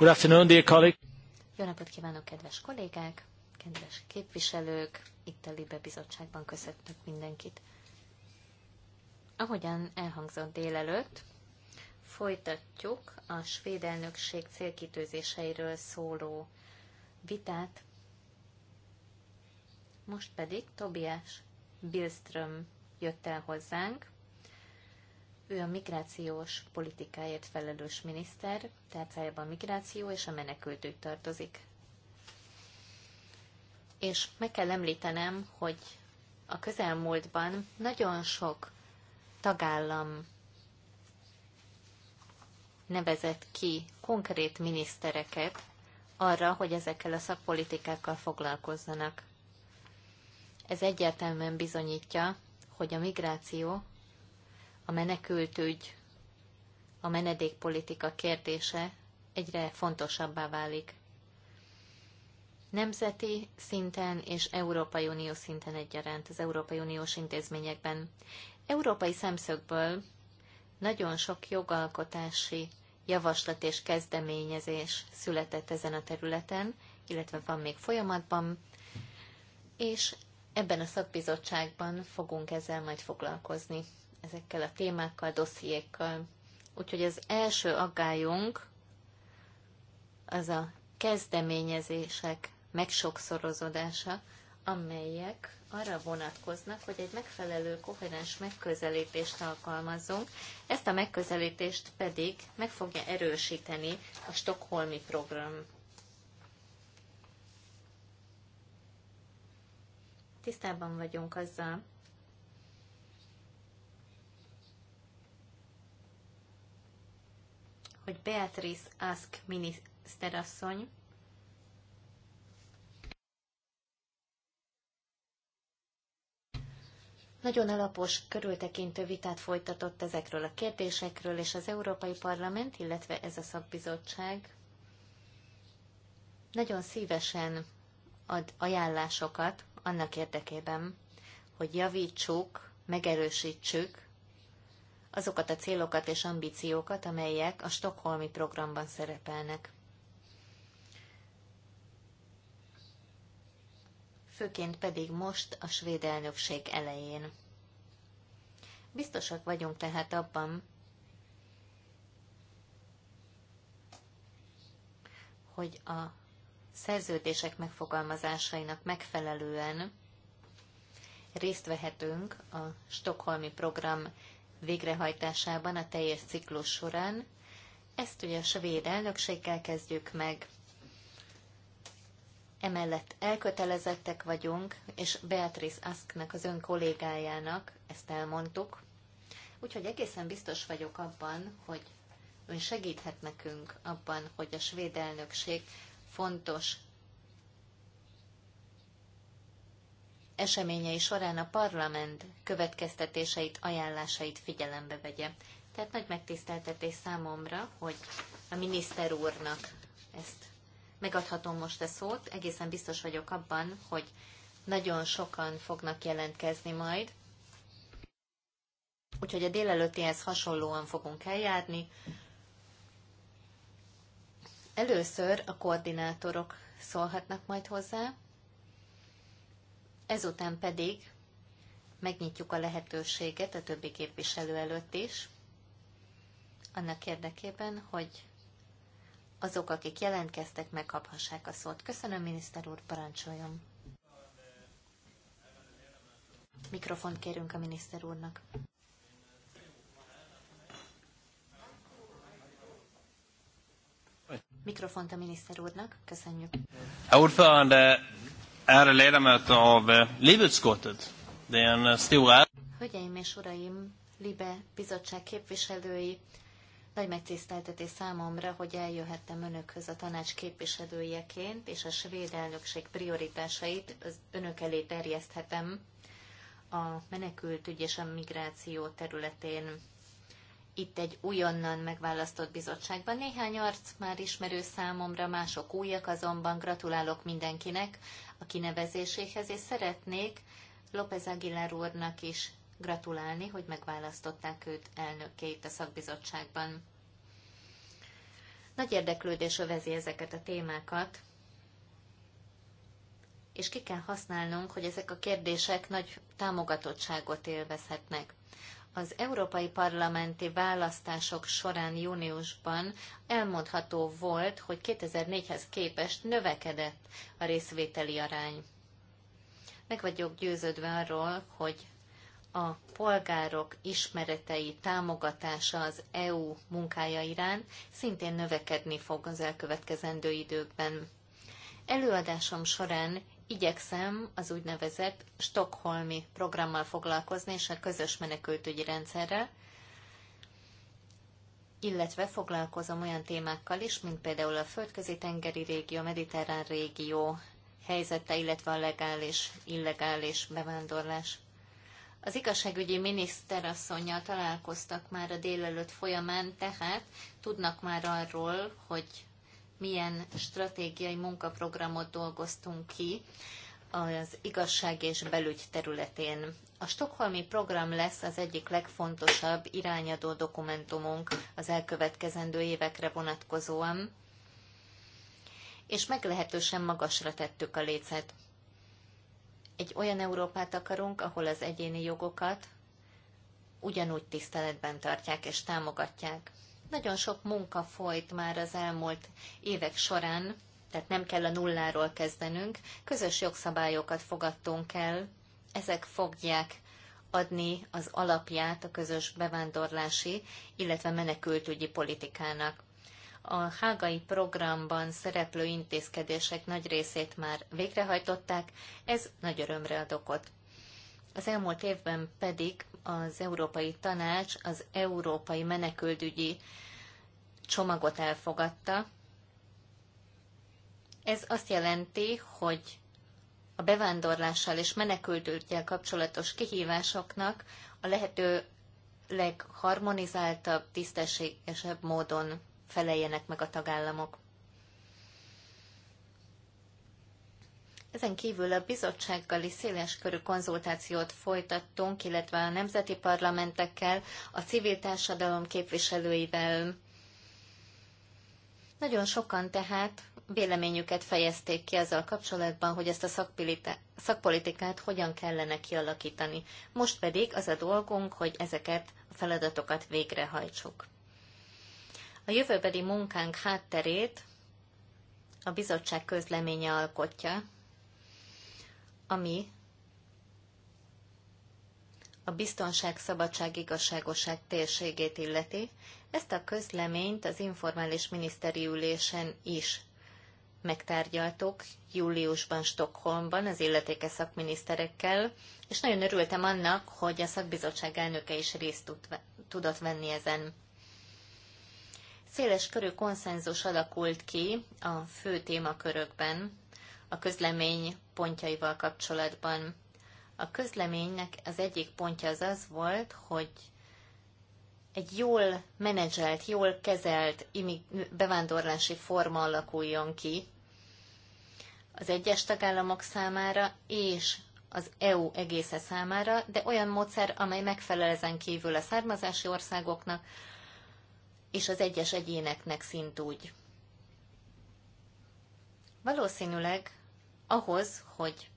Good afternoon, dear colleague. Jó napot kívánok, kedves kollégák, kedves képviselők, itt a Libe Bizottságban köszöntök mindenkit. Ahogyan elhangzott délelőtt, folytatjuk a svéd elnökség célkitőzéseiről szóló vitát. Most pedig Tobias Bilström jött el hozzánk, ő a migrációs politikáért felelős miniszter, tárcájában migráció és a menekültők tartozik. És meg kell említenem, hogy a közelmúltban nagyon sok tagállam nevezett ki konkrét minisztereket arra, hogy ezekkel a szakpolitikákkal foglalkozzanak. Ez egyértelműen bizonyítja, hogy a migráció a menekültügy, a menedékpolitika kérdése egyre fontosabbá válik. Nemzeti szinten és Európai Unió szinten egyaránt az Európai Uniós intézményekben. Európai szemszögből nagyon sok jogalkotási javaslat és kezdeményezés született ezen a területen, illetve van még folyamatban, és ebben a szakbizottságban fogunk ezzel majd foglalkozni ezekkel a témákkal, dossziékkal. Úgyhogy az első aggályunk az a kezdeményezések megsokszorozódása, amelyek arra vonatkoznak, hogy egy megfelelő koherens megközelítést alkalmazzunk, ezt a megközelítést pedig meg fogja erősíteni a Stockholmi program. Tisztában vagyunk azzal, hogy Beatrice Ask miniszterasszony Nagyon alapos, körültekintő vitát folytatott ezekről a kérdésekről, és az Európai Parlament, illetve ez a szakbizottság nagyon szívesen ad ajánlásokat annak érdekében, hogy javítsuk, megerősítsük azokat a célokat és ambíciókat, amelyek a Stockholmi programban szerepelnek. Főként pedig most a svéd elnökség elején. Biztosak vagyunk tehát abban, hogy a szerződések megfogalmazásainak megfelelően részt vehetünk a Stockholmi program végrehajtásában a teljes ciklus során. Ezt ugye a svéd elnökséggel kezdjük meg. Emellett elkötelezettek vagyunk, és Beatrice Asknak, az ön kollégájának ezt elmondtuk. Úgyhogy egészen biztos vagyok abban, hogy ön segíthet nekünk abban, hogy a svéd elnökség fontos eseményei során a parlament következtetéseit, ajánlásait figyelembe vegye. Tehát nagy megtiszteltetés számomra, hogy a miniszter úrnak ezt megadhatom most a szót. Egészen biztos vagyok abban, hogy nagyon sokan fognak jelentkezni majd. Úgyhogy a délelőttihez hasonlóan fogunk eljárni. Először a koordinátorok szólhatnak majd hozzá, Ezután pedig megnyitjuk a lehetőséget a többi képviselő előtt is, annak érdekében, hogy azok, akik jelentkeztek, megkaphassák a szót. Köszönöm, miniszter úr, parancsoljon. Mikrofont kérünk a miniszter úrnak. Mikrofont a miniszter úrnak, köszönjük. Herr Ärade ledamöter av eh, livutskottet. Det är en eh, stor ära. Hölgyeim és uraim, Libe bizottság képviselői, nagy megtiszteltetés számomra, hogy eljöhettem önökhöz a tanács képviselőjeként, és a svéd elnökség prioritásait az önök elé terjeszthetem a menekültügy és a migráció területén. Itt egy újonnan megválasztott bizottságban néhány arc már ismerő számomra, mások újak, azonban gratulálok mindenkinek, a kinevezéséhez, és szeretnék López Aguilar úrnak is gratulálni, hogy megválasztották őt itt a szakbizottságban. Nagy érdeklődés övezi ezeket a témákat, és ki kell használnunk, hogy ezek a kérdések nagy támogatottságot élvezhetnek. Az európai parlamenti választások során júniusban elmondható volt, hogy 2004-hez képest növekedett a részvételi arány. Meg vagyok győződve arról, hogy a polgárok ismeretei támogatása az EU munkája iránt szintén növekedni fog az elkövetkezendő időkben. Előadásom során igyekszem az úgynevezett Stockholmi programmal foglalkozni, és a közös menekültügyi rendszerrel, illetve foglalkozom olyan témákkal is, mint például a földközi-tengeri régió, mediterrán régió helyzete, illetve a legális, illegális bevándorlás. Az igazságügyi miniszterasszonynal találkoztak már a délelőtt folyamán, tehát tudnak már arról, hogy milyen stratégiai munkaprogramot dolgoztunk ki az igazság és belügy területén. A Stockholmi program lesz az egyik legfontosabb irányadó dokumentumunk az elkövetkezendő évekre vonatkozóan, és meglehetősen magasra tettük a lécet. Egy olyan Európát akarunk, ahol az egyéni jogokat ugyanúgy tiszteletben tartják és támogatják. Nagyon sok munka folyt már az elmúlt évek során, tehát nem kell a nulláról kezdenünk. Közös jogszabályokat fogadtunk el, ezek fogják adni az alapját a közös bevándorlási, illetve menekültügyi politikának. A hágai programban szereplő intézkedések nagy részét már végrehajtották, ez nagy örömre ad okot. Az elmúlt évben pedig az Európai Tanács az Európai Menekültügyi Csomagot elfogadta. Ez azt jelenti, hogy a bevándorlással és menekültügyel kapcsolatos kihívásoknak a lehető legharmonizáltabb, tisztességesebb módon feleljenek meg a tagállamok. Ezen kívül a bizottsággal is körű konzultációt folytattunk, illetve a nemzeti parlamentekkel, a civil társadalom képviselőivel. Nagyon sokan tehát véleményüket fejezték ki azzal kapcsolatban, hogy ezt a szakpolitikát hogyan kellene kialakítani. Most pedig az a dolgunk, hogy ezeket a feladatokat végrehajtsuk. A jövőbeli munkánk hátterét a bizottság közleménye alkotja, ami a biztonság, szabadság, igazságosság térségét illeti. Ezt a közleményt az informális miniszteri ülésen is megtárgyaltuk júliusban Stockholmban az illetéke szakminiszterekkel, és nagyon örültem annak, hogy a szakbizottság elnöke is részt tud, tudott venni ezen. Széles körű konszenzus alakult ki a fő témakörökben, a közlemény pontjaival kapcsolatban. A közleménynek az egyik pontja az az volt, hogy egy jól menedzselt, jól kezelt bevándorlási forma alakuljon ki az egyes tagállamok számára és az EU egésze számára, de olyan módszer, amely megfelel ezen kívül a származási országoknak és az egyes egyéneknek szintúgy. Valószínűleg ahhoz, hogy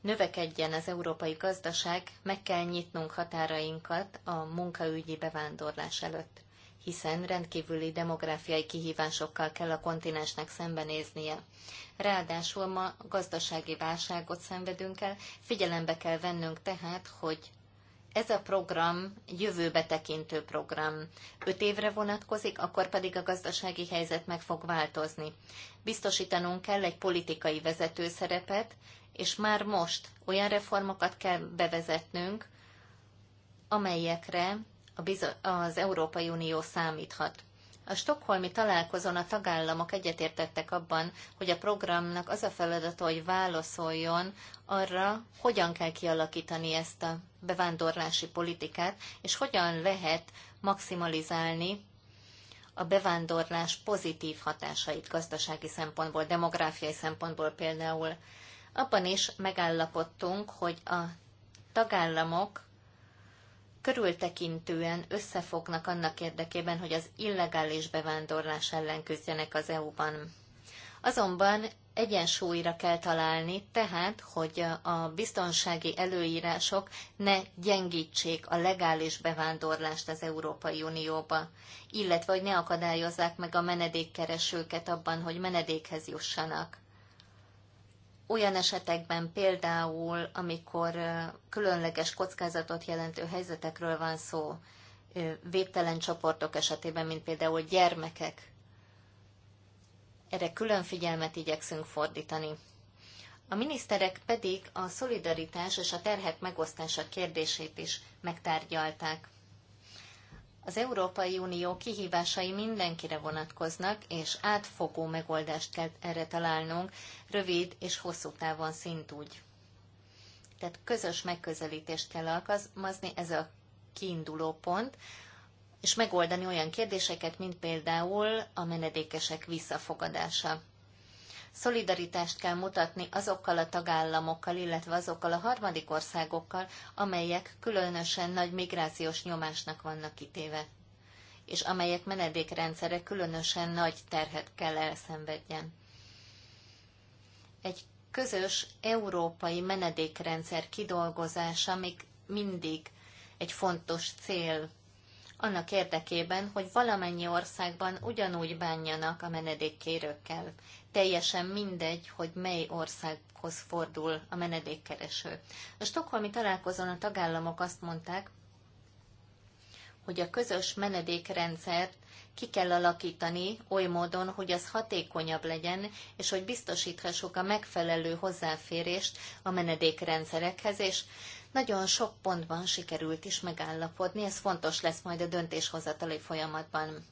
növekedjen az európai gazdaság, meg kell nyitnunk határainkat a munkaügyi bevándorlás előtt, hiszen rendkívüli demográfiai kihívásokkal kell a kontinensnek szembenéznie. Ráadásul ma gazdasági válságot szenvedünk el, figyelembe kell vennünk tehát, hogy ez a program jövőbe tekintő program. Öt évre vonatkozik, akkor pedig a gazdasági helyzet meg fog változni. Biztosítanunk kell egy politikai vezető szerepet, és már most olyan reformokat kell bevezetnünk, amelyekre az Európai Unió számíthat. A stokholmi találkozón a tagállamok egyetértettek abban, hogy a programnak az a feladata, hogy válaszoljon arra, hogyan kell kialakítani ezt a bevándorlási politikát, és hogyan lehet maximalizálni a bevándorlás pozitív hatásait gazdasági szempontból, demográfiai szempontból például. Abban is megállapodtunk, hogy a tagállamok körültekintően összefognak annak érdekében, hogy az illegális bevándorlás ellen küzdjenek az EU-ban. Azonban egyensúlyra kell találni, tehát, hogy a biztonsági előírások ne gyengítsék a legális bevándorlást az Európai Unióba, illetve hogy ne akadályozzák meg a menedékkeresőket abban, hogy menedékhez jussanak olyan esetekben például, amikor különleges kockázatot jelentő helyzetekről van szó, védtelen csoportok esetében, mint például gyermekek, erre külön figyelmet igyekszünk fordítani. A miniszterek pedig a szolidaritás és a terhek megosztása kérdését is megtárgyalták. Az Európai Unió kihívásai mindenkire vonatkoznak, és átfogó megoldást kell erre találnunk, rövid és hosszú távon szintúgy. Tehát közös megközelítést kell alkalmazni, ez a kiinduló pont, és megoldani olyan kérdéseket, mint például a menedékesek visszafogadása szolidaritást kell mutatni azokkal a tagállamokkal, illetve azokkal a harmadik országokkal, amelyek különösen nagy migrációs nyomásnak vannak kitéve, és amelyek menedékrendszere különösen nagy terhet kell elszenvedjen. Egy közös európai menedékrendszer kidolgozása még mindig egy fontos cél annak érdekében, hogy valamennyi országban ugyanúgy bánjanak a menedékkérőkkel teljesen mindegy, hogy mely országhoz fordul a menedékkereső. A stokholmi találkozón a tagállamok azt mondták, hogy a közös menedékrendszert ki kell alakítani oly módon, hogy az hatékonyabb legyen, és hogy biztosíthassuk a megfelelő hozzáférést a menedékrendszerekhez, és nagyon sok pontban sikerült is megállapodni, ez fontos lesz majd a döntéshozatali folyamatban.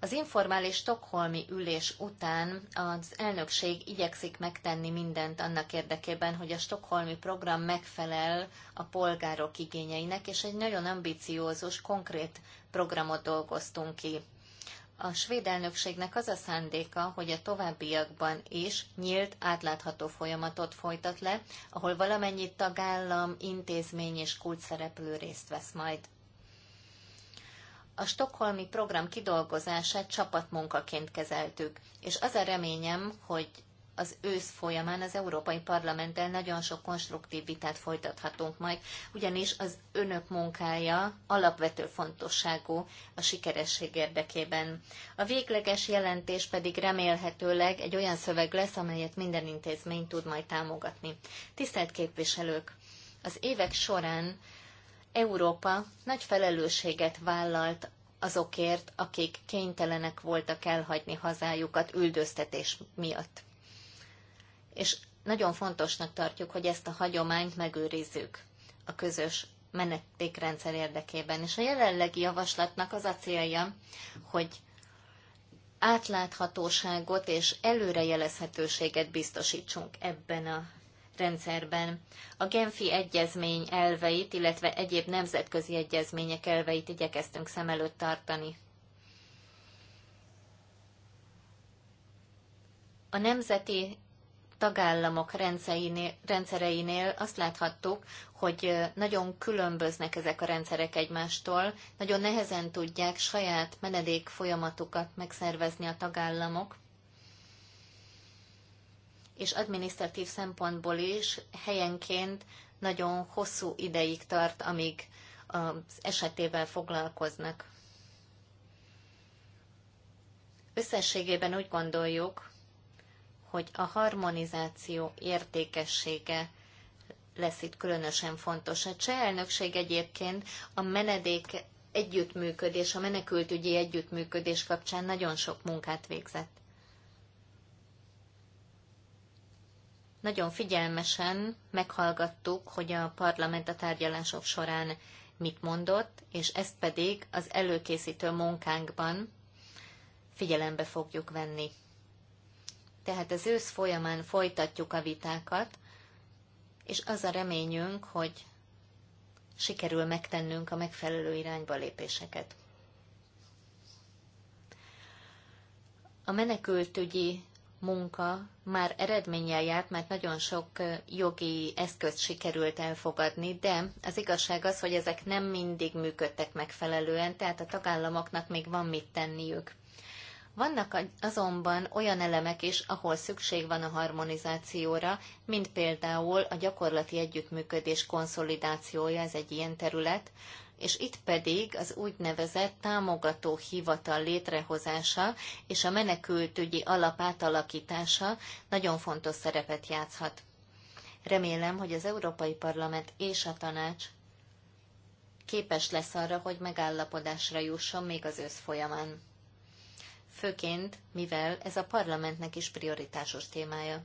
Az informális stokholmi ülés után az elnökség igyekszik megtenni mindent annak érdekében, hogy a stokholmi program megfelel a polgárok igényeinek, és egy nagyon ambiciózus, konkrét programot dolgoztunk ki. A svéd elnökségnek az a szándéka, hogy a továbbiakban is nyílt, átlátható folyamatot folytat le, ahol valamennyi tagállam, intézmény és kulcsszereplő részt vesz majd a stokholmi program kidolgozását csapatmunkaként kezeltük, és az a reményem, hogy az ősz folyamán az Európai Parlamenttel nagyon sok konstruktív vitát folytathatunk majd, ugyanis az önök munkája alapvető fontosságú a sikeresség érdekében. A végleges jelentés pedig remélhetőleg egy olyan szöveg lesz, amelyet minden intézmény tud majd támogatni. Tisztelt képviselők! Az évek során Európa nagy felelősséget vállalt azokért, akik kénytelenek voltak elhagyni hazájukat üldöztetés miatt. És nagyon fontosnak tartjuk, hogy ezt a hagyományt megőrizzük a közös menetékrendszer érdekében. És a jelenlegi javaslatnak az a célja, hogy átláthatóságot és előrejelezhetőséget biztosítsunk ebben a rendszerben. A Genfi egyezmény elveit, illetve egyéb nemzetközi egyezmények elveit igyekeztünk szem előtt tartani. A nemzeti tagállamok rendszereinél azt láthattuk, hogy nagyon különböznek ezek a rendszerek egymástól, nagyon nehezen tudják saját menedék folyamatukat megszervezni a tagállamok, és adminisztratív szempontból is helyenként nagyon hosszú ideig tart, amíg az esetével foglalkoznak. Összességében úgy gondoljuk, hogy a harmonizáció értékessége lesz itt különösen fontos. A cseh elnökség egyébként a menedék együttműködés, a menekültügyi együttműködés kapcsán nagyon sok munkát végzett. Nagyon figyelmesen meghallgattuk, hogy a parlament a tárgyalások során mit mondott, és ezt pedig az előkészítő munkánkban figyelembe fogjuk venni. Tehát az ősz folyamán folytatjuk a vitákat, és az a reményünk, hogy sikerül megtennünk a megfelelő irányba lépéseket. A menekültügyi munka már eredménnyel járt, mert nagyon sok jogi eszközt sikerült elfogadni, de az igazság az, hogy ezek nem mindig működtek megfelelően, tehát a tagállamoknak még van mit tenniük. Vannak azonban olyan elemek is, ahol szükség van a harmonizációra, mint például a gyakorlati együttműködés konszolidációja, ez egy ilyen terület, és itt pedig az úgynevezett támogató hivatal létrehozása és a menekültügyi alap átalakítása nagyon fontos szerepet játszhat. Remélem, hogy az Európai Parlament és a tanács képes lesz arra, hogy megállapodásra jusson még az ősz folyamán. Főként, mivel ez a parlamentnek is prioritásos témája.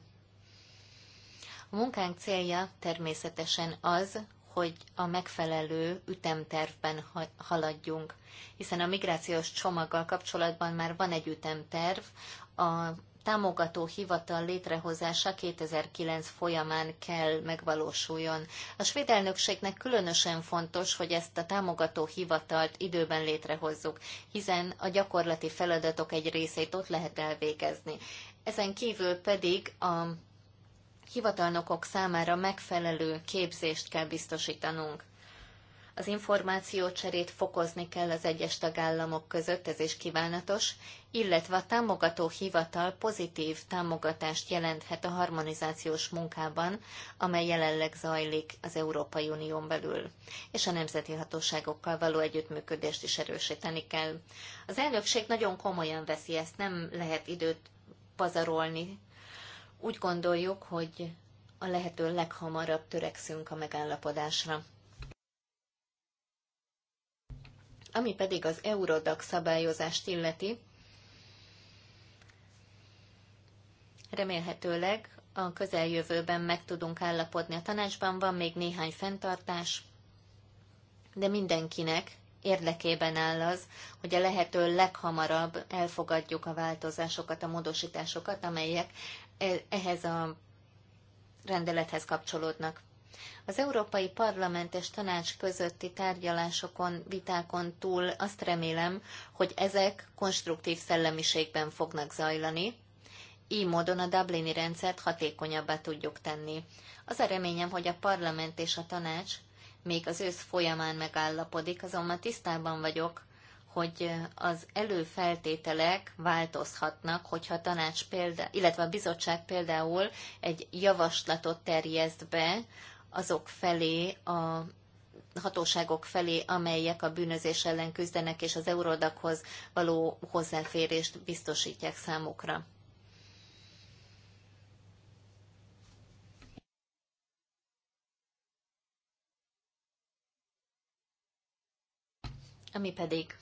A munkánk célja természetesen az, hogy a megfelelő ütemtervben haladjunk, hiszen a migrációs csomaggal kapcsolatban már van egy ütemterv, a támogató hivatal létrehozása 2009 folyamán kell megvalósuljon. A svéd elnökségnek különösen fontos, hogy ezt a támogató hivatalt időben létrehozzuk, hiszen a gyakorlati feladatok egy részét ott lehet elvégezni. Ezen kívül pedig a hivatalnokok számára megfelelő képzést kell biztosítanunk. Az információcserét fokozni kell az egyes tagállamok között, ez is kívánatos, illetve a támogató hivatal pozitív támogatást jelenthet a harmonizációs munkában, amely jelenleg zajlik az Európai Unión belül, és a nemzeti hatóságokkal való együttműködést is erősíteni kell. Az elnökség nagyon komolyan veszi ezt, nem lehet időt pazarolni úgy gondoljuk, hogy a lehető leghamarabb törekszünk a megállapodásra. Ami pedig az Eurodac szabályozást illeti, remélhetőleg a közeljövőben meg tudunk állapodni a tanácsban, van még néhány fenntartás, de mindenkinek érdekében áll az, hogy a lehető leghamarabb elfogadjuk a változásokat, a módosításokat, amelyek E, ehhez a rendelethez kapcsolódnak. Az Európai Parlament és Tanács közötti tárgyalásokon, vitákon túl azt remélem, hogy ezek konstruktív szellemiségben fognak zajlani, így módon a Dublini rendszert hatékonyabbá tudjuk tenni. Az a reményem, hogy a parlament és a tanács még az ősz folyamán megállapodik, azonban tisztában vagyok hogy az előfeltételek változhatnak, hogyha a tanács példa, illetve a bizottság például egy javaslatot terjeszt be azok felé a hatóságok felé, amelyek a bűnözés ellen küzdenek, és az eurodakhoz való hozzáférést biztosítják számukra. Ami pedig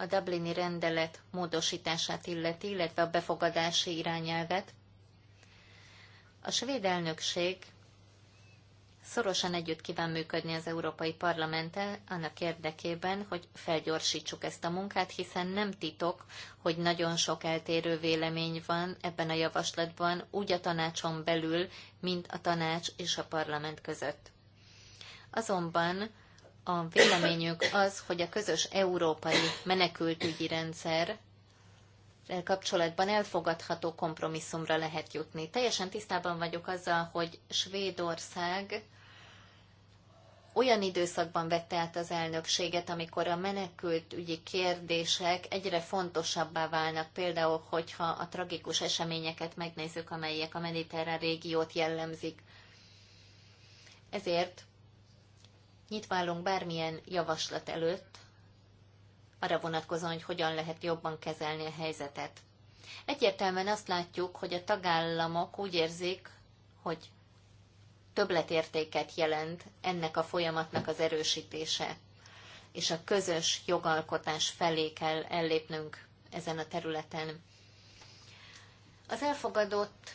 a Dublini rendelet módosítását illeti, illetve a befogadási irányelvet. A svéd elnökség szorosan együtt kíván működni az Európai Parlamenttel annak érdekében, hogy felgyorsítsuk ezt a munkát, hiszen nem titok, hogy nagyon sok eltérő vélemény van ebben a javaslatban, úgy a tanácson belül, mint a tanács és a parlament között. Azonban a véleményük az, hogy a közös európai menekültügyi rendszer e kapcsolatban elfogadható kompromisszumra lehet jutni. Teljesen tisztában vagyok azzal, hogy Svédország olyan időszakban vette át az elnökséget, amikor a menekültügyi kérdések egyre fontosabbá válnak, például, hogyha a tragikus eseményeket megnézzük, amelyek a mediterrán régiót jellemzik. Ezért nyitva állunk bármilyen javaslat előtt, arra vonatkozóan, hogy hogyan lehet jobban kezelni a helyzetet. Egyértelműen azt látjuk, hogy a tagállamok úgy érzik, hogy többletértéket jelent ennek a folyamatnak az erősítése, és a közös jogalkotás felé kell ellépnünk ezen a területen. Az elfogadott,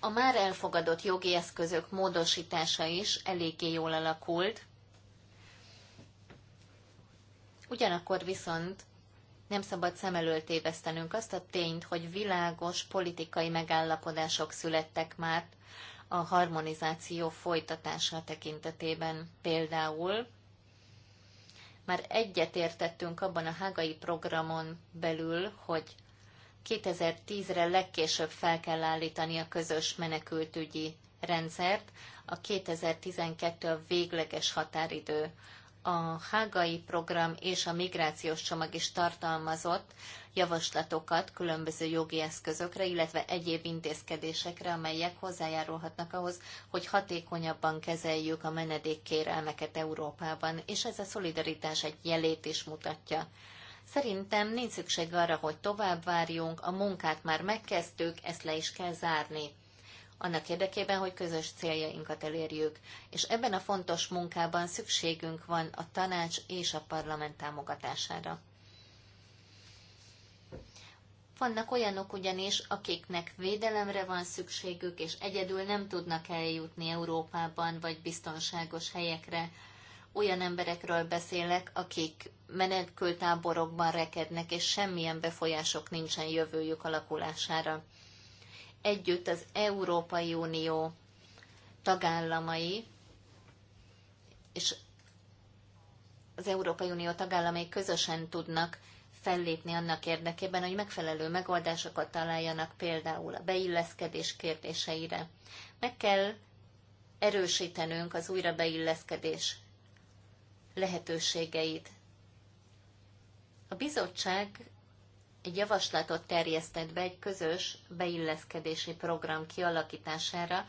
a már elfogadott jogi eszközök módosítása is eléggé jól alakult, Ugyanakkor viszont nem szabad szem elől tévesztenünk azt a tényt, hogy világos politikai megállapodások születtek már a harmonizáció folytatása tekintetében. Például már egyetértettünk abban a hágai programon belül, hogy 2010-re legkésőbb fel kell állítani a közös menekültügyi rendszert, a 2012 a végleges határidő a hágai program és a migrációs csomag is tartalmazott javaslatokat különböző jogi eszközökre, illetve egyéb intézkedésekre, amelyek hozzájárulhatnak ahhoz, hogy hatékonyabban kezeljük a menedékkérelmeket Európában, és ez a szolidaritás egy jelét is mutatja. Szerintem nincs szükség arra, hogy tovább várjunk, a munkát már megkezdtük, ezt le is kell zárni annak érdekében, hogy közös céljainkat elérjük. És ebben a fontos munkában szükségünk van a tanács és a parlament támogatására. Vannak olyanok ugyanis, akiknek védelemre van szükségük, és egyedül nem tudnak eljutni Európában vagy biztonságos helyekre. Olyan emberekről beszélek, akik menekültáborokban rekednek, és semmilyen befolyások nincsen jövőjük alakulására együtt az Európai Unió tagállamai, és az Európai Unió tagállamai közösen tudnak fellépni annak érdekében, hogy megfelelő megoldásokat találjanak például a beilleszkedés kérdéseire. Meg kell erősítenünk az újrabeilleszkedés lehetőségeit. A bizottság egy javaslatot terjesztett be egy közös beilleszkedési program kialakítására,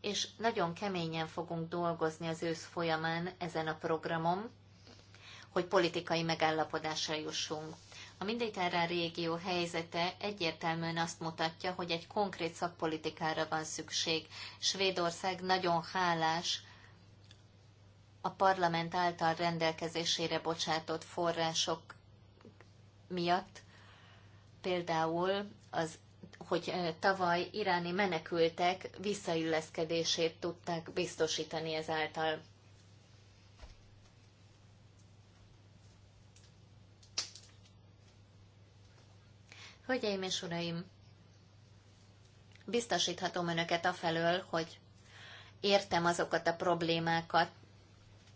és nagyon keményen fogunk dolgozni az ősz folyamán ezen a programon, hogy politikai megállapodásra jussunk. A Mindékárán régió helyzete egyértelműen azt mutatja, hogy egy konkrét szakpolitikára van szükség. Svédország nagyon hálás a parlament által rendelkezésére bocsátott források miatt, például az hogy tavaly iráni menekültek visszailleszkedését tudták biztosítani ezáltal. Hölgyeim és uraim, biztosíthatom önöket afelől, hogy értem azokat a problémákat,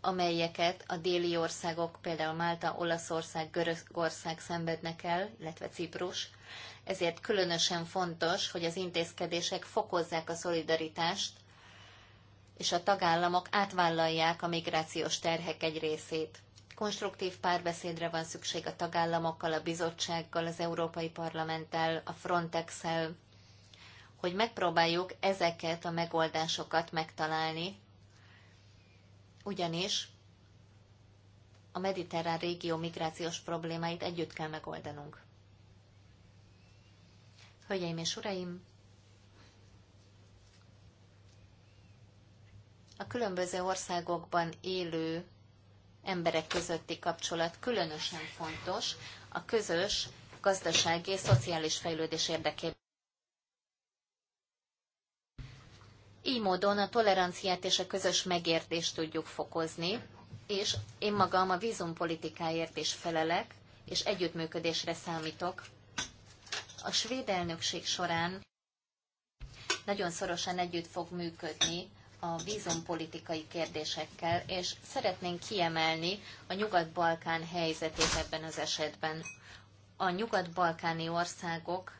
amelyeket a déli országok, például Málta, Olaszország, Görögország szenvednek el, illetve Ciprus. Ezért különösen fontos, hogy az intézkedések fokozzák a szolidaritást, és a tagállamok átvállalják a migrációs terhek egy részét. Konstruktív párbeszédre van szükség a tagállamokkal, a bizottsággal, az Európai Parlamenttel, a Frontex-el, hogy megpróbáljuk ezeket a megoldásokat megtalálni, ugyanis a mediterrán régió migrációs problémáit együtt kell megoldanunk. Hölgyeim és uraim, a különböző országokban élő emberek közötti kapcsolat különösen fontos a közös gazdasági és szociális fejlődés érdekében. Így módon a toleranciát és a közös megértést tudjuk fokozni, és én magam a vízumpolitikáért is felelek, és együttműködésre számítok. A svéd elnökség során nagyon szorosan együtt fog működni a vízumpolitikai kérdésekkel, és szeretnénk kiemelni a Nyugat-Balkán helyzetét ebben az esetben. A nyugat-balkáni országok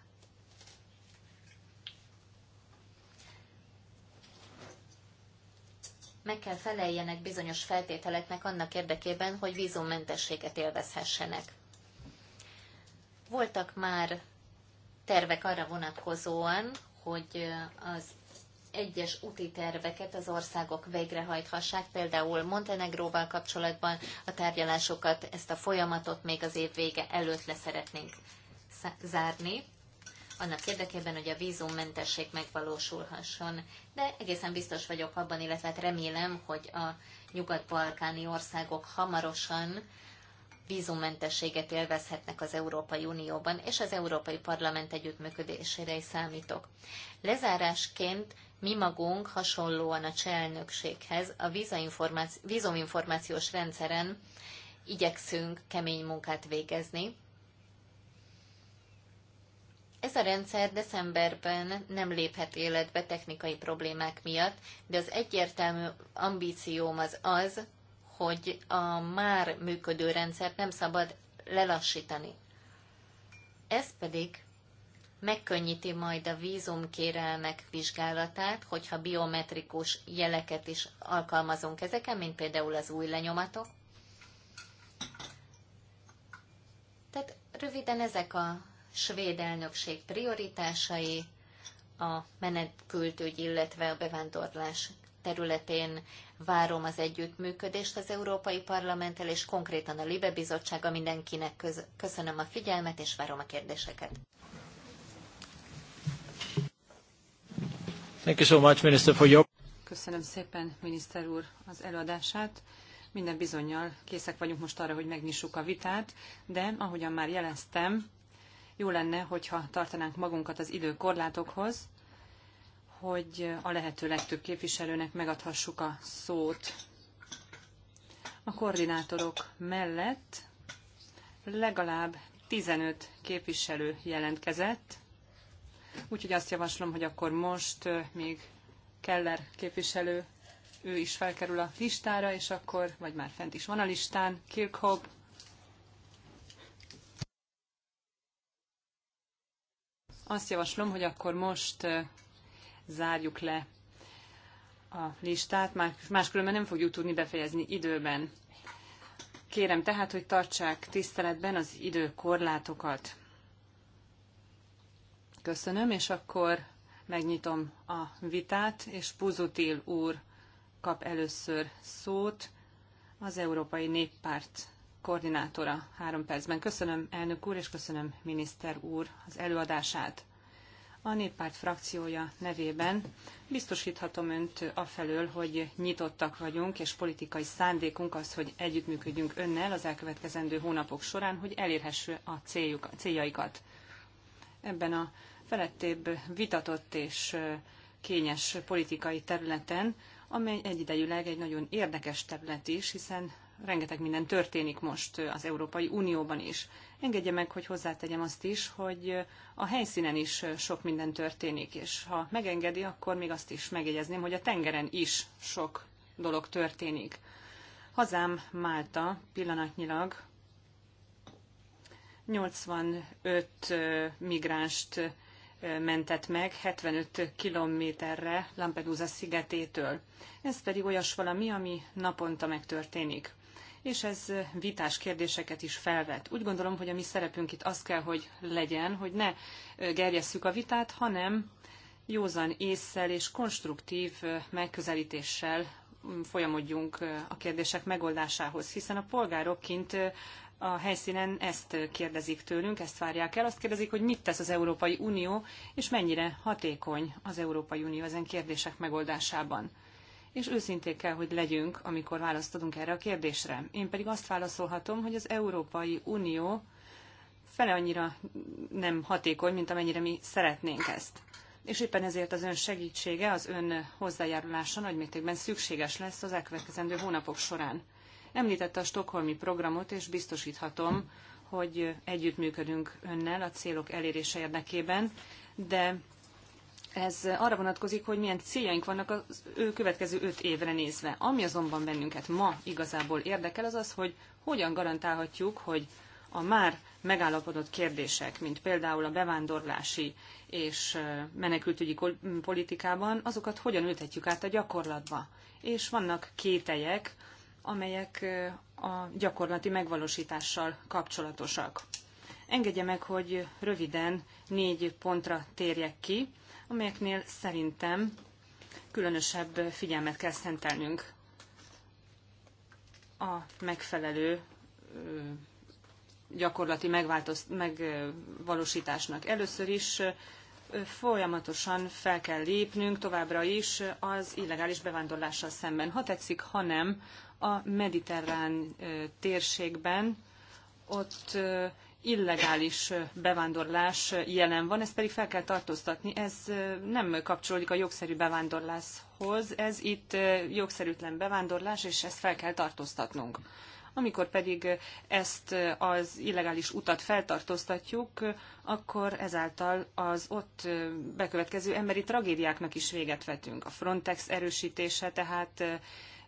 meg kell feleljenek bizonyos feltételeknek annak érdekében, hogy vízummentességet élvezhessenek. Voltak már tervek arra vonatkozóan, hogy az egyes úti terveket az országok végrehajthassák, például Montenegróval kapcsolatban a tárgyalásokat, ezt a folyamatot még az év vége előtt leszeretnénk zárni annak érdekében, hogy a vízummentesség megvalósulhasson. De egészen biztos vagyok abban, illetve hát remélem, hogy a nyugat-balkáni országok hamarosan vízummentességet élvezhetnek az Európai Unióban, és az Európai Parlament együttműködésére is számítok. Lezárásként mi magunk hasonlóan a cselnökséghez a vízuminformációs rendszeren igyekszünk kemény munkát végezni, ez a rendszer decemberben nem léphet életbe technikai problémák miatt, de az egyértelmű ambícióm az az, hogy a már működő rendszert nem szabad lelassítani. Ez pedig megkönnyíti majd a vízumkérelmek vizsgálatát, hogyha biometrikus jeleket is alkalmazunk ezeken, mint például az új lenyomatok. Tehát röviden ezek a svéd elnökség prioritásai a menekültügy, illetve a bevándorlás területén várom az együttműködést az Európai Parlamenttel, és konkrétan a Libe Bizottsága mindenkinek köszönöm a figyelmet, és várom a kérdéseket. Thank you so much, Minister, for your... Köszönöm szépen, miniszter úr, az előadását. Minden bizonyal készek vagyunk most arra, hogy megnyissuk a vitát, de ahogyan már jeleztem, jó lenne, hogyha tartanánk magunkat az időkorlátokhoz, hogy a lehető legtöbb képviselőnek megadhassuk a szót. A koordinátorok mellett legalább 15 képviselő jelentkezett, úgyhogy azt javaslom, hogy akkor most még Keller képviselő, ő is felkerül a listára, és akkor, vagy már fent is van a listán, Kirkhope, Azt javaslom, hogy akkor most zárjuk le a listát, máskülönben nem fogjuk tudni befejezni időben. Kérem tehát, hogy tartsák tiszteletben az időkorlátokat. Köszönöm, és akkor megnyitom a vitát, és Puzutil úr kap először szót az Európai Néppárt koordinátora három percben. Köszönöm elnök úr, és köszönöm miniszter úr az előadását. A néppárt frakciója nevében biztosíthatom önt afelől, hogy nyitottak vagyunk, és politikai szándékunk az, hogy együttműködjünk önnel az elkövetkezendő hónapok során, hogy elérhesse a céljuk, céljaikat. Ebben a felettébb vitatott és kényes politikai területen, amely egyidejűleg egy nagyon érdekes terület is, hiszen rengeteg minden történik most az Európai Unióban is. Engedje meg, hogy hozzátegyem azt is, hogy a helyszínen is sok minden történik, és ha megengedi, akkor még azt is megjegyezném, hogy a tengeren is sok dolog történik. Hazám Málta pillanatnyilag 85 migránst mentett meg 75 kilométerre Lampedusa szigetétől. Ez pedig olyas valami, ami naponta megtörténik és ez vitás kérdéseket is felvet. Úgy gondolom, hogy a mi szerepünk itt az kell, hogy legyen, hogy ne gerjesszük a vitát, hanem józan észszel és konstruktív megközelítéssel folyamodjunk a kérdések megoldásához, hiszen a polgárok kint a helyszínen ezt kérdezik tőlünk, ezt várják el, azt kérdezik, hogy mit tesz az Európai Unió, és mennyire hatékony az Európai Unió ezen kérdések megoldásában és őszintén kell, hogy legyünk, amikor választ adunk erre a kérdésre. Én pedig azt válaszolhatom, hogy az Európai Unió fele annyira nem hatékony, mint amennyire mi szeretnénk ezt. És éppen ezért az ön segítsége, az ön hozzájárulása nagymértékben szükséges lesz az elkövetkezendő hónapok során. Említette a stokholmi programot, és biztosíthatom, hogy együttműködünk önnel a célok elérése érdekében, de ez arra vonatkozik, hogy milyen céljaink vannak az ő következő öt évre nézve. Ami azonban bennünket ma igazából érdekel, az az, hogy hogyan garantálhatjuk, hogy a már megállapodott kérdések, mint például a bevándorlási és menekültügyi politikában, azokat hogyan ültetjük át a gyakorlatba. És vannak kételyek, amelyek a gyakorlati megvalósítással kapcsolatosak. Engedje meg, hogy röviden négy pontra térjek ki, amelyeknél szerintem különösebb figyelmet kell szentelnünk a megfelelő gyakorlati megvalósításnak. Először is folyamatosan fel kell lépnünk továbbra is az illegális bevándorlással szemben. Ha tetszik, ha nem, a mediterrán térségben ott illegális bevándorlás jelen van, ezt pedig fel kell tartóztatni. Ez nem kapcsolódik a jogszerű bevándorláshoz, ez itt jogszerűtlen bevándorlás, és ezt fel kell tartóztatnunk. Amikor pedig ezt az illegális utat feltartóztatjuk, akkor ezáltal az ott bekövetkező emberi tragédiáknak is véget vetünk. A Frontex erősítése tehát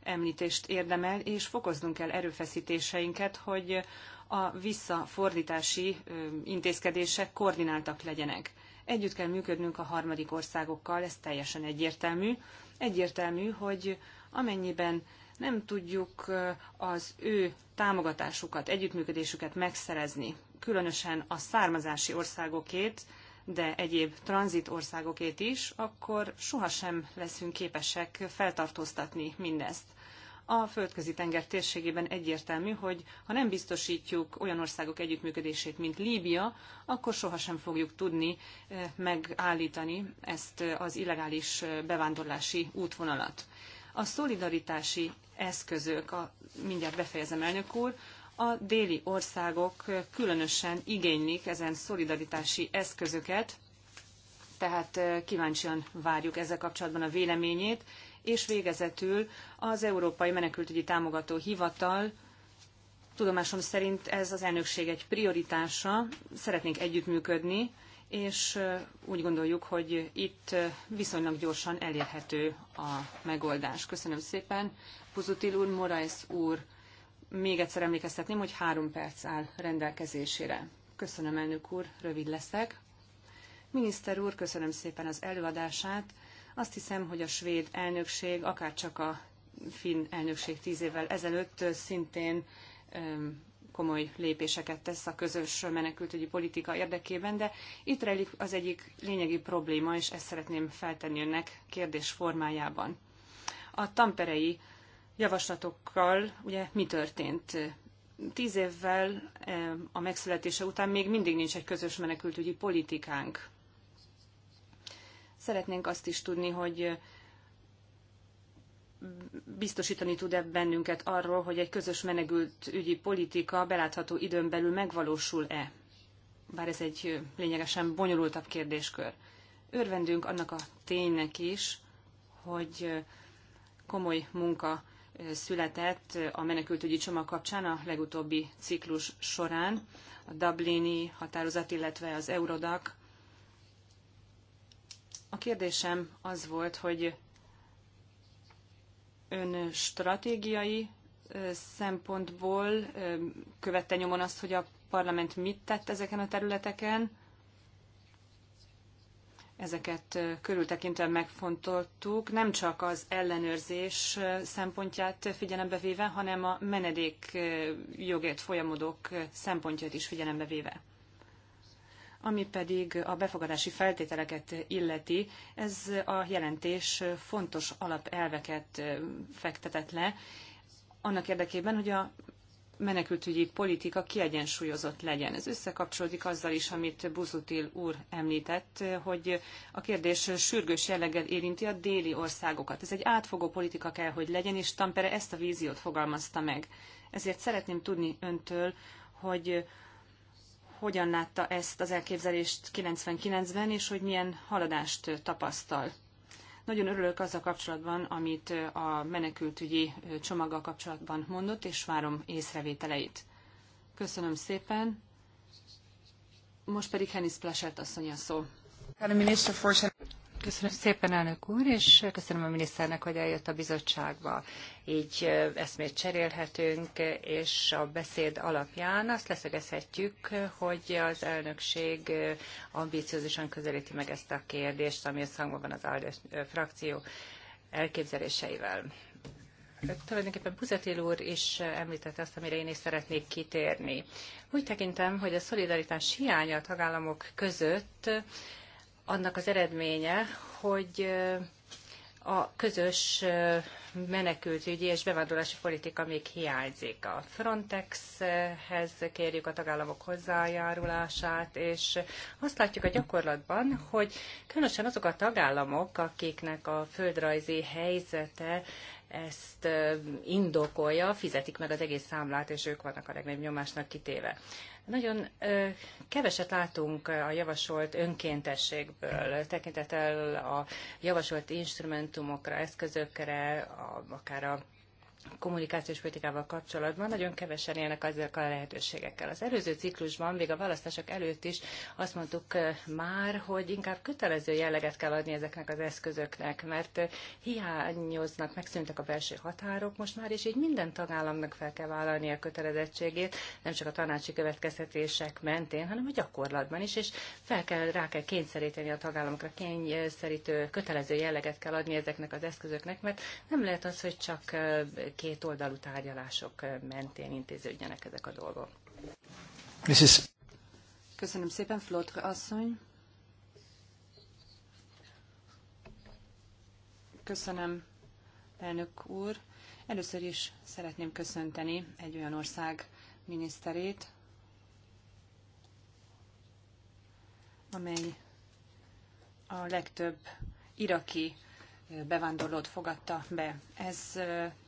említést érdemel, és fokoznunk kell erőfeszítéseinket, hogy a visszafordítási intézkedések koordináltak legyenek. Együtt kell működnünk a harmadik országokkal, ez teljesen egyértelmű. Egyértelmű, hogy amennyiben nem tudjuk az ő támogatásukat, együttműködésüket megszerezni, különösen a származási országokét, de egyéb tranzit országokét is, akkor sohasem leszünk képesek feltartóztatni mindezt. A földközi tenger térségében egyértelmű, hogy ha nem biztosítjuk olyan országok együttműködését, mint Líbia, akkor sohasem fogjuk tudni eh, megállítani ezt eh, az illegális eh, bevándorlási útvonalat. A szolidaritási eszközök, a, mindjárt befejezem elnök úr, a déli országok különösen igénylik ezen szolidaritási eszközöket, tehát kíváncsian várjuk ezzel kapcsolatban a véleményét, és végezetül az Európai Menekültügyi Támogató Hivatal Tudomásom szerint ez az elnökség egy prioritása, szeretnénk együttműködni, és úgy gondoljuk, hogy itt viszonylag gyorsan elérhető a megoldás. Köszönöm szépen. Puzutil úr, Moraes úr, még egyszer emlékeztetném, hogy három perc áll rendelkezésére. Köszönöm, elnök úr, rövid leszek. Miniszter úr, köszönöm szépen az előadását. Azt hiszem, hogy a svéd elnökség, akár csak a finn elnökség tíz évvel ezelőtt szintén komoly lépéseket tesz a közös menekültügyi politika érdekében, de itt rejlik az egyik lényegi probléma, és ezt szeretném feltenni önnek kérdés formájában. A tamperei javaslatokkal ugye mi történt? Tíz évvel a megszületése után még mindig nincs egy közös menekültügyi politikánk. Szeretnénk azt is tudni, hogy biztosítani tud-e bennünket arról, hogy egy közös menekült ügyi politika belátható időn belül megvalósul-e? Bár ez egy lényegesen bonyolultabb kérdéskör. Örvendünk annak a ténynek is, hogy komoly munka született a menekültügyi csomag kapcsán a legutóbbi ciklus során. A Dublini határozat, illetve az Eurodac a kérdésem az volt, hogy ön stratégiai szempontból követte nyomon azt, hogy a parlament mit tett ezeken a területeken. Ezeket körültekintően megfontoltuk, nem csak az ellenőrzés szempontját figyelembe véve, hanem a menedék jogért folyamodók szempontját is figyelembe véve. Ami pedig a befogadási feltételeket illeti, ez a jelentés fontos alapelveket fektetett le, annak érdekében, hogy a menekültügyi politika kiegyensúlyozott legyen. Ez összekapcsolódik azzal is, amit Buzutil úr említett, hogy a kérdés sürgős jelleggel érinti a déli országokat. Ez egy átfogó politika kell, hogy legyen, és Tampere ezt a víziót fogalmazta meg. Ezért szeretném tudni öntől, hogy hogyan látta ezt az elképzelést 99-ben, és hogy milyen haladást tapasztal. Nagyon örülök azzal kapcsolatban, amit a menekültügyi csomaggal kapcsolatban mondott, és várom észrevételeit. Köszönöm szépen. Most pedig Henis Plaschert asszony a szó. Köszönöm szépen, elnök úr, és köszönöm a miniszternek, hogy eljött a bizottságba. Így eszmét cserélhetünk, és a beszéd alapján azt leszögezhetjük, hogy az elnökség ambíciózusan közelíti meg ezt a kérdést, ami szangban van az áldás frakció elképzeléseivel. Tulajdonképpen Buzetil úr is említette azt, amire én is szeretnék kitérni. Úgy tekintem, hogy a szolidaritás hiánya a tagállamok között annak az eredménye, hogy a közös menekültügyi és bevándorlási politika még hiányzik. A Frontexhez kérjük a tagállamok hozzájárulását, és azt látjuk a gyakorlatban, hogy különösen azok a tagállamok, akiknek a földrajzi helyzete ezt indokolja, fizetik meg az egész számlát, és ők vannak a legnagyobb nyomásnak kitéve. Nagyon keveset látunk a javasolt önkéntességből, tekintettel a javasolt instrumentumokra, eszközökre, a, akár a kommunikációs politikával kapcsolatban nagyon kevesen élnek azokkal a lehetőségekkel. Az előző ciklusban, még a választások előtt is azt mondtuk már, hogy inkább kötelező jelleget kell adni ezeknek az eszközöknek, mert hiányoznak, megszűntek a belső határok most már, és így minden tagállamnak fel kell vállalni a kötelezettségét, nem csak a tanácsi következtetések mentén, hanem a gyakorlatban is, és fel kell, rá kell kényszeríteni a tagállamokra, kényszerítő, kötelező jelleget kell adni ezeknek az eszközöknek, mert nem lehet az, hogy csak két oldalú tárgyalások mentén intéződjenek ezek a dolgok. Köszönöm szépen, Flotra asszony. Köszönöm, elnök úr. Először is szeretném köszönteni egy olyan ország miniszterét, amely a legtöbb iraki bevándorlót fogadta be. Ez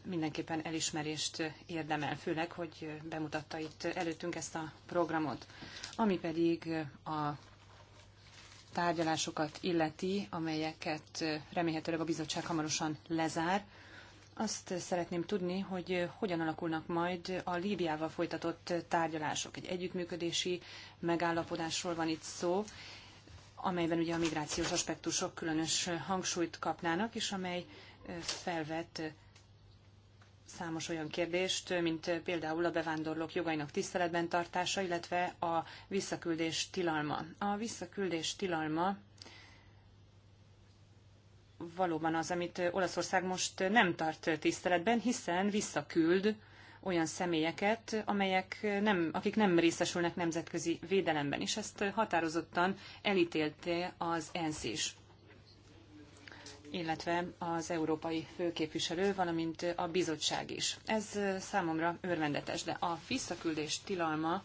mindenképpen elismerést érdemel, főleg, hogy bemutatta itt előttünk ezt a programot. Ami pedig a tárgyalásokat illeti, amelyeket remélhetőleg a bizottság hamarosan lezár, azt szeretném tudni, hogy hogyan alakulnak majd a Líbiával folytatott tárgyalások. Egy együttműködési megállapodásról van itt szó, amelyben ugye a migrációs aspektusok különös hangsúlyt kapnának, és amely felvet számos olyan kérdést, mint például a bevándorlók jogainak tiszteletben tartása, illetve a visszaküldés tilalma. A visszaküldés tilalma valóban az, amit Olaszország most nem tart tiszteletben, hiszen visszaküld olyan személyeket, amelyek nem, akik nem részesülnek nemzetközi védelemben, és ezt határozottan elítélte az ENSZ is illetve az európai főképviselő, valamint a bizottság is. Ez számomra örvendetes, de a visszaküldés tilalma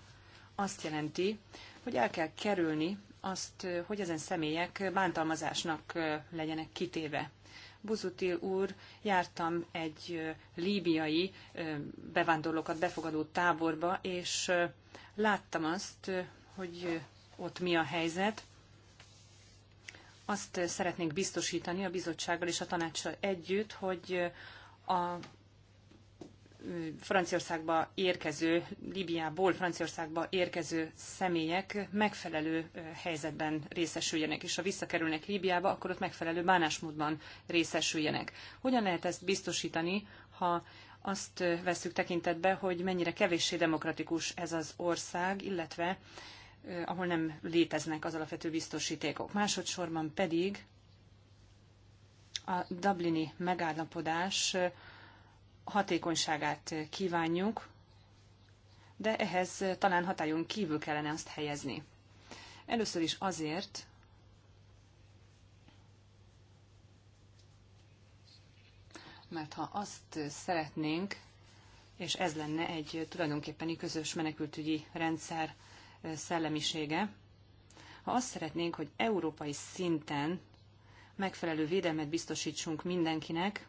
azt jelenti, hogy el kell kerülni azt, hogy ezen személyek bántalmazásnak legyenek kitéve. Buzutil úr, jártam egy líbiai bevándorlókat befogadó táborba, és láttam azt, hogy ott mi a helyzet. Azt szeretnénk biztosítani a bizottsággal és a tanácssal együtt, hogy a Franciaországba érkező, Libiából Franciaországba érkező személyek megfelelő helyzetben részesüljenek, és ha visszakerülnek Líbiába, akkor ott megfelelő bánásmódban részesüljenek. Hogyan lehet ezt biztosítani, ha azt vesszük tekintetbe, hogy mennyire kevéssé demokratikus ez az ország, illetve ahol nem léteznek az alapvető biztosítékok. Másodszorban pedig a Dublini megállapodás hatékonyságát kívánjuk, de ehhez talán hatályon kívül kellene azt helyezni. Először is azért, mert ha azt szeretnénk, és ez lenne egy tulajdonképpeni közös menekültügyi rendszer szellemisége, ha azt szeretnénk, hogy európai szinten megfelelő védelmet biztosítsunk mindenkinek,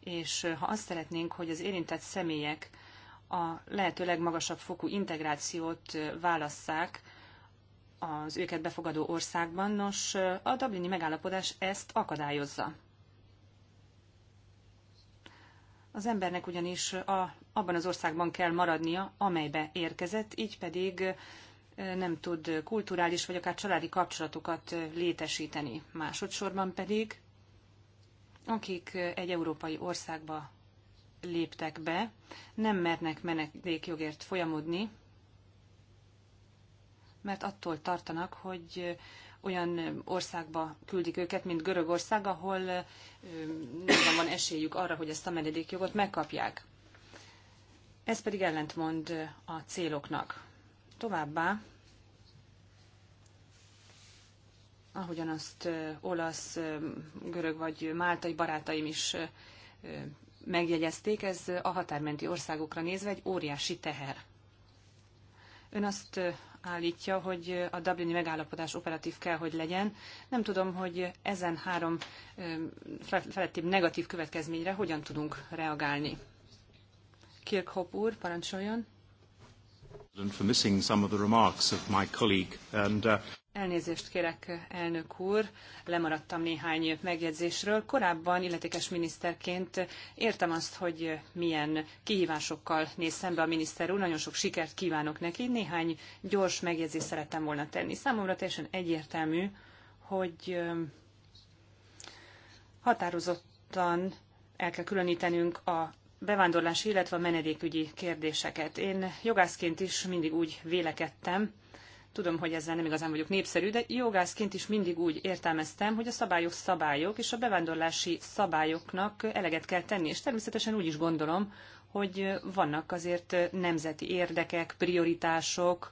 és ha azt szeretnénk, hogy az érintett személyek a lehető legmagasabb fokú integrációt válasszák az őket befogadó országban, nos, a Dublini megállapodás ezt akadályozza. Az embernek ugyanis a, abban az országban kell maradnia, amelybe érkezett, így pedig nem tud kulturális vagy akár családi kapcsolatokat létesíteni. Másodszorban pedig akik egy európai országba léptek be, nem mernek menedékjogért folyamodni, mert attól tartanak, hogy olyan országba küldik őket, mint Görögország, ahol nem van esélyük arra, hogy ezt a menedékjogot megkapják. Ez pedig ellentmond a céloknak. Továbbá ahogyan azt olasz, görög vagy máltai barátaim is megjegyezték, ez a határmenti országokra nézve egy óriási teher. Ön azt állítja, hogy a Dublini megállapodás operatív kell, hogy legyen. Nem tudom, hogy ezen három felettébb negatív következményre hogyan tudunk reagálni. Kirkhop úr, parancsoljon. Elnézést kérek, elnök úr, lemaradtam néhány megjegyzésről. Korábban illetékes miniszterként értem azt, hogy milyen kihívásokkal néz szembe a miniszter úr. Nagyon sok sikert kívánok neki. Néhány gyors megjegyzést szerettem volna tenni. Számomra teljesen egyértelmű, hogy határozottan el kell különítenünk a bevándorlási, illetve a menedékügyi kérdéseket. Én jogászként is mindig úgy vélekedtem, Tudom, hogy ezzel nem igazán vagyok népszerű, de jogászként is mindig úgy értelmeztem, hogy a szabályok szabályok, és a bevándorlási szabályoknak eleget kell tenni. És természetesen úgy is gondolom, hogy vannak azért nemzeti érdekek, prioritások,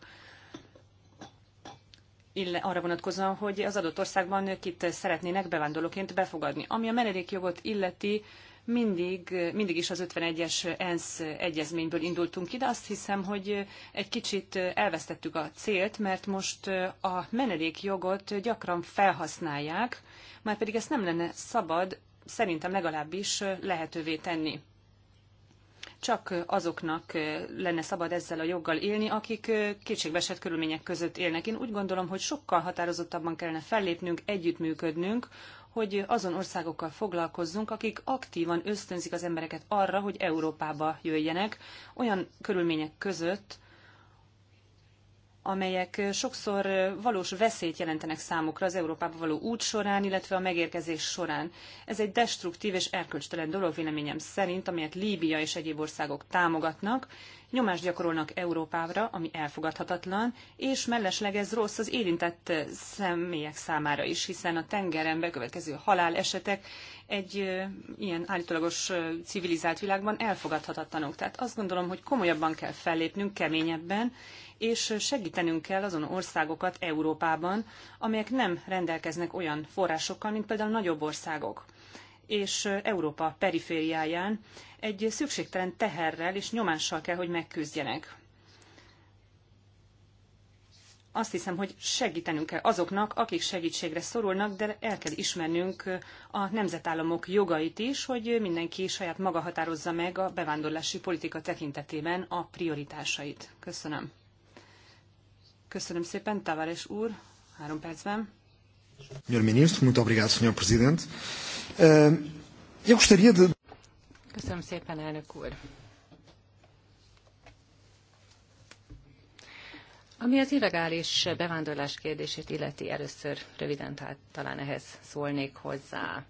arra vonatkozóan, hogy az adott országban kit szeretnének bevándorlóként befogadni. Ami a menedékjogot illeti, mindig, mindig is az 51-es ENSZ egyezményből indultunk ki, de azt hiszem, hogy egy kicsit elvesztettük a célt, mert most a menedékjogot gyakran felhasználják, már pedig ezt nem lenne szabad szerintem legalábbis lehetővé tenni. Csak azoknak lenne szabad ezzel a joggal élni, akik kétségbeesett körülmények között élnek. Én úgy gondolom, hogy sokkal határozottabban kellene fellépnünk, együttműködnünk hogy azon országokkal foglalkozzunk, akik aktívan ösztönzik az embereket arra, hogy Európába jöjjenek, olyan körülmények között, amelyek sokszor valós veszélyt jelentenek számukra az Európába való út során, illetve a megérkezés során. Ez egy destruktív és erkölcstelen dolog véleményem szerint, amelyet Líbia és egyéb országok támogatnak, nyomást gyakorolnak Európára, ami elfogadhatatlan, és mellesleg ez rossz az érintett személyek számára is, hiszen a tengeren bekövetkező halálesetek egy ilyen állítólagos civilizált világban elfogadhatatlanok. Tehát azt gondolom, hogy komolyabban kell fellépnünk, keményebben, és segítenünk kell azon országokat Európában, amelyek nem rendelkeznek olyan forrásokkal, mint például nagyobb országok és Európa perifériáján egy szükségtelen teherrel és nyomással kell, hogy megküzdjenek azt hiszem, hogy segítenünk kell azoknak, akik segítségre szorulnak, de el kell ismernünk a nemzetállamok jogait is, hogy mindenki saját maga határozza meg a bevándorlási politika tekintetében a prioritásait. Köszönöm. Köszönöm szépen, Tavares úr, három percben. Senhor Ministro, muito obrigado, Senhor Presidente. Eh, eu gostaria de... Köszönöm szépen, elnök úr. Ami az illegális bevándorlás kérdését illeti, először röviden, tehát talán ehhez szólnék hozzá.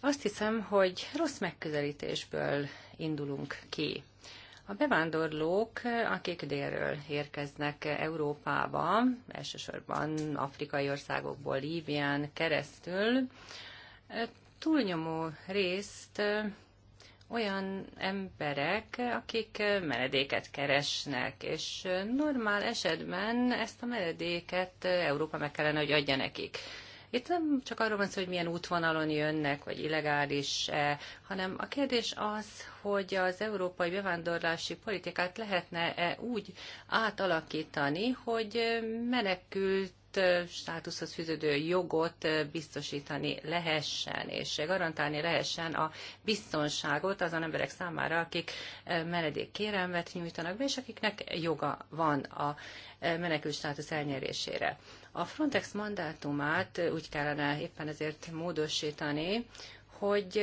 Azt hiszem, hogy rossz megközelítésből indulunk ki. A bevándorlók, akik délről érkeznek Európába, elsősorban afrikai országokból, Líbián keresztül, túlnyomó részt olyan emberek, akik menedéket keresnek, és normál esetben ezt a menedéket Európa meg kellene, hogy adja nekik. Itt nem csak arról van szó, hogy milyen útvonalon jönnek, vagy illegális, hanem a kérdés az, hogy az európai bevándorlási politikát lehetne -e úgy átalakítani, hogy menekült státuszhoz fűződő jogot biztosítani lehessen, és garantálni lehessen a biztonságot azon emberek számára, akik menedék kérelmet nyújtanak be, és akiknek joga van a menekült státusz elnyerésére. A Frontex mandátumát úgy kellene éppen ezért módosítani, hogy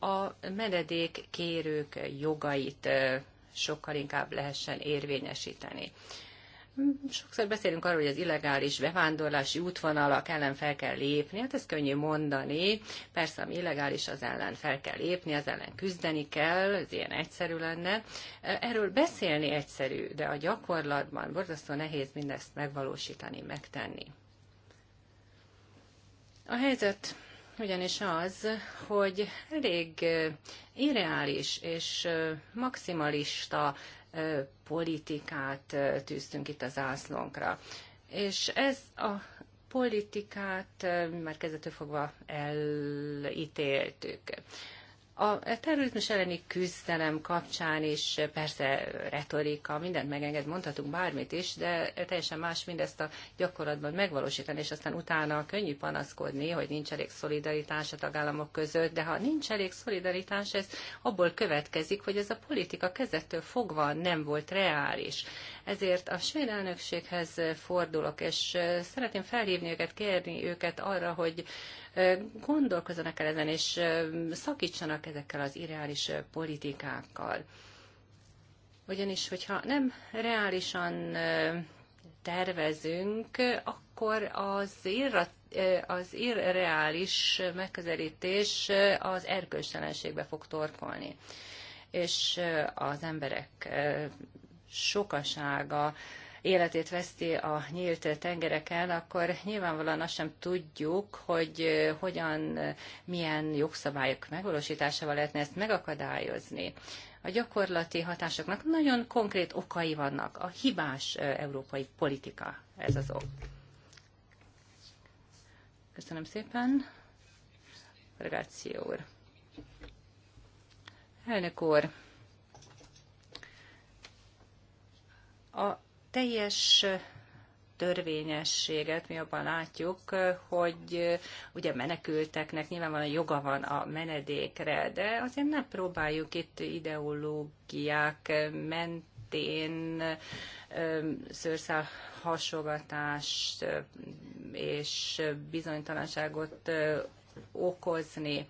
a menedék kérők jogait sokkal inkább lehessen érvényesíteni. Sokszor beszélünk arról, hogy az illegális bevándorlási útvonalak ellen fel kell lépni, hát ez könnyű mondani. Persze, ami illegális, az ellen fel kell lépni, az ellen küzdeni kell, ez ilyen egyszerű lenne. Erről beszélni egyszerű, de a gyakorlatban borzasztó nehéz mindezt megvalósítani, megtenni. A helyzet ugyanis az, hogy elég eh, irreális és eh, maximalista politikát tűztünk itt az ászlónkra. És ez a politikát már kezdetől fogva elítéltük. A terrorizmus elleni küzdelem kapcsán is persze retorika, mindent megenged, mondhatunk bármit is, de teljesen más mindezt a gyakorlatban megvalósítani, és aztán utána könnyű panaszkodni, hogy nincs elég szolidaritás a tagállamok között, de ha nincs elég szolidaritás, ez abból következik, hogy ez a politika kezdettől fogva nem volt reális. Ezért a svéd elnökséghez fordulok, és szeretném felhívni őket, kérni őket arra, hogy gondolkozzanak el ezen, és szakítsanak ezekkel az irreális politikákkal. Ugyanis, hogyha nem reálisan tervezünk, akkor az, irra, az irreális megközelítés az erkölcstelenségbe fog torkolni. És az emberek sokasága életét veszti a nyílt tengereken, akkor nyilvánvalóan azt sem tudjuk, hogy hogyan, milyen jogszabályok megvalósításával lehetne ezt megakadályozni. A gyakorlati hatásoknak nagyon konkrét okai vannak. A hibás európai politika ez az ok. Köszönöm szépen. Regáció úr. Elnök úr, a teljes törvényességet mi abban látjuk, hogy eh, ugye menekülteknek nyilvánvalóan joga van a menedékre, de azért nem próbáljuk itt ideológiák mentén eh, szőrszál hasogatást eh, és bizonytalanságot okozni.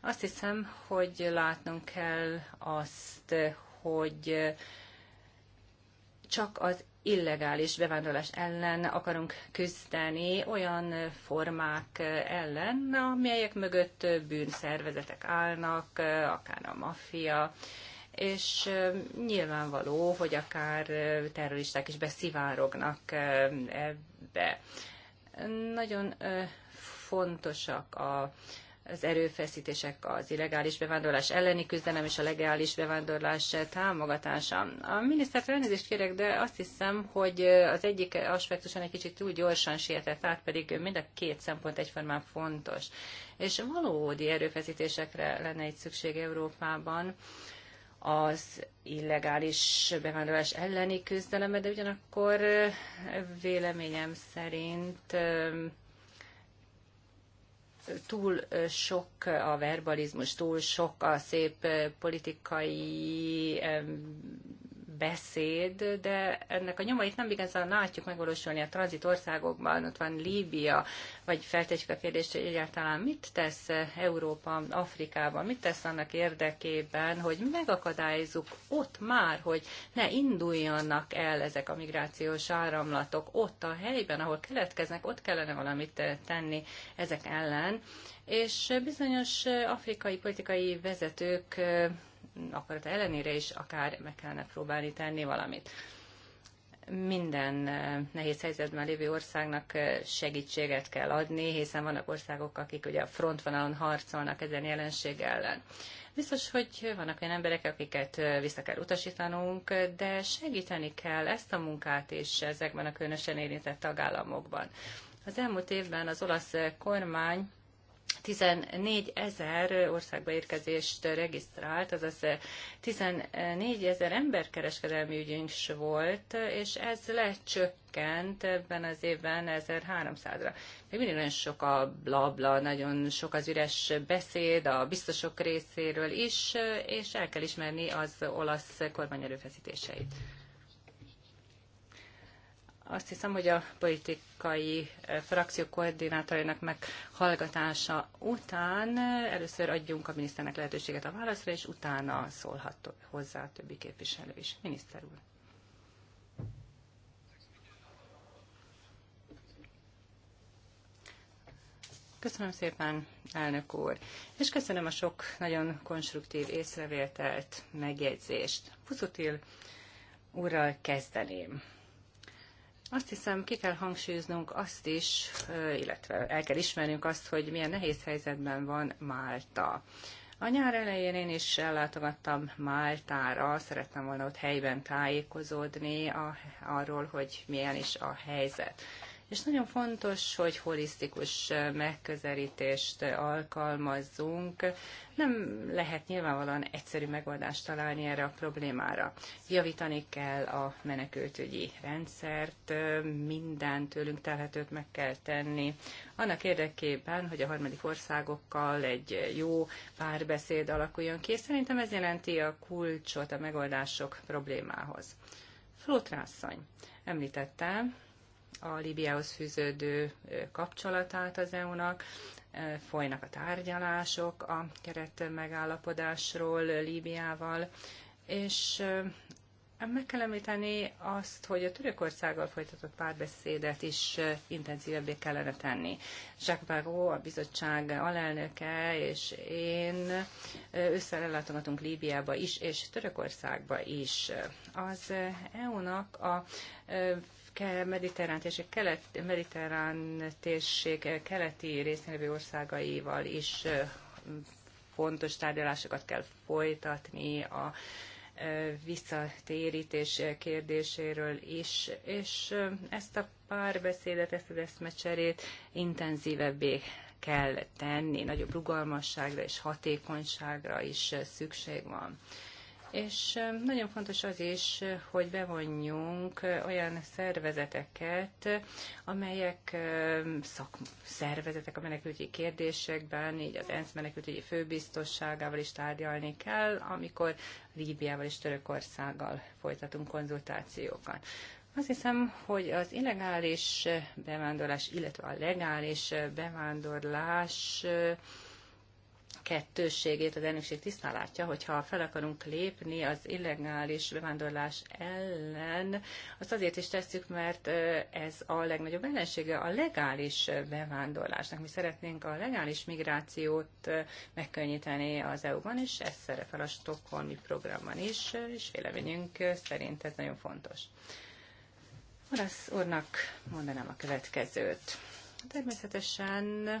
Azt hiszem, hogy látnunk kell azt, hogy csak az illegális bevándorlás ellen akarunk küzdeni, olyan formák ellen, amelyek mögött bűnszervezetek állnak, akár a maffia, és nyilvánvaló, hogy akár terroristák is beszivárognak ebbe. Nagyon fontosak a az erőfeszítések az illegális bevándorlás elleni küzdelem és a legális bevándorlás támogatása. A minisztert elnézést kérek, de azt hiszem, hogy az egyik aspektuson egy kicsit túl gyorsan sietett át, pedig mind a két szempont egyformán fontos. És valódi erőfeszítésekre lenne egy szükség Európában az illegális bevándorlás elleni küzdelem, de ugyanakkor véleményem szerint túl sok a verbalizmus, túl sok a szép eh, politikai beszéd, de ennek a nyomait nem igazán látjuk megvalósulni a tranzit országokban. Ott van Líbia, vagy feltetjük a kérdést, hogy egyáltalán mit tesz Európa, Afrikában, mit tesz annak érdekében, hogy megakadályozzuk ott már, hogy ne induljanak el ezek a migrációs áramlatok ott a helyben, ahol keletkeznek, ott kellene valamit tenni ezek ellen és bizonyos afrikai politikai vezetők akarata ellenére is akár meg kellene próbálni tenni valamit. Minden eh, nehéz helyzetben lévő országnak eh, segítséget kell adni, hiszen vannak országok, akik ugye a frontvonalon harcolnak ezen jelenség ellen. Biztos, hogy vannak olyan emberek, akiket eh, vissza kell utasítanunk, de segíteni kell ezt a munkát is ezekben a különösen érintett tagállamokban. Az elmúlt évben az olasz kormány 14 ezer országba érkezést regisztrált, azaz 14 ezer emberkereskedelmi ügyünk is volt, és ez lecsökkent ebben az évben 1300-ra. Még mindig nagyon sok a blabla, bla, nagyon sok az üres beszéd a biztosok részéről is, és el kell ismerni az olasz kormány erőfeszítéseit. Azt hiszem, hogy a politikai eh, frakció koordinátorainak meghallgatása után eh, először adjunk a miniszternek lehetőséget a válaszra, és utána szólhat hozzá a többi képviselő is. Miniszter úr. Köszönöm szépen, elnök úr, és köszönöm a sok nagyon konstruktív észrevételt, megjegyzést. Puszutil úrral kezdeném. Azt hiszem, ki kell hangsúlyoznunk azt is, illetve el kell ismernünk azt, hogy milyen nehéz helyzetben van Málta. A nyár elején én is ellátogattam Máltára, szerettem volna ott helyben tájékozódni a, arról, hogy milyen is a helyzet. És nagyon fontos, hogy holisztikus megközelítést alkalmazzunk. Nem lehet nyilvánvalóan egyszerű megoldást találni erre a problémára. Javítani kell a menekültügyi rendszert, mindent tőlünk telhetőt meg kell tenni. Annak érdekében, hogy a harmadik országokkal egy jó párbeszéd alakuljon ki, és szerintem ez jelenti a kulcsot a megoldások problémához. Flótrászony. Említettem, a Líbiához fűződő kapcsolatát az EU-nak, folynak a tárgyalások a keret megállapodásról Líbiával, és meg kell említeni azt, hogy a Törökországgal folytatott párbeszédet is intenzívebbé kellene tenni. Jacques Barreau, a bizottság alelnöke és én ősszel Líbiába is, és Törökországba is. Az EU-nak a mediterrán térség, kelet, mediterrán térség keleti részén lévő országaival is fontos tárgyalásokat kell folytatni a visszatérítés kérdéséről is, és ezt a párbeszédet, ezt az eszmecserét intenzívebbé kell tenni, nagyobb rugalmasságra és hatékonyságra is szükség van. És nagyon fontos az is, hogy bevonjunk olyan szervezeteket, amelyek szakszervezetek a menekültügyi kérdésekben, így az ENSZ menekültügyi főbiztosságával is tárgyalni kell, amikor Líbiával és Törökországgal folytatunk konzultációkat. Azt hiszem, hogy az illegális bevándorlás, illetve a legális bevándorlás kettősségét az elnökség tisztán látja, hogyha fel akarunk lépni az illegális bevándorlás ellen, azt azért is tesszük, mert ez a legnagyobb ellensége a legális bevándorlásnak. Mi szeretnénk a legális migrációt megkönnyíteni az EU-ban, és ez szerepel a Stockholmi programban is, és véleményünk szerint ez nagyon fontos. Orasz úrnak mondanám a következőt. Természetesen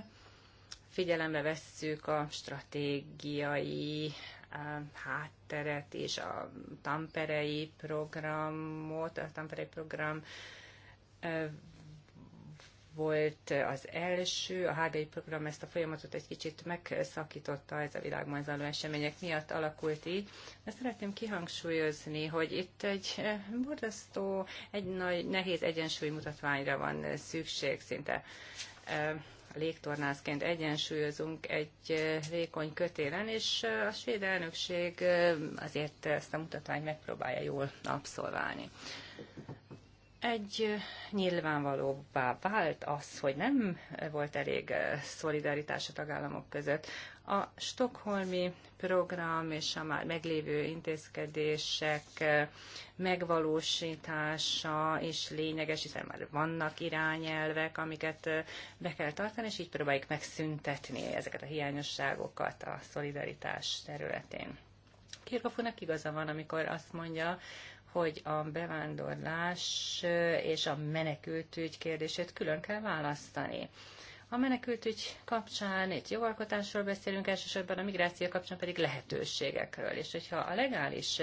figyelembe vesszük a stratégiai hátteret és a tamperei programot, a tamperei program volt az első, a hágai program ezt a folyamatot egy kicsit megszakította, ez a világban zajló események miatt alakult így. De szeretném kihangsúlyozni, hogy itt egy borzasztó, egy nagy, nehéz egyensúly mutatványra van szükség szinte légtornászként egyensúlyozunk egy eh, vékony kötélen, és eh, a svéd elnökség eh, azért ezt a mutatványt megpróbálja jól abszolválni. Egy nyilvánvalóbbá vált az, hogy nem volt elég szolidaritás a tagállamok között a stokholmi program és a már meglévő intézkedések megvalósítása is lényeges, hiszen már vannak irányelvek, amiket be kell tartani, és így próbáljuk megszüntetni ezeket a hiányosságokat a szolidaritás területén. Kirkofónak igaza van, amikor azt mondja, hogy a bevándorlás és a menekültügy kérdését külön kell választani. A menekültügy kapcsán itt jogalkotásról beszélünk, elsősorban a migráció kapcsán pedig lehetőségekről. És hogyha a legális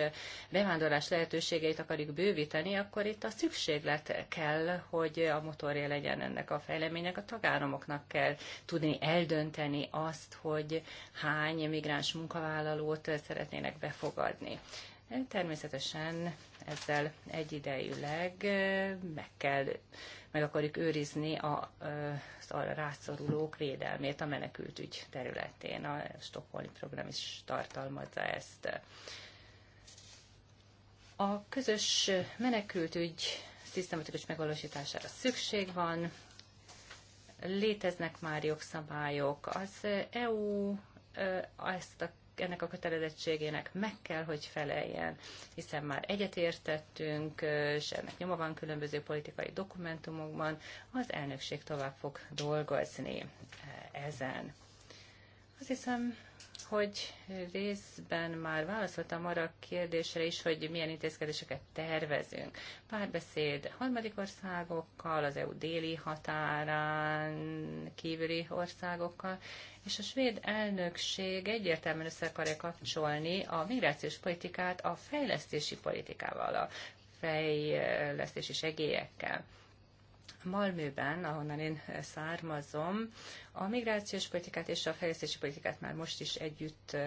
bevándorlás lehetőségeit akarjuk bővíteni, akkor itt a szükséglet kell, hogy a motorja legyen ennek a fejleménynek. A tagállamoknak kell tudni eldönteni azt, hogy hány migráns munkavállalót szeretnének befogadni. Természetesen ezzel egyidejűleg meg kell, meg akarjuk őrizni a, a rászorulók védelmét a menekültügy területén. A Stockholmi program is tartalmazza ezt. A közös menekültügy szisztematikus megvalósítására szükség van, léteznek már jogszabályok. Az EU ezt a ennek a kötelezettségének meg kell, hogy feleljen, hiszen már egyetértettünk, és ennek nyoma van különböző politikai dokumentumokban, az elnökség tovább fog dolgozni ezen. Azt hiszem, hogy részben már válaszoltam arra a kérdésre is, hogy milyen intézkedéseket tervezünk. Párbeszéd harmadik országokkal, az EU déli határán kívüli országokkal, és a svéd elnökség egyértelműen össze akarja kapcsolni a migrációs politikát a fejlesztési politikával, a fejlesztési segélyekkel. Malmőben, ahonnan én származom, a migrációs politikát és a fejlesztési politikát már most is együtt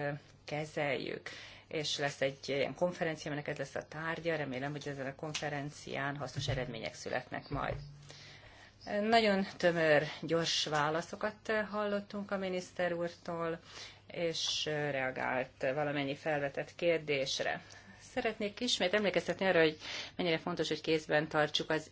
kezeljük és lesz egy ilyen konferencia, ennek ez lesz a tárgya, remélem, hogy ezen a konferencián hasznos eredmények születnek majd. Nagyon tömör, gyors válaszokat hallottunk a miniszter úrtól, és reagált valamennyi felvetett kérdésre. Szeretnék ismét emlékeztetni arra, hogy mennyire fontos, hogy kézben tartsuk az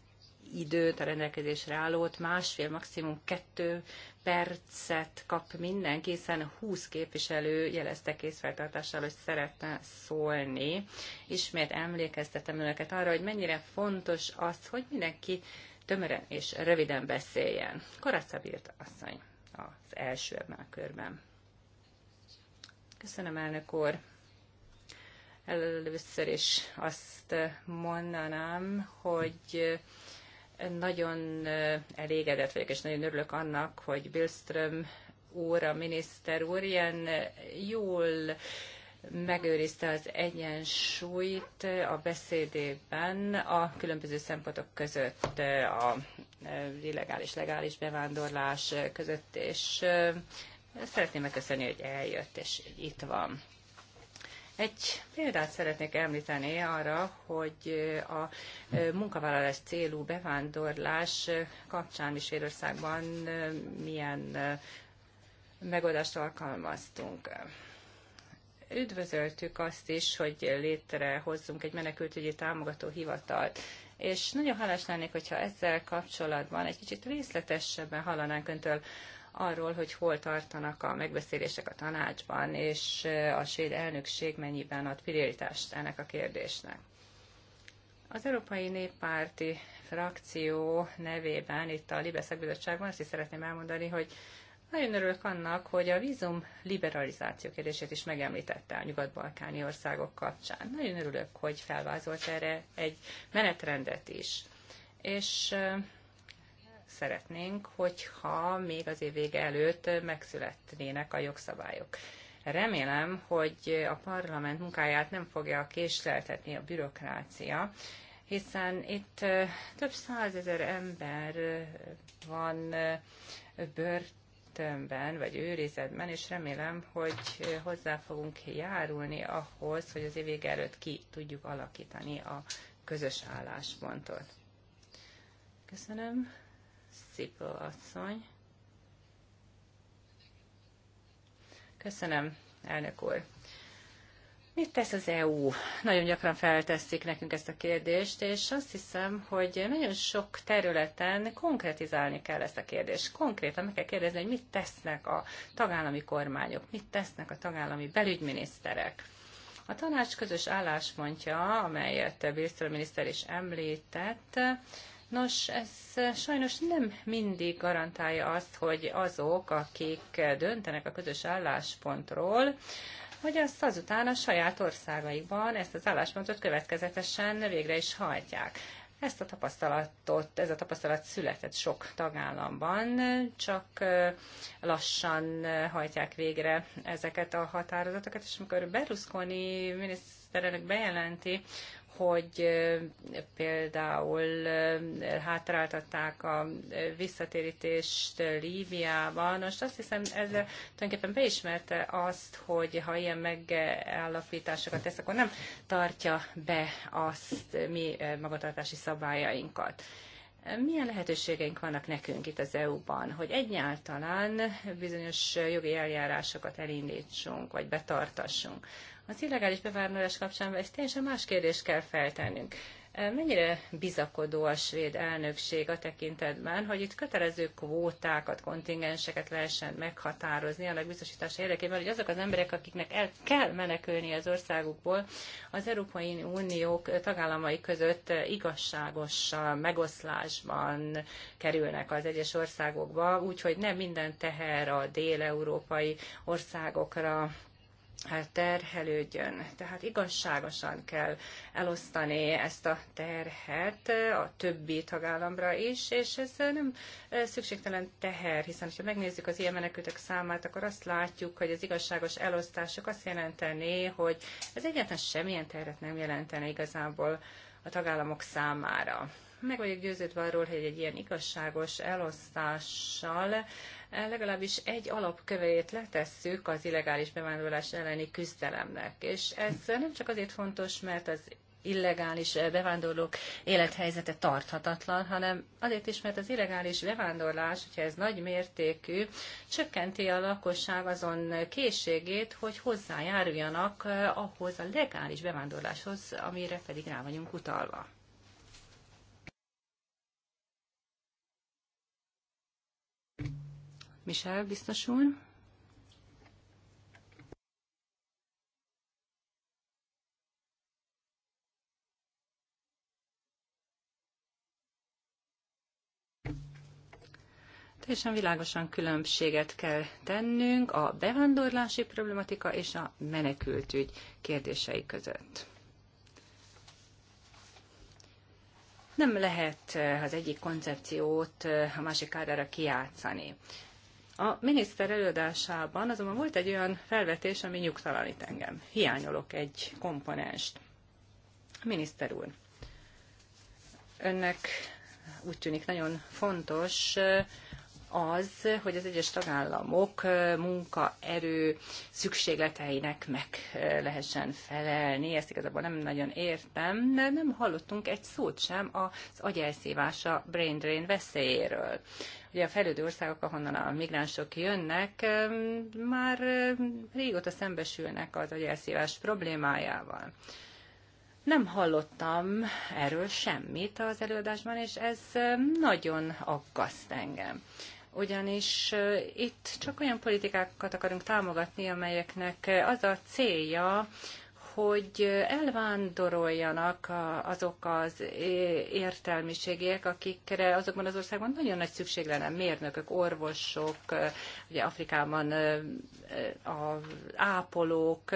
időt, a rendelkezésre állót, másfél, maximum kettő percet kap mindenki, hiszen 20 képviselő jelezte készfeltartással, hogy szeretne szólni. Ismét emlékeztetem önöket arra, hogy mennyire fontos az, hogy mindenki tömören és röviden beszéljen. Karacabírt asszony az első ebben a körben. Köszönöm, elnök úr. Először is azt mondanám, hogy nagyon elégedett vagyok, és nagyon örülök annak, hogy Billström úr, a miniszter úr ilyen jól megőrizte az egyensúlyt a beszédében a különböző szempontok között, a illegális, legális bevándorlás között, és szeretném megköszönni, hogy eljött, és itt van. Egy példát szeretnék említeni arra, hogy a munkavállalás célú bevándorlás kapcsán is Érországban milyen megoldást alkalmaztunk üdvözöltük azt is, hogy létrehozzunk egy menekültügyi támogató hivatalt. És nagyon hálás lennék, hogyha ezzel kapcsolatban egy kicsit részletesebben hallanánk öntől arról, hogy hol tartanak a megbeszélések a tanácsban, és eh, a svéd elnökség mennyiben ad prioritást ennek a kérdésnek. Az Európai Néppárti frakció nevében itt a Libeszek Bizottságban azt is szeretném elmondani, hogy nagyon örülök annak, hogy a vízum liberalizáció kérdését is megemlítette a nyugat-balkáni országok kapcsán. Nagyon örülök, hogy felvázolt erre egy menetrendet is. És eh, szeretnénk, hogyha még az év vége előtt megszületnének a jogszabályok. Remélem, hogy a parlament munkáját nem fogja késleltetni a bürokrácia, hiszen itt több százezer ember van börtönben, vagy őrizetben, és remélem, hogy hozzá fogunk járulni ahhoz, hogy az év előtt ki tudjuk alakítani a közös álláspontot. Köszönöm. Szipa asszony. Köszönöm, elnök úr. Mit tesz az EU? Nagyon gyakran felteszik nekünk ezt a kérdést, és azt hiszem, hogy nagyon sok területen konkretizálni kell ezt a kérdést. Konkrétan meg kell kérdezni, hogy mit tesznek a tagállami kormányok, mit tesznek a tagállami belügyminiszterek. A tanács közös álláspontja, amelyet Bírszor miniszter is említett, Nos, ez sajnos nem mindig garantálja azt, hogy azok, akik döntenek a közös álláspontról, hogy azt azután a saját országaikban ezt az álláspontot következetesen végre is hajtják. Ezt a tapasztalatot, ez a tapasztalat született sok tagállamban, csak lassan hajtják végre ezeket a határozatokat, és amikor Berlusconi miniszterelnök bejelenti, hogy például hátráltatták a visszatérítést Líbiában. Most azt hiszem, ez tulajdonképpen beismerte azt, hogy ha ilyen megállapításokat tesz, akkor nem tartja be azt mi magatartási szabályainkat. Milyen lehetőségeink vannak nekünk itt az EU-ban, hogy egyáltalán bizonyos jogi eljárásokat elindítsunk, vagy betartassunk? Az illegális bevándorlás kapcsán egy teljesen más kérdést kell feltennünk. Mennyire bizakodó a svéd elnökség a tekintetben, hogy itt kötelező kvótákat, kontingenseket lehessen meghatározni a biztosítása érdekében, hogy azok az emberek, akiknek el kell menekülni az országukból, az Európai Uniók tagállamai között igazságos megoszlásban kerülnek az egyes országokba, úgyhogy nem minden teher a déleurópai országokra Eh, terhelődjön. Tehát igazságosan kell elosztani ezt a terhet eh, a többi tagállamra is, és ez eh, nem szükségtelen teher, hiszen ha megnézzük az ilyen menekültek számát, akkor azt látjuk, hogy az igazságos elosztások azt jelenteni, hogy ez egyáltalán semmilyen terhet nem jelentene igazából a tagállamok számára. Meg vagyok győződve arról, hogy egy ilyen igazságos elosztással eh, legalábbis egy alapkövét letesszük az illegális bevándorlás elleni küzdelemnek. És ez nem csak azért fontos, mert az illegális eh, bevándorlók élethelyzete tarthatatlan, hanem azért is, mert az illegális bevándorlás, hogyha ez nagy mértékű, csökkenti a lakosság azon készségét, hogy hozzájáruljanak eh, ahhoz a legális bevándorláshoz, amire pedig rá vagyunk utalva. Michel biztos úr. Teljesen világosan különbséget kell tennünk a bevándorlási problematika és a menekültügy kérdései között. Nem lehet eh, az egyik koncepciót eh, a másik árára kiátszani. A miniszter előadásában azonban volt egy olyan felvetés, ami nyugtalanít engem. Hiányolok egy komponenst. Miniszter úr, önnek úgy tűnik nagyon fontos az, hogy az egyes tagállamok munkaerő szükségleteinek meg lehessen felelni. Ezt igazából nem nagyon értem, de nem hallottunk egy szót sem az agyelszívása brain drain veszélyéről. Ugye a fejlődő országok, ahonnan a migránsok jönnek, már régóta szembesülnek az agyelszívás problémájával. Nem hallottam erről semmit az előadásban, és ez nagyon aggaszt engem ugyanis itt csak olyan politikákat akarunk támogatni, amelyeknek az a célja, hogy elvándoroljanak azok az értelmiségiek, akikre azokban az országban nagyon nagy szükség lenne, mérnökök, orvosok, ugye Afrikában az ápolók,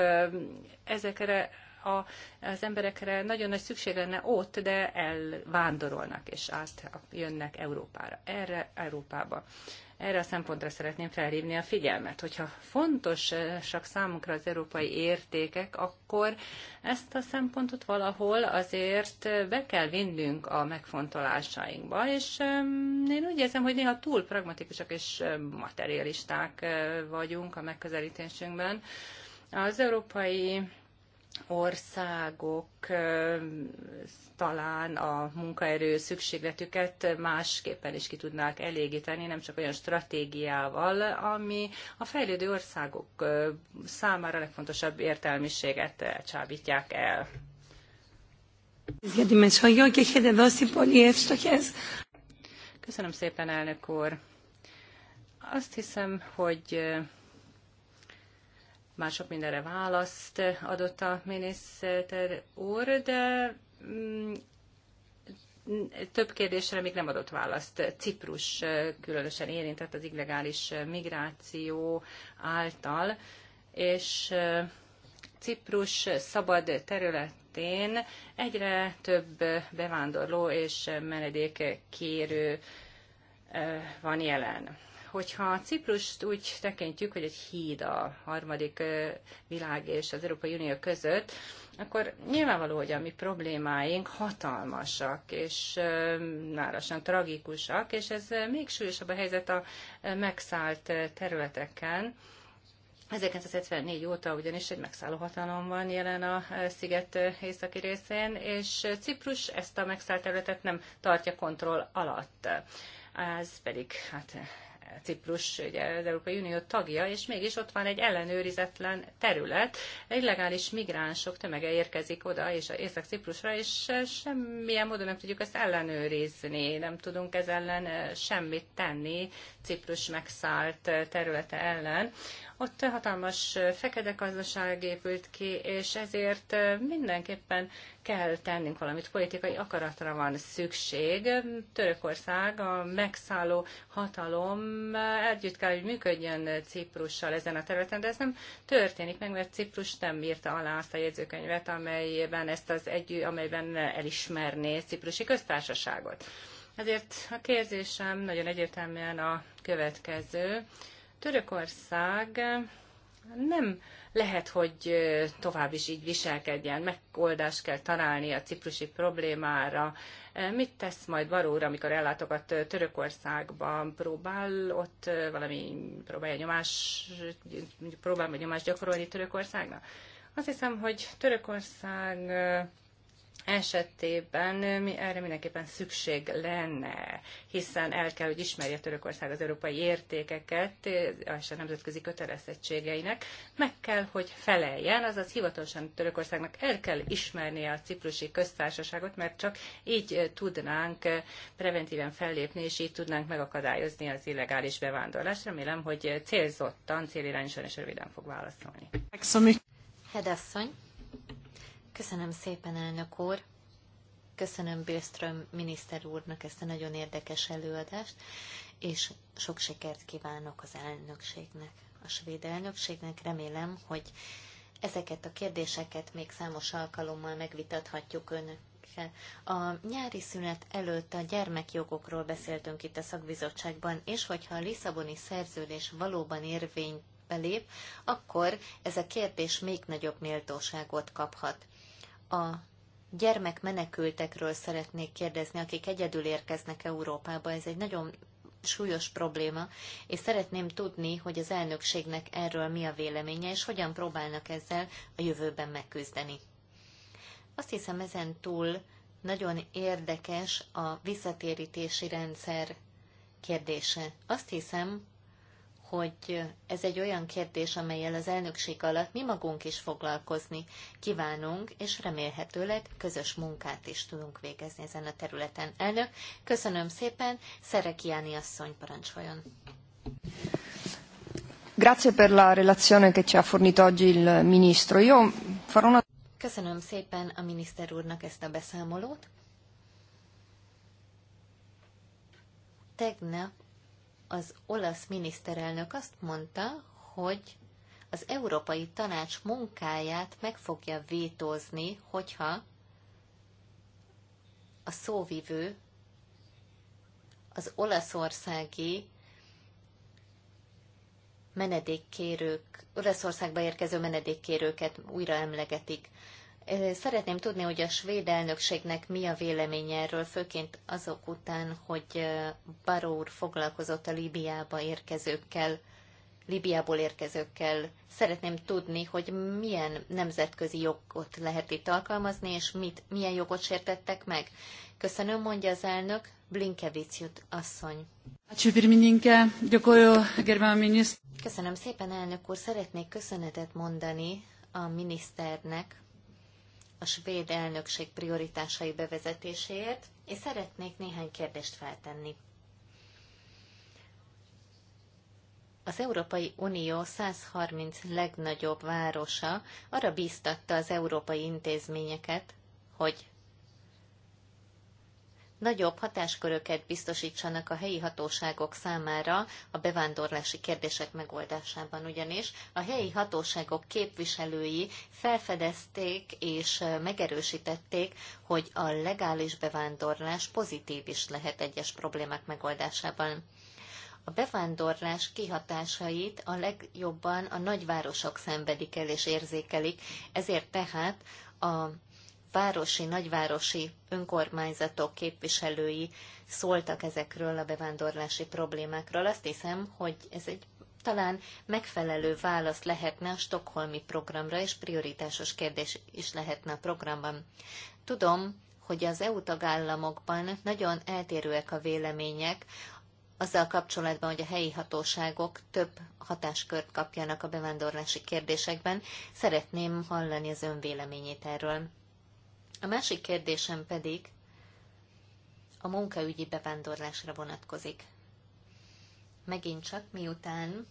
ezekre a, az emberekre nagyon nagy szükség lenne ott, de elvándorolnak és át jönnek Európára, erre Európába. Erre a szempontra szeretném felhívni a figyelmet, hogyha fontosak számunkra az európai értékek, akkor ezt a szempontot valahol azért be kell vinnünk a megfontolásainkba, és én úgy érzem, hogy néha túl pragmatikusak és materialisták vagyunk a megközelítésünkben. Az európai országok talán a munkaerő szükségletüket másképpen is ki tudnák elégíteni, nem csak olyan stratégiával, ami a fejlődő országok számára legfontosabb értelmiséget csábítják el. Köszönöm szépen, elnök úr. Azt hiszem, hogy már sok mindenre választ adott a miniszter úr, de mm, több kérdésre még nem adott választ. Ciprus különösen érintett az illegális migráció által, és Ciprus szabad területén egyre több bevándorló és menedékkérő van jelen hogyha Ciprust úgy tekintjük, hogy egy híd a harmadik világ és az Európai Unió között, akkor nyilvánvaló, hogy a mi problémáink hatalmasak, és nárasan tragikusak, és ez még súlyosabb a helyzet a megszállt területeken. 1974 óta ugyanis egy megszálló hatalom van jelen a sziget északi részén, és Ciprus ezt a megszállt területet nem tartja kontroll alatt. Ez pedig hát Ciprus ugye, az Európai Unió tagja, és mégis ott van egy ellenőrizetlen terület. Illegális migránsok tömege érkezik oda, és Észak-Ciprusra, és e, semmilyen módon nem tudjuk ezt ellenőrizni, nem tudunk ez ellen e, semmit tenni Ciprus megszállt e, területe ellen. Ott hatalmas fekete gazdaság épült ki, és ezért mindenképpen kell tennünk valamit, politikai akaratra van szükség. Törökország, a megszálló hatalom együtt kell, hogy működjön Ciprussal ezen a területen, de ez nem történik meg, mert Ciprus nem írta alá azt a jegyzőkönyvet, amelyben ezt az együ, amelyben elismerné Ciprusi köztársaságot. Ezért a kérdésem nagyon egyértelműen a következő. Törökország eh, nem lehet, hogy eh, tovább is így viselkedjen, megoldást kell találni a ciprusi problémára. Eh, mit tesz majd Baróra, amikor ellátogat Törökországban? Próbál ott valami, próbálja nyomás, próbál vagy nyomást gyakorolni Törökországnak? Azt hiszem, hogy Törökország esetében mi, erre mindenképpen szükség lenne, hiszen el kell, hogy ismerje Törökország az európai értékeket és a nemzetközi kötelezettségeinek. Meg kell, hogy feleljen, azaz hivatalosan Törökországnak el kell ismernie a ciprusi köztársaságot, mert csak így tudnánk preventíven fellépni, és így tudnánk megakadályozni az illegális bevándorlást. Remélem, hogy célzottan, célirányosan és röviden fog válaszolni. Hedasszony. Köszönöm szépen, elnök úr. Köszönöm Bőström miniszter úrnak ezt a nagyon érdekes előadást, és sok sikert kívánok az elnökségnek, a svéd elnökségnek. Remélem, hogy ezeket a kérdéseket még számos alkalommal megvitathatjuk önök a nyári szünet előtt a gyermekjogokról beszéltünk itt a szakbizottságban, és hogyha a Lisszaboni szerződés valóban érvényt belép, akkor ez a kérdés még nagyobb méltóságot kaphat a gyermek menekültekről szeretnék kérdezni, akik egyedül érkeznek Európába. Ez egy nagyon súlyos probléma, és szeretném tudni, hogy az elnökségnek erről mi a véleménye, és hogyan próbálnak ezzel a jövőben megküzdeni. Azt hiszem ezen túl nagyon érdekes a visszatérítési rendszer kérdése. Azt hiszem, hogy ez egy olyan kérdés, amelyel az elnökség alatt mi magunk is foglalkozni kívánunk, és remélhetőleg közös munkát is tudunk végezni ezen a területen. Elnök, köszönöm szépen, Szerek Jáni asszony parancsoljon. Grazie per la relazione che ci ha fornito oggi il ministro. Io farò una... Köszönöm szépen a miniszter úrnak ezt a beszámolót. Tegnap az olasz miniszterelnök azt mondta, hogy az Európai Tanács munkáját meg fogja vétózni, hogyha a szóvivő az olaszországi menedékkérők, Olaszországba érkező menedékkérőket újra emlegetik. Szeretném tudni, hogy a svéd elnökségnek mi a véleménye erről, főként azok után, hogy Baró úr foglalkozott a Líbiába érkezőkkel, Líbiából érkezőkkel. Szeretném tudni, hogy milyen nemzetközi jogot lehet itt alkalmazni, és mit, milyen jogot sértettek meg. Köszönöm, mondja az elnök, Blinkeviciut asszony. Köszönöm szépen, elnök úr. Szeretnék köszönetet mondani a miniszternek a svéd elnökség prioritásai bevezetéséért, és szeretnék néhány kérdést feltenni. Az Európai Unió 130 legnagyobb városa arra bíztatta az európai intézményeket, hogy nagyobb hatásköröket biztosítsanak a helyi hatóságok számára a bevándorlási kérdések megoldásában, ugyanis a helyi hatóságok képviselői felfedezték és megerősítették, hogy a legális bevándorlás pozitív is lehet egyes problémák megoldásában. A bevándorlás kihatásait a legjobban a nagyvárosok szenvedik el és érzékelik, ezért tehát a városi, nagyvárosi önkormányzatok képviselői szóltak ezekről a bevándorlási problémákról. Azt hiszem, hogy ez egy talán megfelelő válasz lehetne a stokholmi programra, és prioritásos kérdés is lehetne a programban. Tudom, hogy az EU tagállamokban nagyon eltérőek a vélemények azzal kapcsolatban, hogy a helyi hatóságok több hatáskört kapjanak a bevándorlási kérdésekben. Szeretném hallani az ön véleményét erről. A másik kérdésem pedig a munkaügyi bevándorlásra vonatkozik. Megint csak miután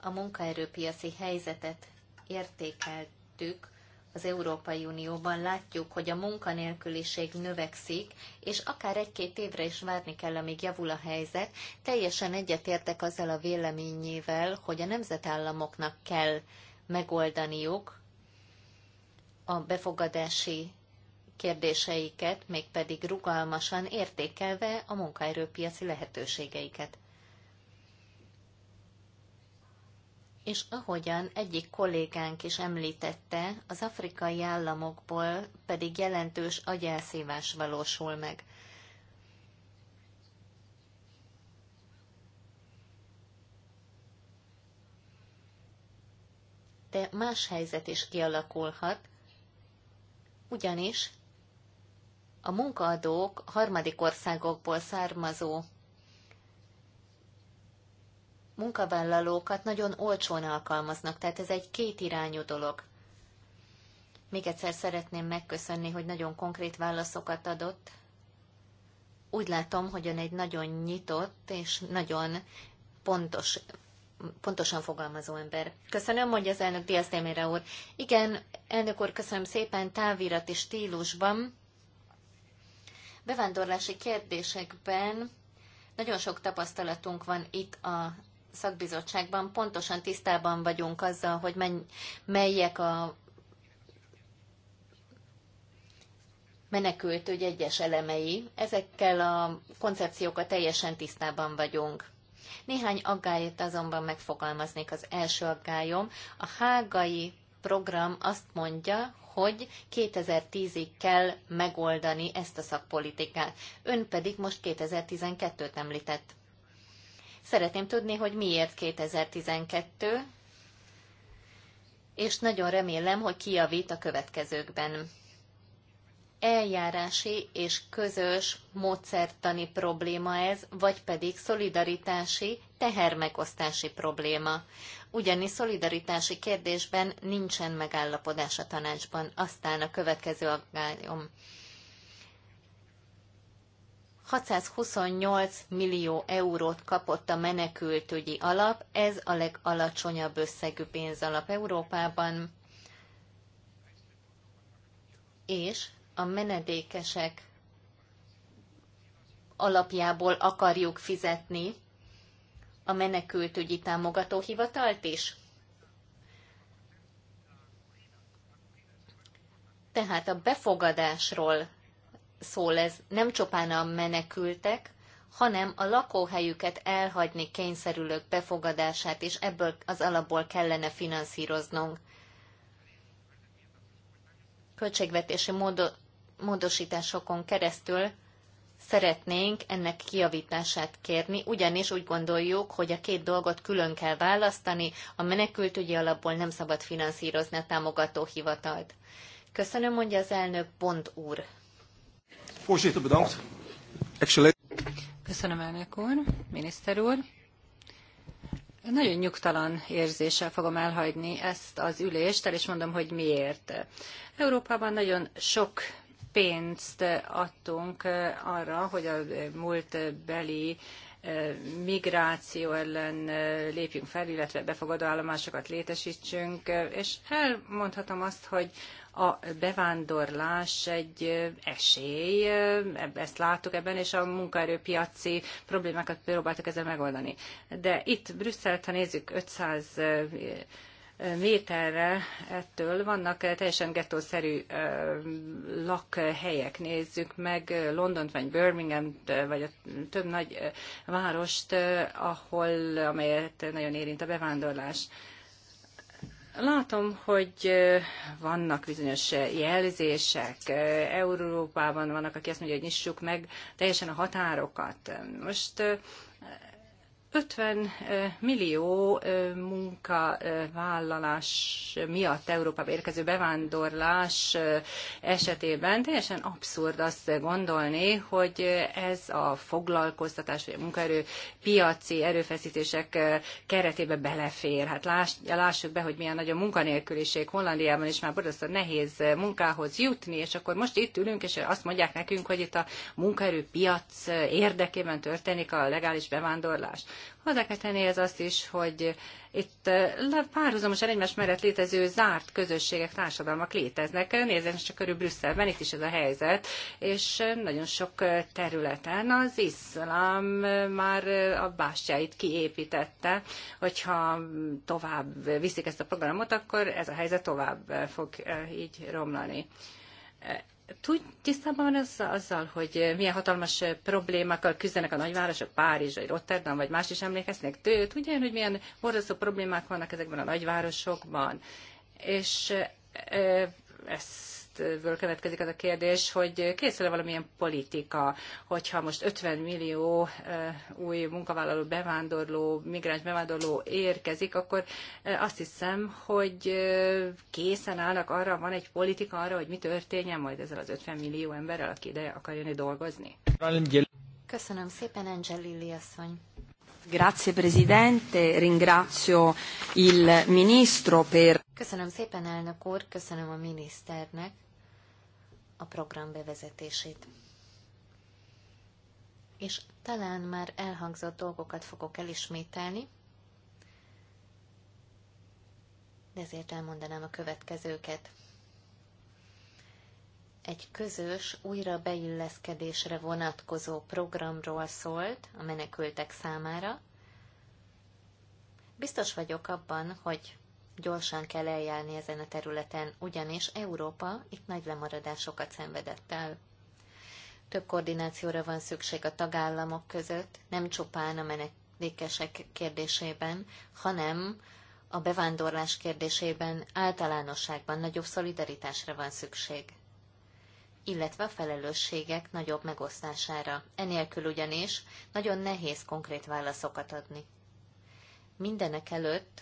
a munkaerőpiaci helyzetet értékeltük az Európai Unióban, látjuk, hogy a munkanélküliség növekszik, és akár egy-két évre is várni kell, amíg javul a helyzet. Teljesen egyetértek azzal a véleményével, hogy a nemzetállamoknak kell megoldaniuk a befogadási kérdéseiket, mégpedig rugalmasan értékelve a munkaerőpiaci lehetőségeiket. És ahogyan egyik kollégánk is említette, az afrikai államokból pedig jelentős agyelszívás valósul meg. De más helyzet is kialakulhat, ugyanis a munkaadók harmadik országokból származó munkavállalókat nagyon olcsón alkalmaznak, tehát ez egy kétirányú dolog. Még egyszer szeretném megköszönni, hogy nagyon konkrét válaszokat adott. Úgy látom, hogy ön egy nagyon nyitott és nagyon pontos, pontosan fogalmazó ember. Köszönöm, mondja az elnök Diaz úr. Igen, elnök úr, köszönöm szépen távirati stílusban bevándorlási kérdésekben nagyon sok tapasztalatunk van itt a szakbizottságban, pontosan tisztában vagyunk azzal, hogy menny- melyek a menekült ügy egyes elemei. Ezekkel a koncepciókkal teljesen tisztában vagyunk. Néhány aggályt azonban megfogalmaznék. Az első aggályom a hágai program azt mondja, hogy 2010-ig kell megoldani ezt a szakpolitikát. Ön pedig most 2012-t említett. Szeretném tudni, hogy miért 2012, és nagyon remélem, hogy kijavít a következőkben. Eljárási és közös módszertani probléma ez, vagy pedig szolidaritási tehermegosztási probléma, ugyanis szolidaritási kérdésben nincsen megállapodás a tanácsban. Aztán a következő aggályom. 628 millió eurót kapott a menekültügyi alap, ez a legalacsonyabb összegű pénzalap Európában, és a menedékesek alapjából akarjuk fizetni a menekültügyi támogatóhivatalt is? Tehát a befogadásról szól ez, nem csupán a menekültek, hanem a lakóhelyüket elhagyni kényszerülők befogadását, és ebből az alapból kellene finanszíroznunk. Költségvetési módosításokon keresztül szeretnénk ennek kiavítását kérni, ugyanis úgy gondoljuk, hogy a két dolgot külön kell választani, a menekültügyi alapból nem szabad finanszírozni a támogató hivatalt. Köszönöm, mondja az elnök Bond úr. Köszönöm, elnök úr, miniszter úr. Nagyon nyugtalan érzéssel fogom elhagyni ezt az ülést, el is mondom, hogy miért. Európában nagyon sok pénzt adtunk arra, hogy a múltbeli migráció ellen lépjünk fel, illetve befogadó állomásokat létesítsünk, és elmondhatom azt, hogy a bevándorlás egy esély, ezt láttuk ebben, és a munkaerőpiaci problémákat próbáltuk ezzel megoldani. De itt Brüsszelt, ha nézzük, 500 méterre ettől. Vannak eh, teljesen gettószerű eh, lakhelyek. Nézzük meg eh, Londont, vagy Birmingham, vagy a több nagy várost, ahol, amelyet nagyon érint a bevándorlás. Látom, hogy vannak bizonyos jelzések. Európában vannak, aki azt mondja, hogy nyissuk meg teljesen a határokat. Most 50 millió munkavállalás miatt Európába érkező bevándorlás esetében teljesen abszurd azt gondolni, hogy ez a foglalkoztatás vagy a munkaerő piaci erőfeszítések keretébe belefér. Hát lássuk be, hogy milyen nagy a munkanélküliség Hollandiában, és már borzasztóan nehéz munkához jutni, és akkor most itt ülünk, és azt mondják nekünk, hogy itt a munkaerő piac érdekében történik a legális bevándorlás. Hozzá kell tenni ez azt is, hogy itt eh, párhuzamosan egymás mellett létező zárt közösségek, társadalmak léteznek. Nézzen csak körül Brüsszelben, itt is ez a helyzet, és eh, nagyon sok eh, területen az iszlám már a bástyáit kiépítette, hogyha mm, tovább viszik ezt a programot, akkor ez a helyzet tovább fog így romlani Tud, tisztában van azzal, azzal, hogy milyen hatalmas problémákkal küzdenek a nagyvárosok, Párizs, vagy Rotterdam, vagy más is emlékeznek? Tudja ön, hogy milyen borzasztó problémák vannak ezekben a nagyvárosokban? És ez ebből következik az a kérdés, hogy készül-e valamilyen politika, hogyha most 50 millió eh, új munkavállaló bevándorló, migráns bevándorló érkezik, akkor eh, azt hiszem, hogy eh, készen állnak arra, van egy politika arra, hogy mi történjen majd ezzel az 50 millió emberrel, aki ide akar jönni dolgozni. Köszönöm szépen, Angelilli asszony. Grazie Presidente, ringrazio il Ministro per... Köszönöm szépen, elnök úr, köszönöm a miniszternek a program bevezetését. És talán már elhangzott dolgokat fogok elismételni, de ezért elmondanám a következőket. Egy közös újra beilleszkedésre vonatkozó programról szólt a menekültek számára. Biztos vagyok abban, hogy gyorsan kell eljárni ezen a területen, ugyanis Európa itt nagy lemaradásokat szenvedett el. Több koordinációra van szükség a tagállamok között, nem csupán a menedékesek kérdésében, hanem a bevándorlás kérdésében általánosságban nagyobb szolidaritásra van szükség illetve a felelősségek nagyobb megosztására. Enélkül ugyanis nagyon nehéz konkrét válaszokat adni. Mindenek előtt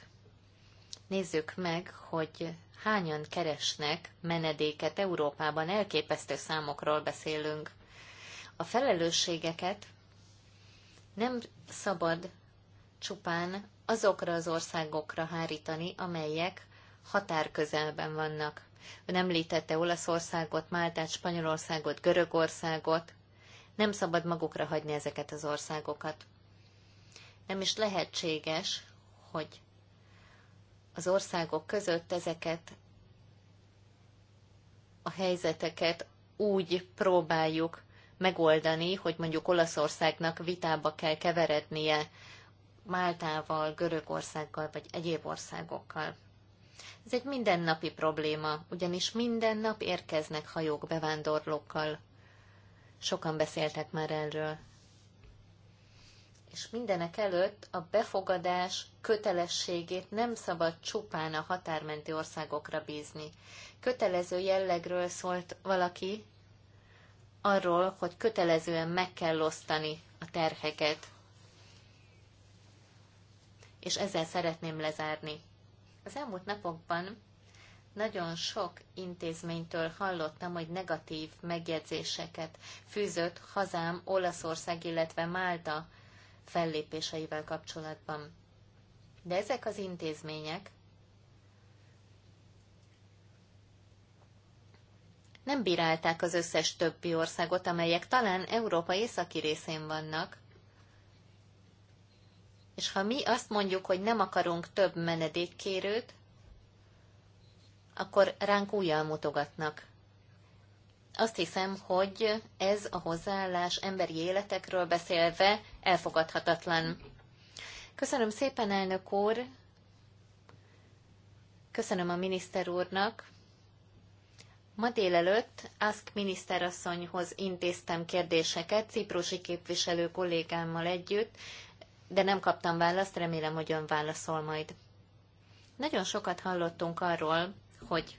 Nézzük meg, hogy hányan keresnek menedéket Európában, elképesztő számokról beszélünk. A felelősségeket nem szabad csupán azokra az országokra hárítani, amelyek határközelben vannak. Ön említette Olaszországot, Máltát, Spanyolországot, Görögországot. Nem szabad magukra hagyni ezeket az országokat. Nem is lehetséges, hogy az országok között ezeket a helyzeteket úgy próbáljuk megoldani, hogy mondjuk Olaszországnak vitába kell keverednie Máltával, Görögországgal vagy egyéb országokkal. Ez egy mindennapi probléma, ugyanis minden nap érkeznek hajók bevándorlókkal. Sokan beszéltek már erről és mindenek előtt a befogadás kötelességét nem szabad csupán a határmenti országokra bízni. Kötelező jellegről szólt valaki arról, hogy kötelezően meg kell osztani a terheket. És ezzel szeretném lezárni. Az elmúlt napokban nagyon sok intézménytől hallottam, hogy negatív megjegyzéseket fűzött hazám Olaszország, illetve Málta fellépéseivel kapcsolatban. De ezek az intézmények nem bírálták az összes többi országot, amelyek talán Európa északi részén vannak, és ha mi azt mondjuk, hogy nem akarunk több menedékkérőt, akkor ránk újjal mutogatnak azt hiszem, hogy ez a hozzáállás emberi életekről beszélve elfogadhatatlan. Köszönöm szépen, elnök úr! Köszönöm a miniszter úrnak! Ma délelőtt ASK miniszterasszonyhoz intéztem kérdéseket ciprusi képviselő kollégámmal együtt, de nem kaptam választ, remélem, hogy ön válaszol majd. Nagyon sokat hallottunk arról, hogy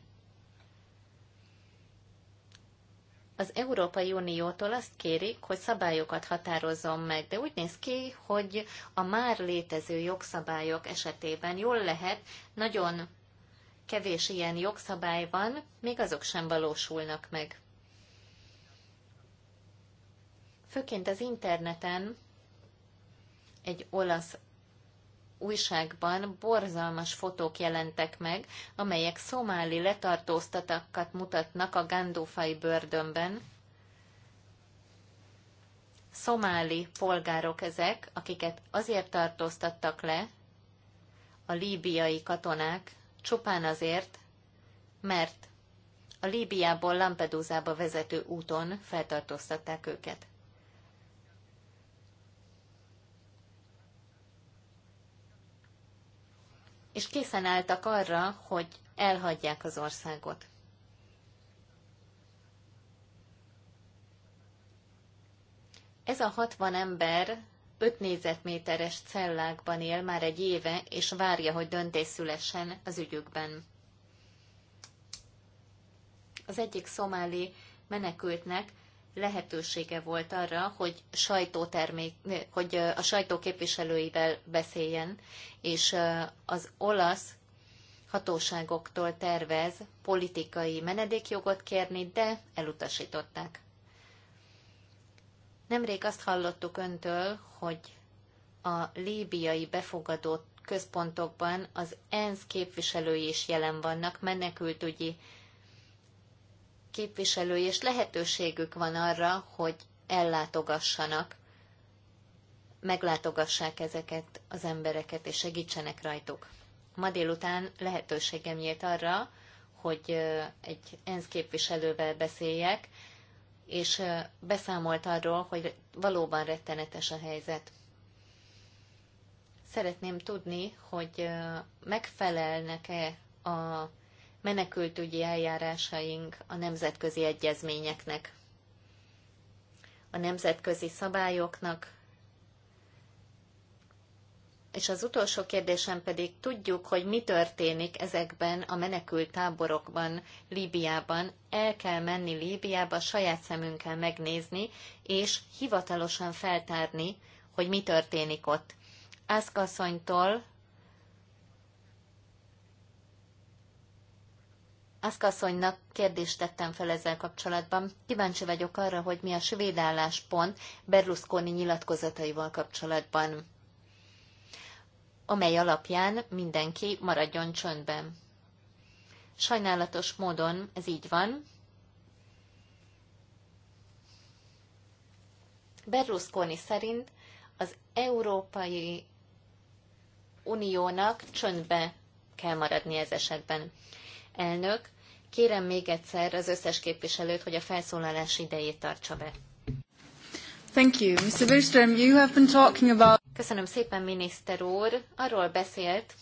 az Európai Uniótól azt kérik, hogy szabályokat határozzon meg, de úgy néz ki, hogy a már létező jogszabályok esetében jól lehet, nagyon kevés ilyen jogszabály van, még azok sem valósulnak meg. Főként az interneten egy olasz újságban borzalmas fotók jelentek meg, amelyek szomáli letartóztatakat mutatnak a Gandófai bördönben. Szomáli polgárok ezek, akiket azért tartóztattak le a líbiai katonák, csupán azért, mert a Líbiából Lampedusába vezető úton feltartóztatták őket. és készen álltak arra, hogy elhagyják az országot. Ez a 60 ember 5 négyzetméteres cellákban él már egy éve, és várja, hogy döntés szülessen az ügyükben. Az egyik szomáli menekültnek lehetősége volt arra, hogy, sajtótermék, eh, hogy eh, a sajtó képviselőivel beszéljen, és eh, az olasz hatóságoktól tervez politikai menedékjogot kérni, de elutasították. Nemrég azt hallottuk öntől, hogy a líbiai befogadó központokban az ENSZ képviselői is jelen vannak menekültügyi képviselői, és lehetőségük van arra, hogy ellátogassanak, meglátogassák ezeket az embereket, és segítsenek rajtuk. Ma délután lehetőségem nyílt arra, hogy egy ENSZ képviselővel beszéljek, és beszámolt arról, hogy valóban rettenetes a helyzet. Szeretném tudni, hogy megfelelnek-e a menekültügyi eljárásaink a nemzetközi egyezményeknek, a nemzetközi szabályoknak, és az utolsó kérdésem pedig, tudjuk, hogy mi történik ezekben a menekült táborokban, Líbiában. El kell menni Líbiába, saját szemünkkel megnézni, és hivatalosan feltárni, hogy mi történik ott. Ászkasszonytól Aszkasszonynak kérdést tettem fel ezzel kapcsolatban. Kíváncsi vagyok arra, hogy mi a svéd álláspont Berlusconi nyilatkozataival kapcsolatban, amely alapján mindenki maradjon csöndben. Sajnálatos módon ez így van. Berlusconi szerint az Európai Uniónak csöndbe kell maradni ez esetben. Elnök, kérem még egyszer az összes képviselőt, hogy a felszólalás idejét tartsa be. Thank you. Mr. Bostrom, you have been talking about... Köszönöm szépen, miniszter úr. Arról beszélt,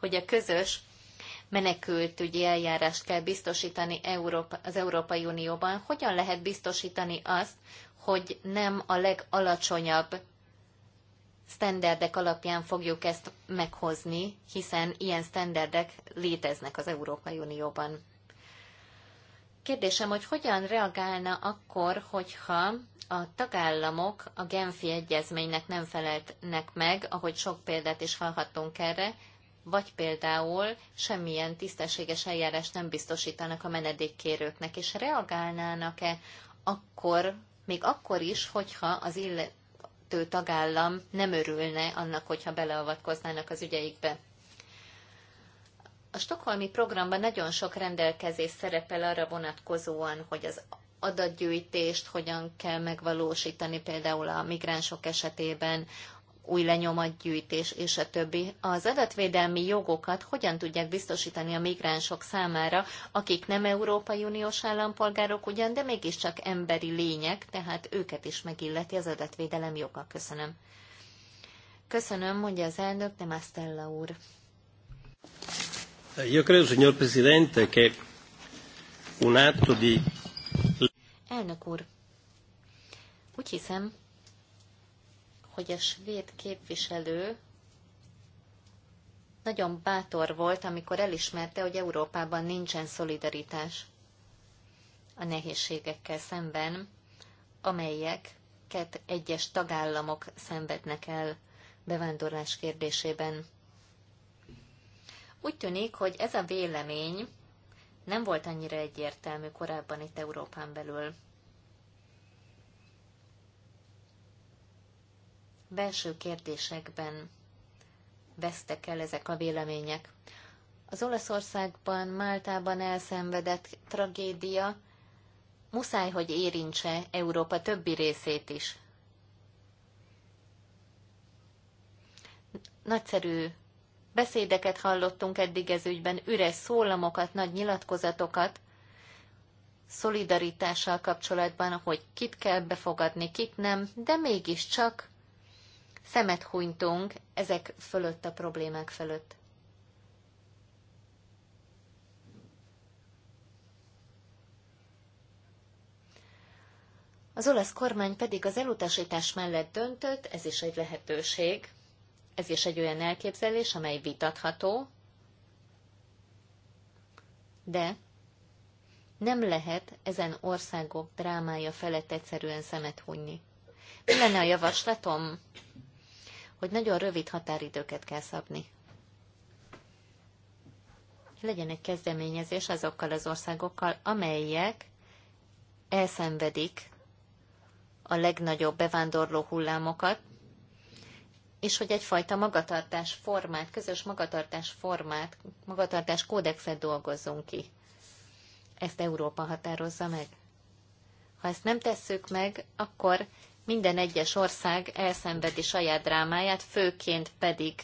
hogy a közös menekültügyi eljárást kell biztosítani Európa, az Európai Unióban. Hogyan lehet biztosítani azt, hogy nem a legalacsonyabb sztenderdek alapján fogjuk ezt meghozni, hiszen ilyen sztenderdek léteznek az Európai Unióban. Kérdésem, hogy hogyan reagálna akkor, hogyha a tagállamok a Genfi Egyezménynek nem feleltnek meg, ahogy sok példát is hallhattunk erre, vagy például semmilyen tisztességes eljárást nem biztosítanak a menedékkérőknek, és reagálnának-e akkor, még akkor is, hogyha az illet, kettő tagállam nem örülne annak, hogyha beleavatkoznának az ügyeikbe. A stokholmi programban nagyon sok rendelkezés szerepel arra vonatkozóan, hogy az adatgyűjtést hogyan kell megvalósítani, például a migránsok esetében, új lenyomatgyűjtés és a többi. Az adatvédelmi jogokat hogyan tudják biztosítani a migránsok számára, akik nem Európai Uniós állampolgárok ugyan, de mégiscsak emberi lények, tehát őket is megilleti az adatvédelem joga. Köszönöm. Köszönöm, mondja az elnök, nem Astella úr. Eh, io credo, signor Presidente, che un atto di... Elnök úr, úgy hiszem, hogy a svéd képviselő nagyon bátor volt, amikor elismerte, hogy Európában nincsen szolidaritás a nehézségekkel szemben, amelyeket egyes tagállamok szenvednek el bevándorlás kérdésében. Úgy tűnik, hogy ez a vélemény nem volt annyira egyértelmű korábban itt Európán belül. belső kérdésekben vesztek el ezek a vélemények. Az Olaszországban, Máltában elszenvedett tragédia muszáj, hogy érintse Európa többi részét is. Nagyszerű beszédeket hallottunk eddig ez ügyben, üres szólamokat, nagy nyilatkozatokat, szolidaritással kapcsolatban, hogy kit kell befogadni, kit nem, de mégiscsak szemet hunytunk ezek fölött a problémák fölött. Az olasz kormány pedig az elutasítás mellett döntött, ez is egy lehetőség, ez is egy olyan elképzelés, amely vitatható, de nem lehet ezen országok drámája felett egyszerűen szemet hunyni. Mi lenne a javaslatom? hogy nagyon rövid határidőket kell szabni. Legyen egy kezdeményezés azokkal az országokkal, amelyek elszenvedik a legnagyobb bevándorló hullámokat, és hogy egyfajta magatartás formát, közös magatartás formát, magatartás kódexet dolgozzunk ki. Ezt Európa határozza meg. Ha ezt nem tesszük meg, akkor minden egyes ország elszenvedi saját drámáját, főként pedig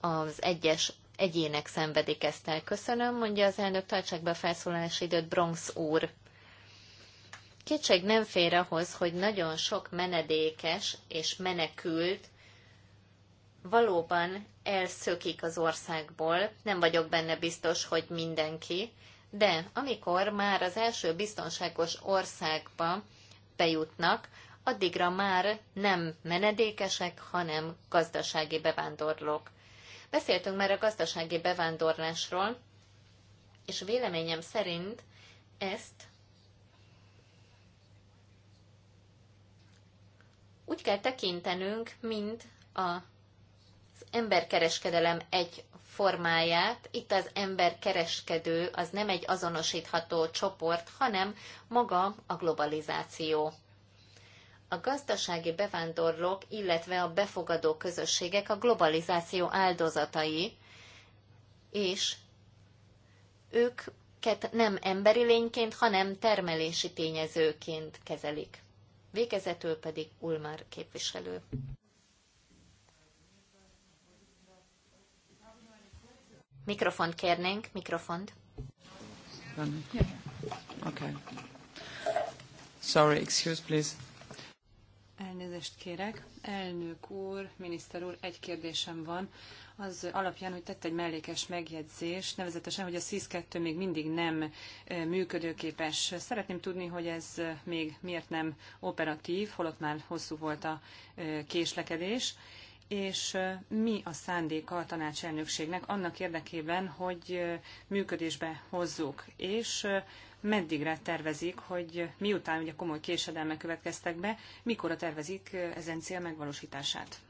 az egyes egyének szenvedik ezt el. Köszönöm, mondja az elnök, tartsák be a felszólalási időt, Bronx úr. Kétség nem fér ahhoz, hogy nagyon sok menedékes és menekült valóban elszökik az országból, nem vagyok benne biztos, hogy mindenki, de amikor már az első biztonságos országba bejutnak, addigra már nem menedékesek, hanem gazdasági bevándorlók. Beszéltünk már a gazdasági bevándorlásról, és véleményem szerint ezt úgy kell tekintenünk, mint a az emberkereskedelem egy formáját. Itt az emberkereskedő az nem egy azonosítható csoport, hanem maga a globalizáció a gazdasági bevándorlók, illetve a befogadó közösségek a globalizáció áldozatai, és őket nem emberi lényként, hanem termelési tényezőként kezelik. Végezetül pedig Ulmar képviselő. Mikrofont kérnénk, mikrofont. Okay. Sorry, excuse please. Elnézést kérek. Elnök úr, miniszter úr, egy kérdésem van. Az alapján, hogy tett egy mellékes megjegyzés, nevezetesen, hogy a SZIS-2 még mindig nem működőképes. Szeretném tudni, hogy ez még miért nem operatív, holott már hosszú volt a késlekedés és mi a szándéka a tanácselnökségnek annak érdekében, hogy működésbe hozzuk, és meddigre tervezik, hogy miután ugye komoly késedelmek következtek be, mikorra tervezik ezen cél megvalósítását?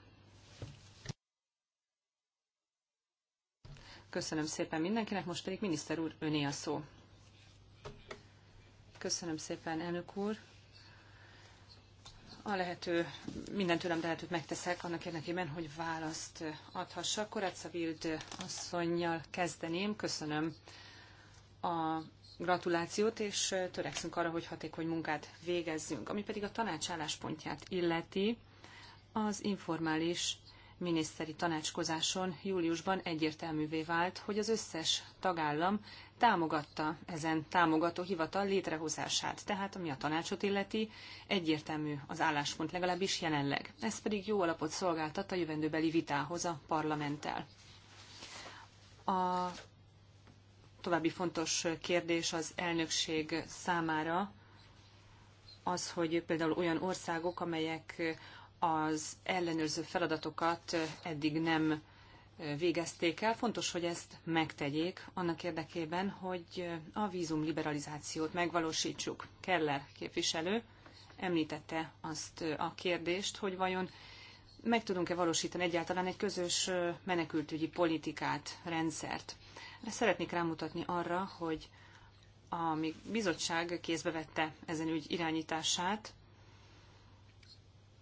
Köszönöm szépen mindenkinek, most pedig miniszter úr, öné a szó. Köszönöm szépen, elnök úr. A lehető, minden tőlem lehetőt megteszek annak érdekében, hogy választ adhassak. Koráca Vild asszonynal kezdeném. Köszönöm a gratulációt, és törekszünk arra, hogy hatékony munkát végezzünk. Ami pedig a tanács álláspontját illeti, az informális miniszteri tanácskozáson júliusban egyértelművé vált, hogy az összes tagállam támogatta ezen támogató hivatal létrehozását, tehát ami a tanácsot illeti, egyértelmű az álláspont legalábbis jelenleg. Ez pedig jó alapot szolgáltat a jövendőbeli vitához a parlamenttel. A további fontos kérdés az elnökség számára az, hogy például olyan országok, amelyek az ellenőrző feladatokat eddig nem végezték el. Fontos, hogy ezt megtegyék annak érdekében, hogy a vízum liberalizációt megvalósítsuk. Keller képviselő említette azt a kérdést, hogy vajon meg tudunk-e valósítani egyáltalán egy közös menekültügyi politikát, rendszert de szeretnék rámutatni arra, hogy a bizottság kézbe vette ezen ügy irányítását,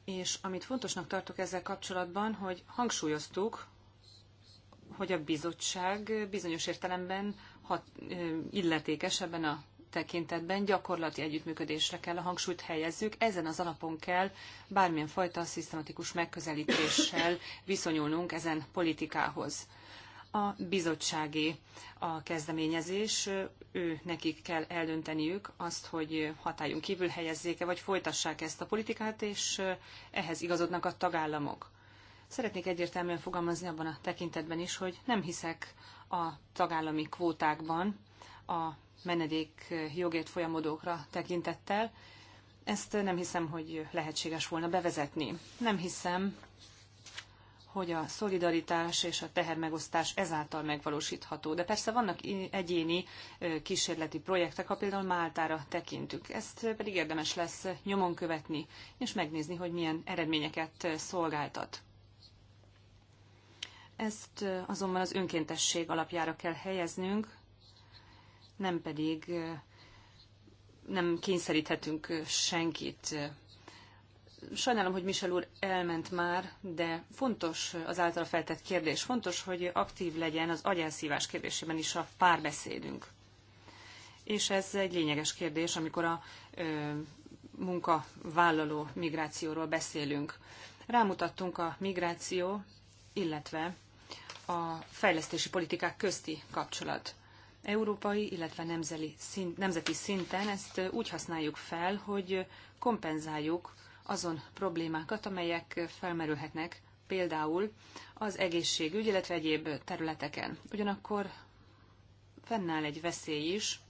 és amit fontosnak tartok ezzel kapcsolatban, hogy hangsúlyoztuk, hogy a bizottság bizonyos értelemben hat, illetékes ebben a tekintetben gyakorlati együttműködésre kell a hangsúlyt helyezzük, ezen az alapon kell bármilyen fajta szisztematikus megközelítéssel viszonyulnunk ezen politikához a bizottsági a kezdeményezés, ő nekik kell eldönteniük azt, hogy hatályunk kívül helyezzék-e, vagy folytassák ezt a politikát, és ehhez igazodnak a tagállamok. Szeretnék egyértelműen fogalmazni abban a tekintetben is, hogy nem hiszek a tagállami kvótákban a menedék jogért folyamodókra tekintettel. Ezt nem hiszem, hogy lehetséges volna bevezetni. Nem hiszem, hogy a szolidaritás és a tehermegosztás ezáltal megvalósítható. De persze vannak egyéni kísérleti projektek, ha például Máltára tekintük. Ezt pedig érdemes lesz nyomon követni, és megnézni, hogy milyen eredményeket szolgáltat. Ezt azonban az önkéntesség alapjára kell helyeznünk, nem pedig nem kényszeríthetünk senkit sajnálom, hogy Michel úr elment már, de fontos az által feltett kérdés. Fontos, hogy aktív legyen az agyelszívás kérdésében is a párbeszédünk. És ez egy lényeges kérdés, amikor a ö, munkavállaló migrációról beszélünk. Rámutattunk a migráció, illetve a fejlesztési politikák közti kapcsolat európai, illetve nemzeti szinten ezt úgy használjuk fel, hogy kompenzáljuk azon problémákat, amelyek felmerülhetnek például az egészségügy, illetve egyéb területeken. Ugyanakkor fennáll egy veszély is,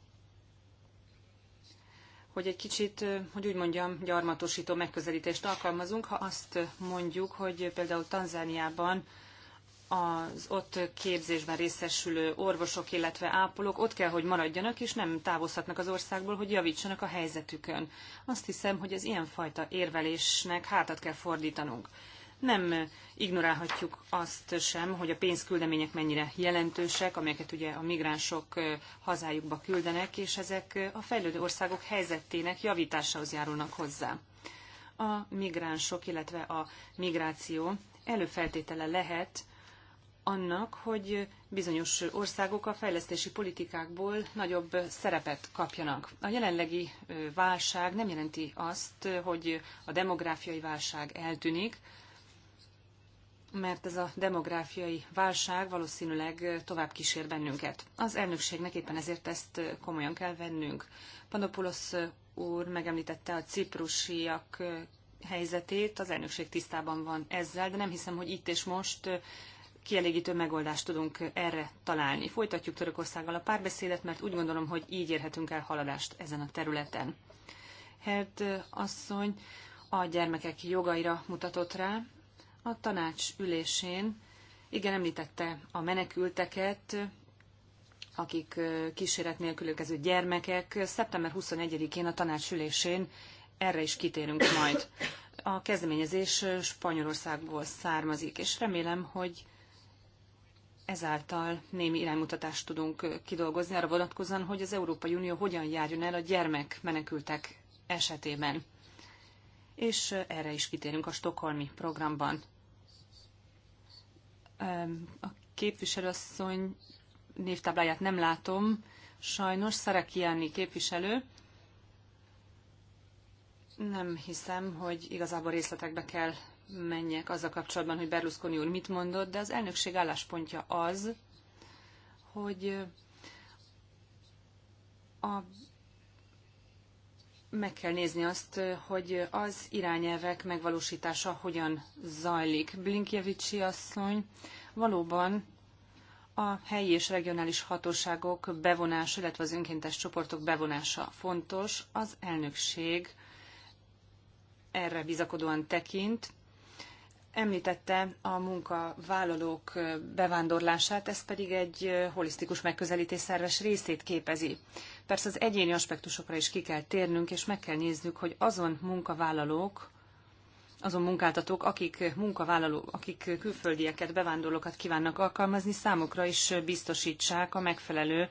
hogy egy kicsit, hogy úgy mondjam, gyarmatosító megközelítést alkalmazunk, ha azt mondjuk, hogy például Tanzániában az ott képzésben részesülő orvosok, illetve ápolók ott kell, hogy maradjanak, és nem távozhatnak az országból, hogy javítsanak a helyzetükön. Azt hiszem, hogy az ilyenfajta érvelésnek hátat kell fordítanunk. Nem ignorálhatjuk azt sem, hogy a pénzküldemények mennyire jelentősek, amelyeket ugye a migránsok hazájukba küldenek, és ezek a fejlődő országok helyzetének javításához járulnak hozzá. A migránsok, illetve a migráció előfeltétele lehet annak, hogy bizonyos országok a fejlesztési politikákból nagyobb szerepet kapjanak. A jelenlegi válság nem jelenti azt, hogy a demográfiai válság eltűnik, mert ez a demográfiai válság valószínűleg tovább kísér bennünket. Az elnökségnek éppen ezért ezt komolyan kell vennünk. Panopoulos úr megemlítette a ciprusiak helyzetét, az elnökség tisztában van ezzel, de nem hiszem, hogy itt és most kielégítő megoldást tudunk erre találni. Folytatjuk Törökországgal a párbeszédet, mert úgy gondolom, hogy így érhetünk el haladást ezen a területen. Hert asszony a gyermekek jogaira mutatott rá. A tanács ülésén igen, említette a menekülteket, akik kíséret nélkül érkező gyermekek. Szeptember 21-én a tanács ülésén erre is kitérünk majd. A kezdeményezés Spanyolországból származik, és remélem, hogy ezáltal némi iránymutatást tudunk kidolgozni arra vonatkozóan, hogy az Európai Unió hogyan járjon el a gyermek menekültek esetében. És erre is kitérünk a Stockholmi programban. A képviselőasszony névtábláját nem látom, sajnos Szarakiáni képviselő. Nem hiszem, hogy igazából részletekbe kell menjek azzal kapcsolatban, hogy Berlusconi úr mit mondott, de az elnökség álláspontja az, hogy a, meg kell nézni azt, hogy az irányelvek megvalósítása hogyan zajlik. Blinkjevicsi asszony valóban a helyi és regionális hatóságok bevonása, illetve az önkéntes csoportok bevonása fontos. Az elnökség erre bizakodóan tekint, Említette a munkavállalók bevándorlását, ez pedig egy holisztikus megközelítés szerves részét képezi. Persze az egyéni aspektusokra is ki kell térnünk, és meg kell néznünk, hogy azon munkavállalók, azon munkáltatók, akik munkavállalók, akik külföldieket, bevándorlókat kívánnak alkalmazni, számukra is biztosítsák a megfelelő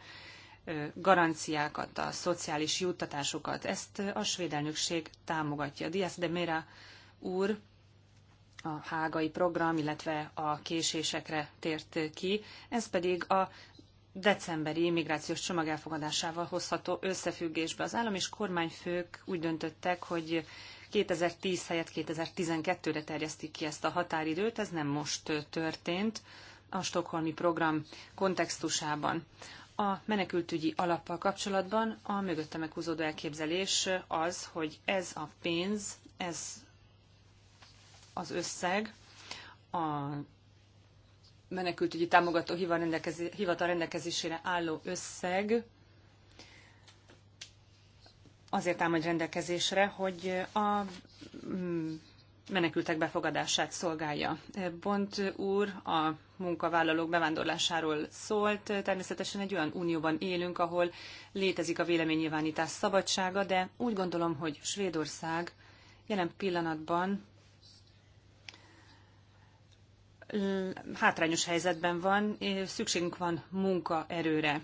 garanciákat, a szociális juttatásokat. Ezt a svédelnökség támogatja. Diaz de Mera úr a hágai program, illetve a késésekre tért ki. Ez pedig a decemberi migrációs csomag elfogadásával hozható összefüggésbe. Az állam és kormányfők úgy döntöttek, hogy 2010 helyett 2012-re terjesztik ki ezt a határidőt, ez nem most történt a stokholmi program kontextusában. A menekültügyi alappal kapcsolatban a mögötte meghúzódó elképzelés az, hogy ez a pénz, ez az összeg a menekültügyi támogató hivatal rendelkezésére álló összeg azért áll majd rendelkezésre, hogy a mm, menekültek befogadását szolgálja. Bont úr a munkavállalók bevándorlásáról szólt. Természetesen egy olyan unióban élünk, ahol létezik a véleménynyilvánítás szabadsága, de úgy gondolom, hogy Svédország jelen pillanatban hátrányos helyzetben van, szükségünk van munkaerőre.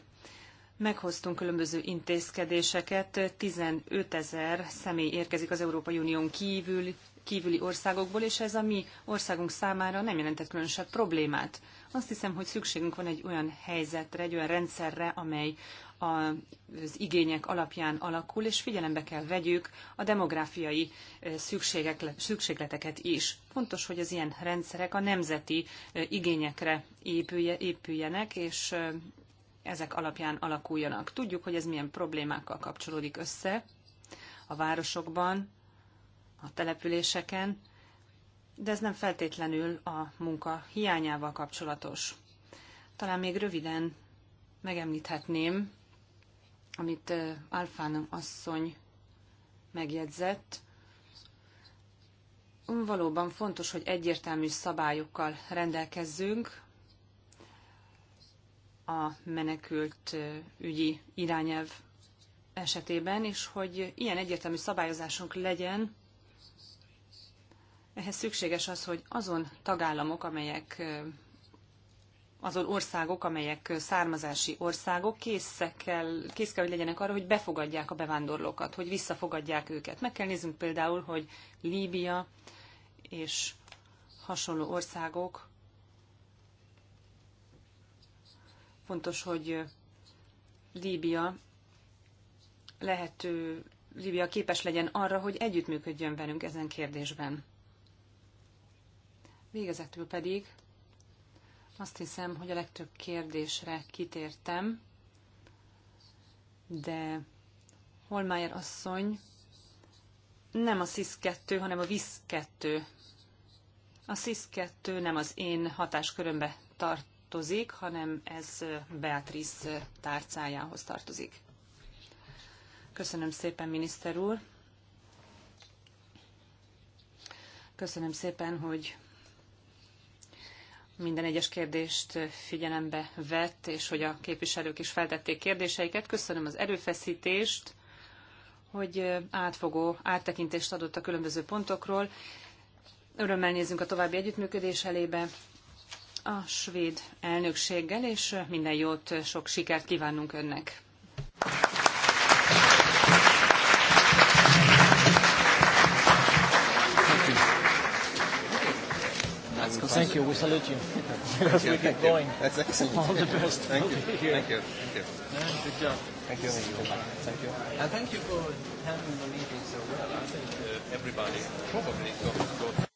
Meghoztunk különböző intézkedéseket, 15 ezer személy érkezik az Európai Unión kívül, kívüli országokból, és ez a mi országunk számára nem jelentett különösebb problémát. Azt hiszem, hogy szükségünk van egy olyan helyzetre, egy olyan rendszerre, amely az igények alapján alakul, és figyelembe kell vegyük a demográfiai szükségleteket is. Fontos, hogy az ilyen rendszerek a nemzeti igényekre épüljenek, és ezek alapján alakuljanak. Tudjuk, hogy ez milyen problémákkal kapcsolódik össze a városokban, a településeken, de ez nem feltétlenül a munka hiányával kapcsolatos. Talán még röviden megemlíthetném amit Alfán asszony megjegyzett, valóban fontos, hogy egyértelmű szabályokkal rendelkezzünk a menekült ügyi irányelv esetében, és hogy ilyen egyértelmű szabályozásunk legyen, ehhez szükséges az, hogy azon tagállamok, amelyek azon országok, amelyek származási országok készek kell, kész kell, hogy legyenek arra, hogy befogadják a bevándorlókat, hogy visszafogadják őket. Meg kell néznünk például, hogy Líbia és hasonló országok fontos, hogy Líbia lehető, Líbia képes legyen arra, hogy együttműködjön velünk ezen kérdésben. Végezetül pedig azt hiszem, hogy a legtöbb kérdésre kitértem, de Holmájer asszony nem a SZIS-2, hanem a VISZ-2. A SZIS-2 nem az én hatáskörömbe tartozik, hanem ez Beatrice tárcájához tartozik. Köszönöm szépen, miniszter úr! Köszönöm szépen, hogy minden egyes kérdést figyelembe vett, és hogy a képviselők is feltették kérdéseiket. Köszönöm az erőfeszítést, hogy átfogó áttekintést adott a különböző pontokról. Örömmel nézünk a további együttműködés elébe a svéd elnökséggel, és minden jót, sok sikert kívánunk önnek. Thank you. We salute you. Because we keep going. That's excellent. All the best. Thank you. Thank you. Thank you. Good job. Thank you. Thank you. And thank you for handling the meeting so well. I think uh, everybody probably got, got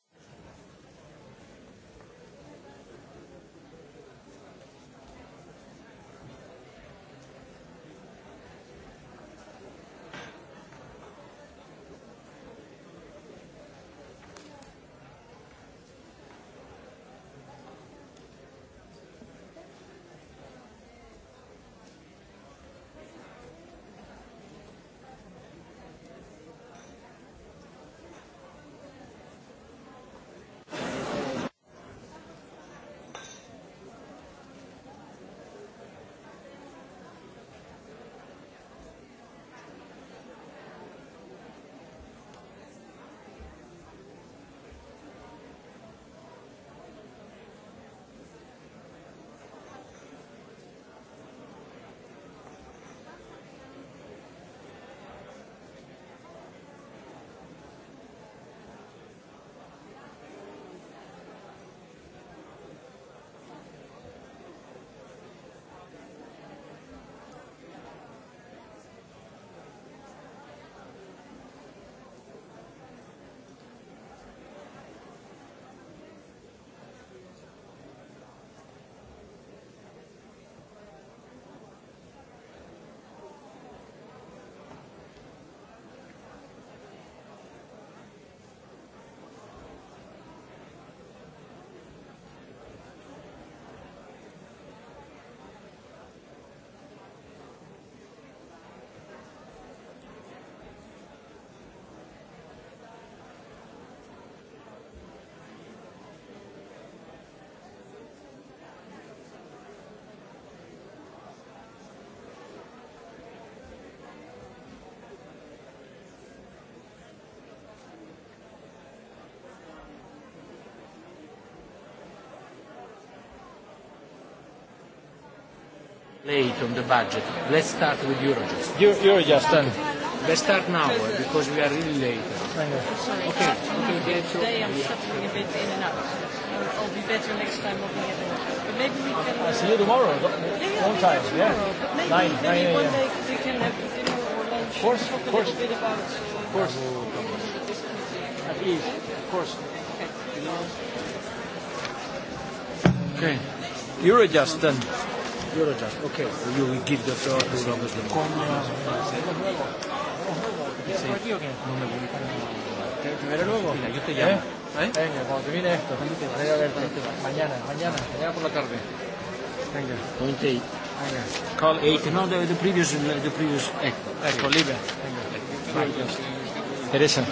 late on the budget. Let's start with Eurojust. You, Eurojust, then. Let's start now eh, because we are really late. Sorry. Okay. okay. Today I'm suffering a bit in and out. I'll be better next time. I'll be But maybe we can. I'll see you tomorrow. Yeah, yeah, time. Tomorrow, yeah. But maybe, nine, maybe nine, yeah, one yeah. day we can have dinner or lunch. Of course, of course. bit about. of course. At least, of course. Okay. You Okay. Eurojust Eurojust. Okay, you will give the floor to Robert Lemon. Con, No me voy para... ¿Primero luego? Mira, yo te llamo. ¿Eh? ¿Eh? Venga, cuando termine esto. ¿Cuándo te vas? Venga, a verte. ¿Cuándo te vas? Mañana, mañana, mañana por la tarde. Venga. Ponte ahí. Venga. Call 8. No, the, the previous, the previous. Echo. Echo, libre. Venga. Teresa.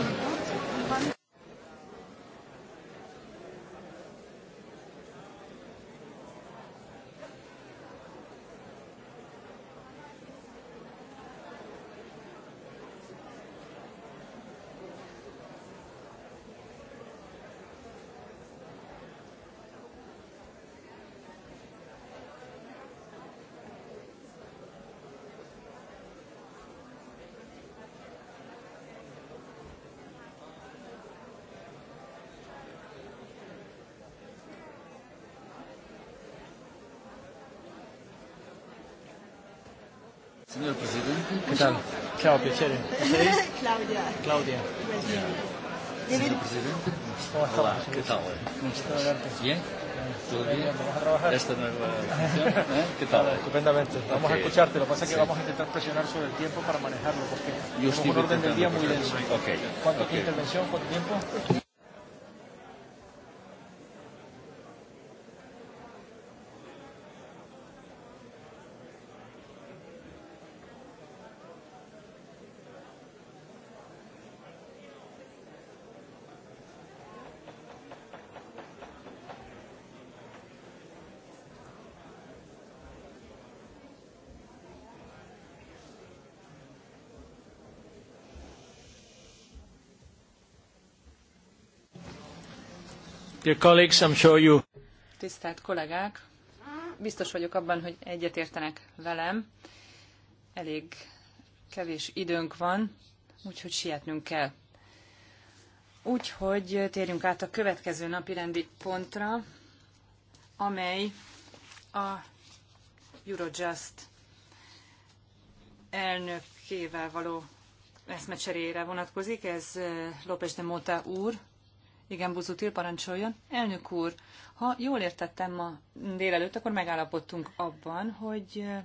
Ciao, piacere. Claudia. Claudia. Signor Presidente, hola, ¿qué tal? ¿Cómo estás? Bien. ¿Todo bien? Vamos a trabajar. Esta nueva función, ¿eh? ¿Qué tal? Vale, estupendamente. Vamos okay. a escucharte. Lo que pasa es que sí. vamos a intentar presionar sobre el tiempo para manejarlo, porque Yo un orden del día muy denso. Okay. ¿Cuánto okay. intervención? ¿Cuánto tiempo? Dear colleagues, I'm sure you... Tisztelt kollégák, biztos vagyok abban, hogy egyetértenek velem. Elég kevés időnk van, úgyhogy sietnünk kell. Úgyhogy térjünk át a következő napi rendi pontra, amely a Eurojust elnökével való eszmecserére vonatkozik. Ez eh, López de Mota úr, igen, Buzutil, parancsoljon. Elnök úr, ha jól értettem ma délelőtt, akkor megállapodtunk abban, hogy eh,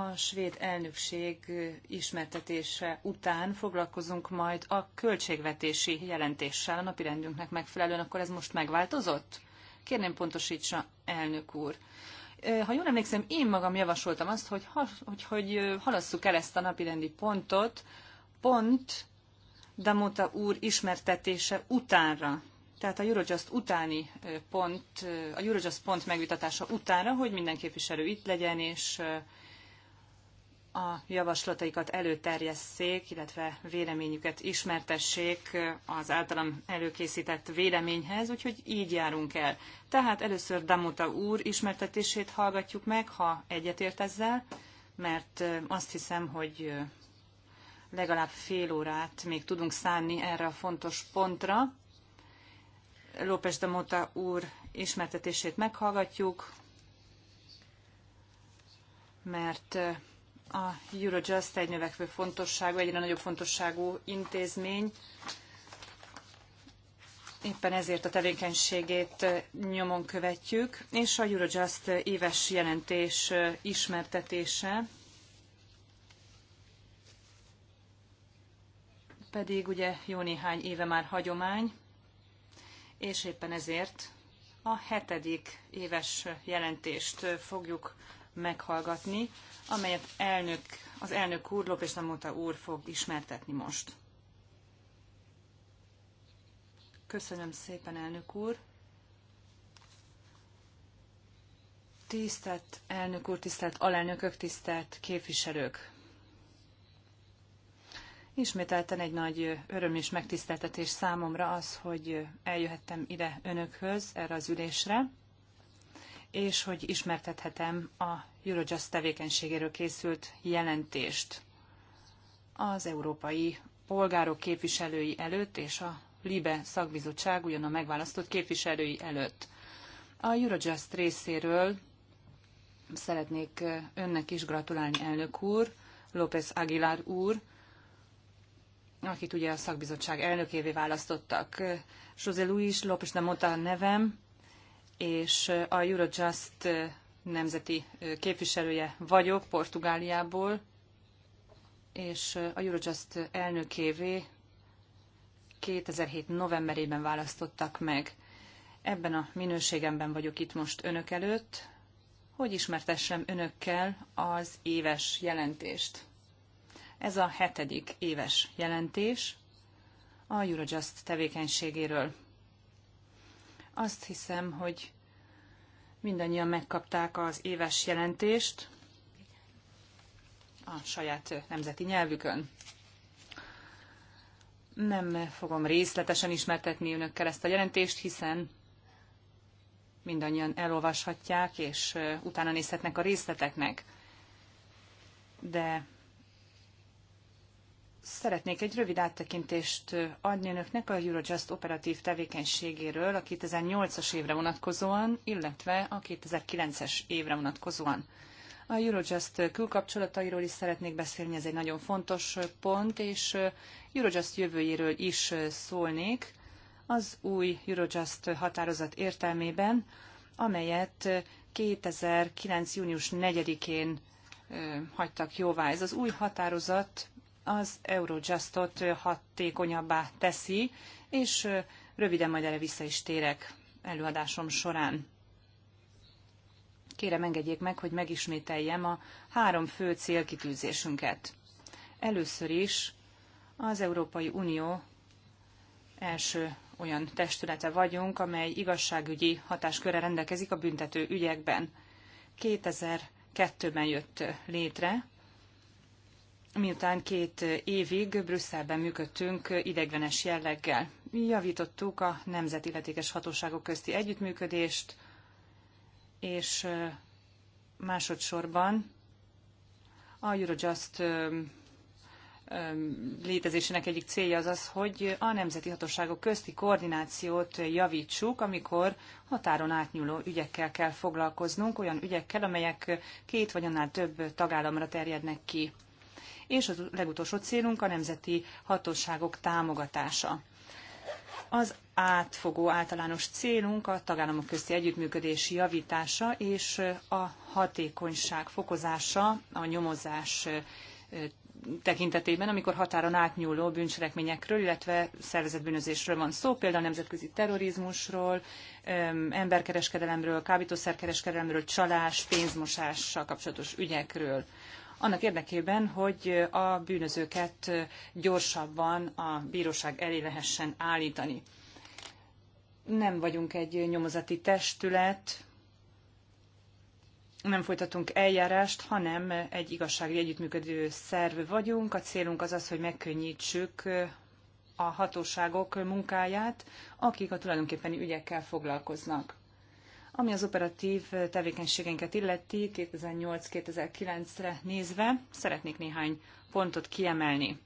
a svéd elnökség eh, ismertetése után foglalkozunk majd a költségvetési jelentéssel a napirendünknek megfelelően, akkor ez most megváltozott? Kérném pontosítsa, elnök úr. Eh, ha jól emlékszem, én magam javasoltam azt, hogy, hogy, hogy halasszuk el ezt a napirendi pontot, pont Damota úr ismertetése utánra, tehát a Eurojust utáni pont, a Eurojust pont megvitatása utánra, hogy minden képviselő itt legyen, és a javaslataikat előterjesszék, illetve véleményüket ismertessék az általam előkészített véleményhez, úgyhogy így járunk el. Tehát először Damota úr ismertetését hallgatjuk meg, ha egyetért ezzel, mert azt hiszem, hogy legalább fél órát még tudunk szánni erre a fontos pontra. López de Mota úr ismertetését meghallgatjuk, mert eh, a Eurojust egy növekvő fontosságú, egyre nagyobb fontosságú intézmény, éppen ezért a tevékenységét eh, nyomon követjük, és a Eurojust éves jelentés eh, ismertetése pedig ugye jó néhány éve már hagyomány, és éppen ezért a hetedik éves jelentést fogjuk meghallgatni, amelyet elnök, az elnök úr, López Lamota úr fog ismertetni most. Köszönöm szépen, elnök úr! Tisztelt elnök úr, tisztelt alelnökök, tisztelt képviselők! Ismételten egy nagy öröm és megtiszteltetés számomra az, hogy eljöhettem ide önökhöz, erre az ülésre, és hogy ismertethetem a Eurojust tevékenységéről készült jelentést az európai polgárok képviselői előtt és a LIBE szakbizottság ugyan a megválasztott képviselői előtt. A Eurojust részéről szeretnék önnek is gratulálni, elnök úr, López Aguilar úr, akit ugye a szakbizottság elnökévé választottak. José Luis López de Mota nevem, és a Eurojust nemzeti képviselője vagyok Portugáliából, és a Eurojust elnökévé 2007. novemberében választottak meg. Ebben a minőségemben vagyok itt most önök előtt, hogy ismertessem önökkel az éves jelentést. Ez a hetedik éves jelentés a Eurojust tevékenységéről. Azt hiszem, hogy mindannyian megkapták az éves jelentést a saját nemzeti nyelvükön. Nem fogom részletesen ismertetni önökkel ezt a jelentést, hiszen mindannyian elolvashatják, és utána nézhetnek a részleteknek. De Szeretnék egy rövid áttekintést adni önöknek a Eurojust operatív tevékenységéről a 2008-as évre vonatkozóan, illetve a 2009-es évre vonatkozóan. A Eurojust külkapcsolatairól is szeretnék beszélni, ez egy nagyon fontos pont, és Eurojust jövőjéről is szólnék az új Eurojust határozat értelmében, amelyet 2009. június 4-én hagytak jóvá. Ez az új határozat az Eurojustot hatékonyabbá teszi, és röviden majd erre vissza is térek előadásom során. Kérem engedjék meg, hogy megismételjem a három fő célkitűzésünket. Először is az Európai Unió első olyan testülete vagyunk, amely igazságügyi hatáskörre rendelkezik a büntető ügyekben. 2002-ben jött létre, miután két évig Brüsszelben működtünk idegvenes jelleggel. Javítottuk a nemzeti illetékes hatóságok közti együttműködést, és másodszorban a Eurojust létezésének egyik célja az az, hogy a nemzeti hatóságok közti koordinációt javítsuk, amikor határon átnyúló ügyekkel kell foglalkoznunk, olyan ügyekkel, amelyek két vagy annál több tagállamra terjednek ki és a legutolsó célunk a nemzeti hatóságok támogatása. Az átfogó általános célunk a tagállamok közti együttműködés javítása és a hatékonyság fokozása a nyomozás tekintetében, amikor határon átnyúló bűncselekményekről, illetve szervezetbűnözésről van szó, például nemzetközi terrorizmusról, emberkereskedelemről, kábítószerkereskedelemről, csalás, pénzmosással kapcsolatos ügyekről annak érdekében, hogy a bűnözőket gyorsabban a bíróság elé lehessen állítani. Nem vagyunk egy nyomozati testület, nem folytatunk eljárást, hanem egy igazságügyi együttműködő szerv vagyunk. A célunk az az, hogy megkönnyítsük a hatóságok munkáját, akik a tulajdonképpeni ügyekkel foglalkoznak. Ami az operatív tevékenységeinket illeti 2008-2009-re nézve, szeretnék néhány pontot kiemelni.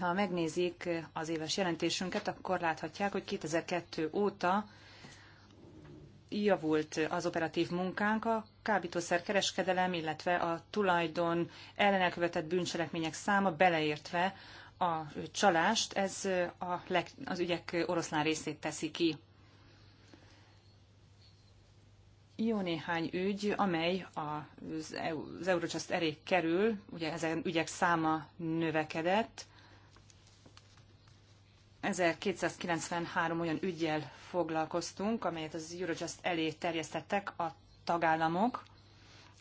Ha megnézik az éves jelentésünket, akkor láthatják, hogy 2002 óta javult az operatív munkánk a kábítószer kereskedelem, illetve a tulajdon ellen elkövetett bűncselekmények száma beleértve a csalást, ez a leg, az ügyek oroszlán részét teszi ki. jó néhány ügy, amely az, az Eurojust elé kerül, ugye ezen ügyek száma növekedett, 1293 olyan ügyjel foglalkoztunk, amelyet az Eurocsaszt elé terjesztettek a tagállamok,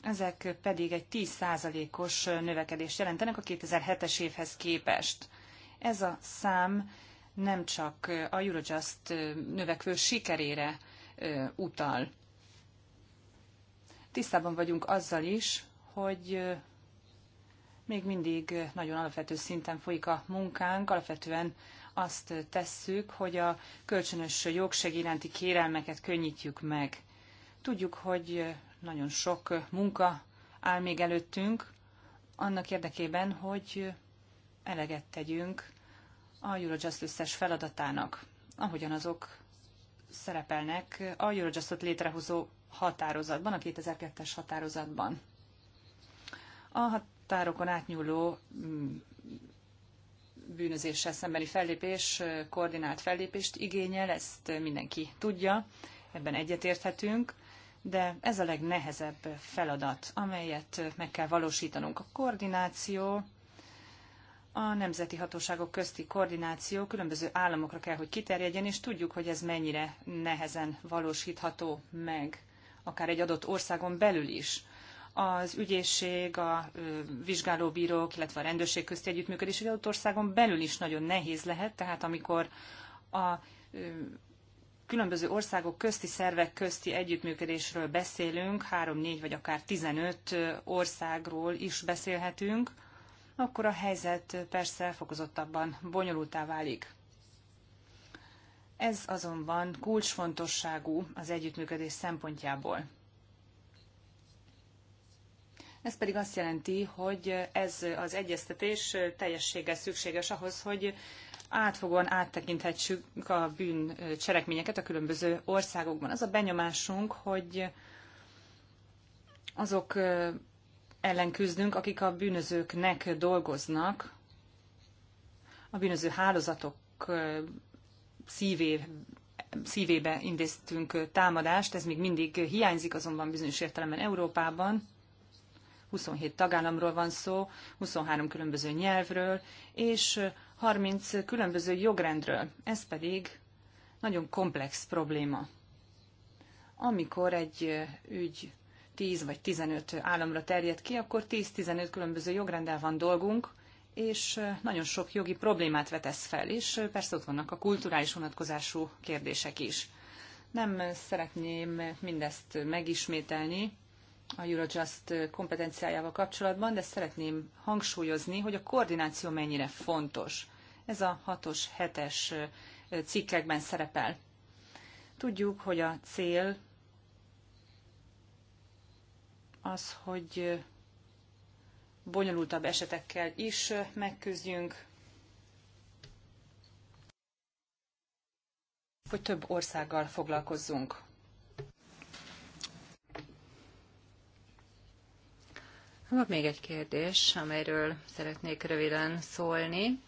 ezek pedig egy 10%-os növekedést jelentenek a 2007-es évhez képest. Ez a szám nem csak a Eurojust növekvő sikerére utal. Tisztában vagyunk azzal is, hogy még mindig nagyon alapvető szinten folyik a munkánk, alapvetően azt tesszük, hogy a kölcsönös jogség iránti kérelmeket könnyítjük meg. Tudjuk, hogy nagyon sok munka áll még előttünk, annak érdekében, hogy eleget tegyünk a eurojustice összes feladatának, ahogyan azok szerepelnek a Eurojustot létrehozó határozatban, a 2002-es határozatban. A határokon átnyúló mm, bűnözéssel szembeni fellépés, koordinált fellépést igényel, ezt mindenki tudja, ebben egyetérthetünk, de ez a legnehezebb feladat, amelyet meg kell valósítanunk. A koordináció, a nemzeti hatóságok közti koordináció különböző államokra kell, hogy kiterjedjen, és tudjuk, hogy ez mennyire nehezen valósítható meg akár egy adott országon belül is. Az ügyészség, a vizsgálóbírók, illetve a rendőrség közti együttműködés egy adott országon belül is nagyon nehéz lehet, tehát amikor a különböző országok közti szervek közti együttműködésről beszélünk, három, négy vagy akár 15 országról is beszélhetünk, akkor a helyzet persze fokozottabban bonyolultá válik. Ez azonban kulcsfontosságú az együttműködés szempontjából. Ez pedig azt jelenti, hogy ez az egyeztetés teljességgel szükséges ahhoz, hogy átfogóan áttekinthetjük a bűn cselekményeket a különböző országokban. Az a benyomásunk, hogy azok ellen küzdünk, akik a bűnözőknek dolgoznak, a bűnöző hálózatok szívé, szívébe intéztünk támadást, ez még mindig hiányzik azonban bizonyos értelemben Európában. 27 tagállamról van szó, 23 különböző nyelvről, és 30 különböző jogrendről. Ez pedig nagyon komplex probléma. Amikor egy ügy 10 vagy 15 államra terjed ki, akkor 10-15 különböző jogrendel van dolgunk, és nagyon sok jogi problémát vetesz fel, és persze ott vannak a kulturális vonatkozású kérdések is. Nem szeretném mindezt megismételni a Eurojust kompetenciájával kapcsolatban, de szeretném hangsúlyozni, hogy a koordináció mennyire fontos. Ez a 6-os, 7-es cikkekben szerepel. Tudjuk, hogy a cél az, hogy bonyolultabb esetekkel is megküzdjünk, hogy több országgal foglalkozzunk. Van még egy kérdés, amelyről szeretnék röviden szólni.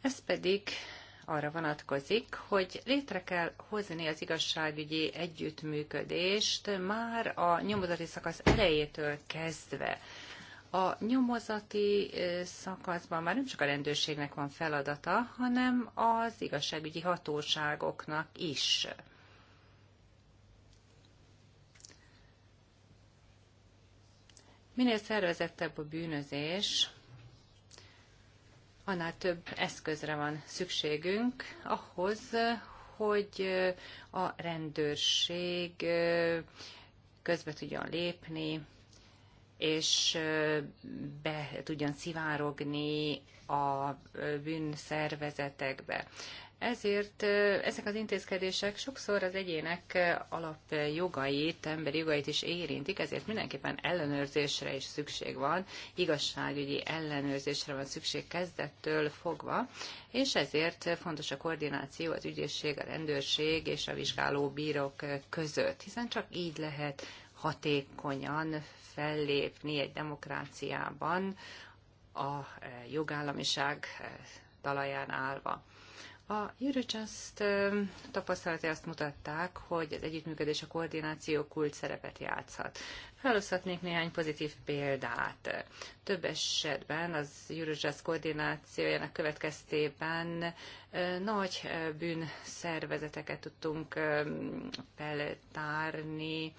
Ez pedig arra vonatkozik, hogy létre kell hozni az igazságügyi együttműködést már a nyomozati szakasz elejétől kezdve. A nyomozati szakaszban már nem csak a rendőrségnek van feladata, hanem az igazságügyi hatóságoknak is. Minél szervezettebb a bűnözés, annál több eszközre van szükségünk ahhoz, hogy a rendőrség közbe tudjon lépni, és be tudjon szivárogni a bűnszervezetekbe. Ezért ezek az intézkedések sokszor az egyének alapjogait, emberi jogait is érintik, ezért mindenképpen ellenőrzésre is szükség van, igazságügyi ellenőrzésre van szükség kezdettől fogva, és ezért fontos a koordináció az ügyészség, a rendőrség és a vizsgáló bírok között, hiszen csak így lehet hatékonyan fellépni egy demokráciában a eh, jogállamiság eh, talaján állva. A Eurojust eh, tapasztalatai azt mutatták, hogy az együttműködés, a koordináció kult szerepet játszhat. Feloszthatnék néhány pozitív példát. Több esetben az Eurojust koordinációjának következtében nagy bűnszervezeteket tudtunk feltárni,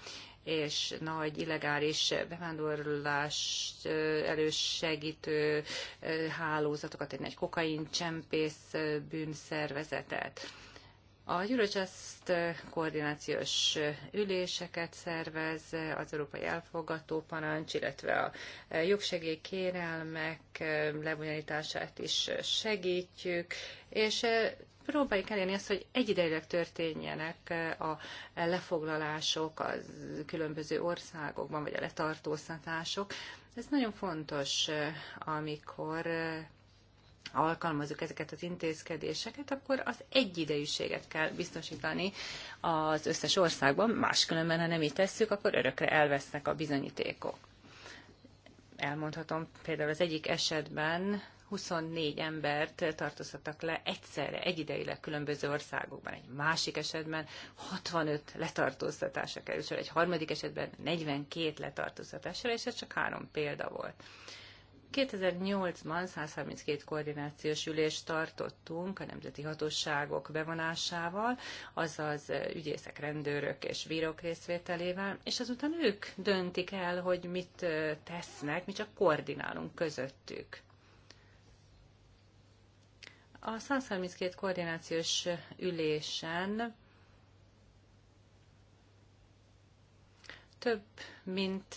és nagy illegális bevándorlást elősegítő hálózatokat, egy nagy csempész bűnszervezetet. A Eurojust koordinációs üléseket szervez, az Európai Elfogató Parancs, illetve a jogsegélykérelmek lebonyolítását is segítjük, és próbáljuk elérni azt, hogy egyidejűleg történjenek eh, a lefoglalások a különböző országokban, vagy a letartóztatások. Ez nagyon fontos, eh, amikor eh, alkalmazzuk ezeket az intézkedéseket, akkor az egyidejűséget kell biztosítani az összes országban, máskülönben, ha nem így tesszük, akkor örökre elvesznek a bizonyítékok. Elmondhatom például az egyik esetben, 24 embert tartóztattak le egyszerre, egyidejileg különböző országokban. Egy másik esetben 65 letartóztatásra került sor, egy harmadik esetben 42 letartóztatásra, és ez csak három példa volt. 2008-ban 132 koordinációs ülést tartottunk a nemzeti hatóságok bevonásával, azaz ügyészek, rendőrök és bírók részvételével, és azután ők döntik el, hogy mit tesznek, mi csak koordinálunk közöttük. A 132 koordinációs ülésen több mint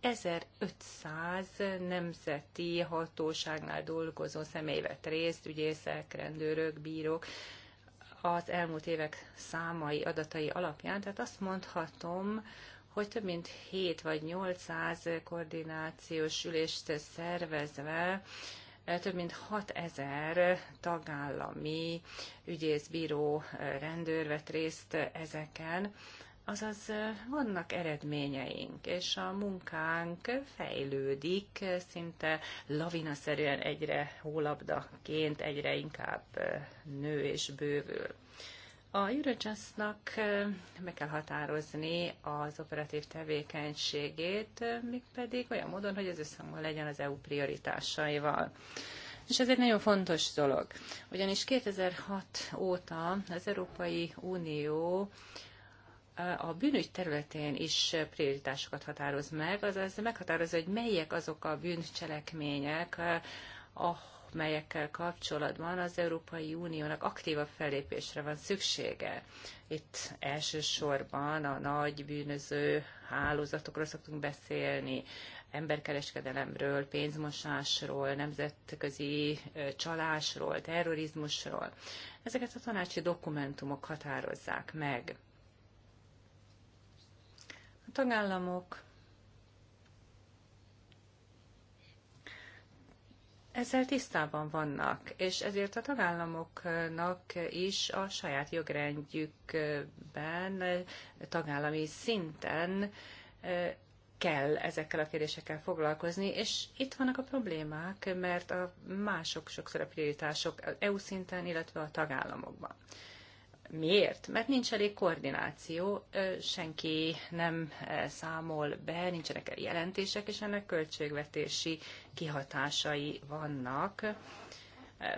1500 nemzeti hatóságnál dolgozó személy vett részt, ügyészek, rendőrök, bírók, az elmúlt évek számai, adatai alapján, tehát azt mondhatom, hogy több mint 7 vagy 800 koordinációs ülést szervezve több mint 6000 tagállami ügyészbíró rendőr vett részt ezeken, azaz vannak eredményeink, és a munkánk fejlődik szinte lavinaszerűen egyre hólabdaként, egyre inkább nő és bővül. A Eurojustnak meg kell határozni az operatív tevékenységét, mégpedig olyan módon, hogy ez összhangban legyen az EU prioritásaival. És ez egy nagyon fontos dolog, ugyanis 2006 óta az Európai Unió a bűnügy területén is prioritásokat határoz meg, azaz meghatározza, hogy melyek azok a bűncselekmények, ahol melyekkel kapcsolatban az Európai Uniónak aktívabb fellépésre van szüksége. Itt elsősorban a nagy bűnöző hálózatokról szoktunk beszélni, emberkereskedelemről, pénzmosásról, nemzetközi csalásról, terrorizmusról. Ezeket a tanácsi dokumentumok határozzák meg. A tagállamok ezzel tisztában vannak, és ezért a tagállamoknak is a saját jogrendjükben, tagállami szinten kell ezekkel a kérdésekkel foglalkozni, és itt vannak a problémák, mert a mások sokszor a prioritások EU szinten, illetve a tagállamokban. Miért? Mert nincs elég koordináció, senki nem számol be, nincsenek el jelentések, és ennek költségvetési kihatásai vannak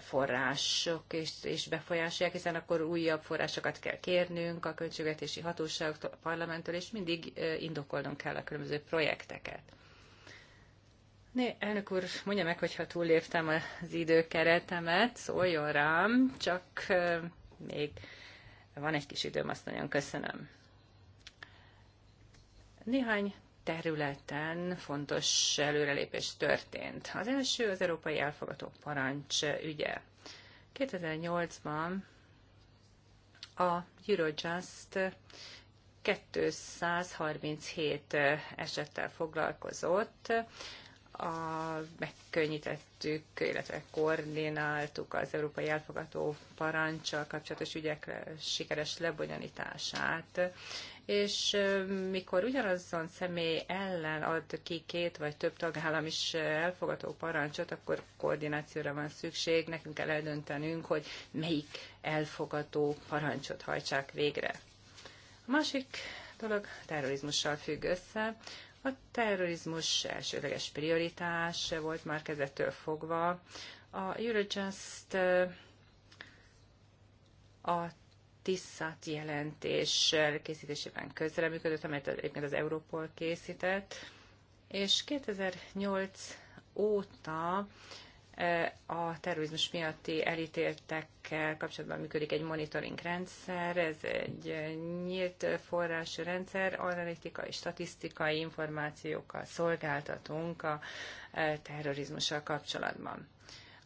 források és, és befolyásolják, hiszen akkor újabb forrásokat kell kérnünk a költségvetési hatóságoktól, a parlamenttől, és mindig indokolnunk kell a különböző projekteket. Né, elnök úr, mondja meg, hogyha túlléptem az időkeretemet, szóljon rám, csak még van egy kis időm, azt nagyon köszönöm. Néhány területen fontos előrelépés történt. Az első az Európai Elfogató Parancs ügye. 2008-ban a Eurojust 237 esettel foglalkozott, a, megkönnyítettük, illetve koordináltuk az európai elfogató parancsal kapcsolatos ügyek sikeres lebonyolítását, és mikor ugyanazon személy ellen ad ki két vagy több tagállam is elfogató parancsot, akkor koordinációra van szükség, nekünk kell eldöntenünk, hogy melyik elfogató parancsot hajtsák végre. A másik dolog terrorizmussal függ össze. A terrorizmus elsődleges prioritás volt már kezdettől fogva. A Eurojust a TISZAT jelentés készítésében közreműködött, amelyet egyébként az Europol készített, és 2008 óta Eh, a terrorizmus miatti elítéltekkel kapcsolatban működik egy monitoring rendszer, ez egy eh, nyílt forrású rendszer, analitikai, statisztikai információkkal szolgáltatunk a eh, terrorizmussal kapcsolatban.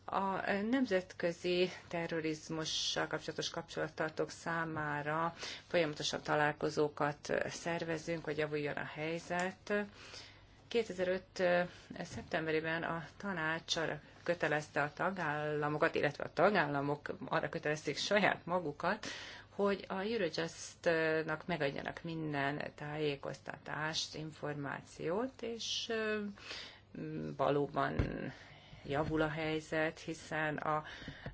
A nemzetközi terrorizmussal kapcsolatos kapcsolattartók számára folyamatosan találkozókat szervezünk, hogy javuljon a helyzet 2005. szeptemberében a tanács arra kötelezte a tagállamokat, illetve a tagállamok arra kötelezték saját magukat, hogy a Eurojust-nak megadjanak minden tájékoztatást, információt, és valóban javul a helyzet, hiszen a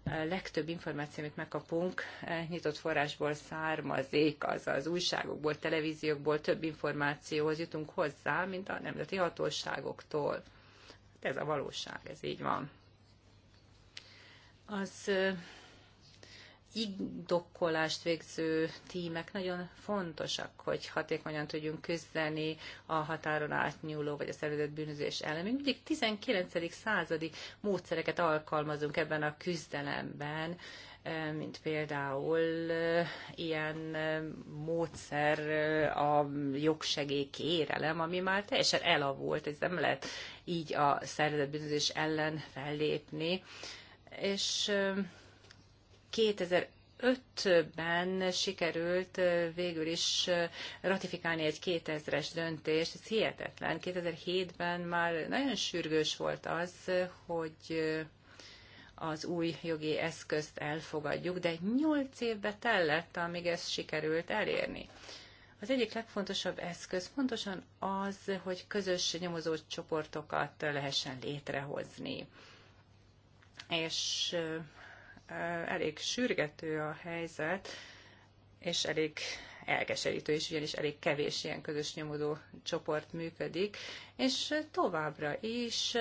legtöbb információ, amit megkapunk, eh, nyitott forrásból származik, az az újságokból, televíziókból több információhoz jutunk hozzá, mint a nemzeti hatóságoktól. Hát ez a valóság, ez így van. Az eh, indokkolást végző tímek nagyon fontosak, hogy hatékonyan tudjunk küzdeni a határon átnyúló vagy a szervezett bűnözés ellen. Mi mindig 19. századi módszereket alkalmazunk ebben a küzdelemben, eh, mint például eh, ilyen eh, módszer a jogsegélykérelem, ami már teljesen elavult, ez nem lehet így a szervezett bűnözés ellen fellépni. És 2005-ben sikerült végül is ratifikálni egy 2000-es döntést, ez hihetetlen. 2007-ben már nagyon sürgős volt az, hogy az új jogi eszközt elfogadjuk, de nyolc évbe tellett, amíg ezt sikerült elérni. Az egyik legfontosabb eszköz pontosan az, hogy közös nyomozó csoportokat lehessen létrehozni. És elég sürgető a helyzet, és elég elkeserítő is, ugyanis elég kevés ilyen közös nyomodó csoport működik, és továbbra is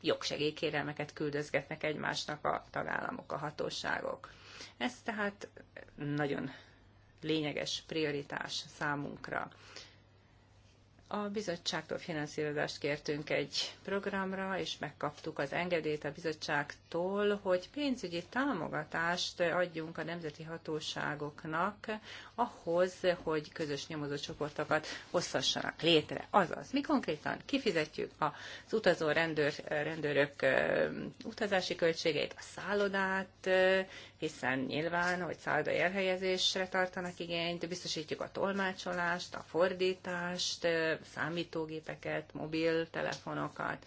jogsegélykérelmeket küldözgetnek egymásnak a tagállamok, a hatóságok. Ez tehát nagyon lényeges prioritás számunkra. A bizottságtól finanszírozást kértünk egy programra, és megkaptuk az engedélyt a bizottságtól, hogy pénzügyi támogatást adjunk a nemzeti hatóságoknak ahhoz, hogy közös nyomozócsoportokat hozhassanak létre. Azaz, mi konkrétan kifizetjük az utazó rendőr, rendőrök utazási költségeit, a szállodát, hiszen nyilván, hogy szálloda elhelyezésre tartanak igényt, biztosítjuk a tolmácsolást, a fordítást, számítógépeket, mobiltelefonokat.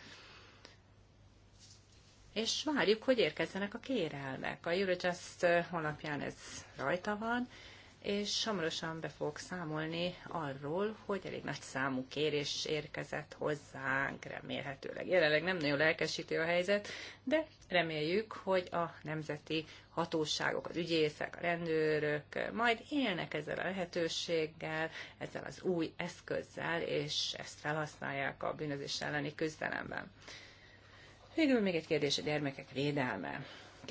És várjuk, hogy érkezzenek a kérelmek. A Eurojust honlapján ez rajta van, és hamarosan be fogok számolni arról, hogy elég nagy számú kérés érkezett hozzánk, remélhetőleg. Jelenleg nem nagyon lelkesítő a helyzet, de reméljük, hogy a nemzeti hatóságok, az ügyészek, a rendőrök majd élnek ezzel a lehetőséggel, ezzel az új eszközzel, és ezt felhasználják a bűnözés elleni küzdelemben. Végül még egy kérdés a gyermekek védelme.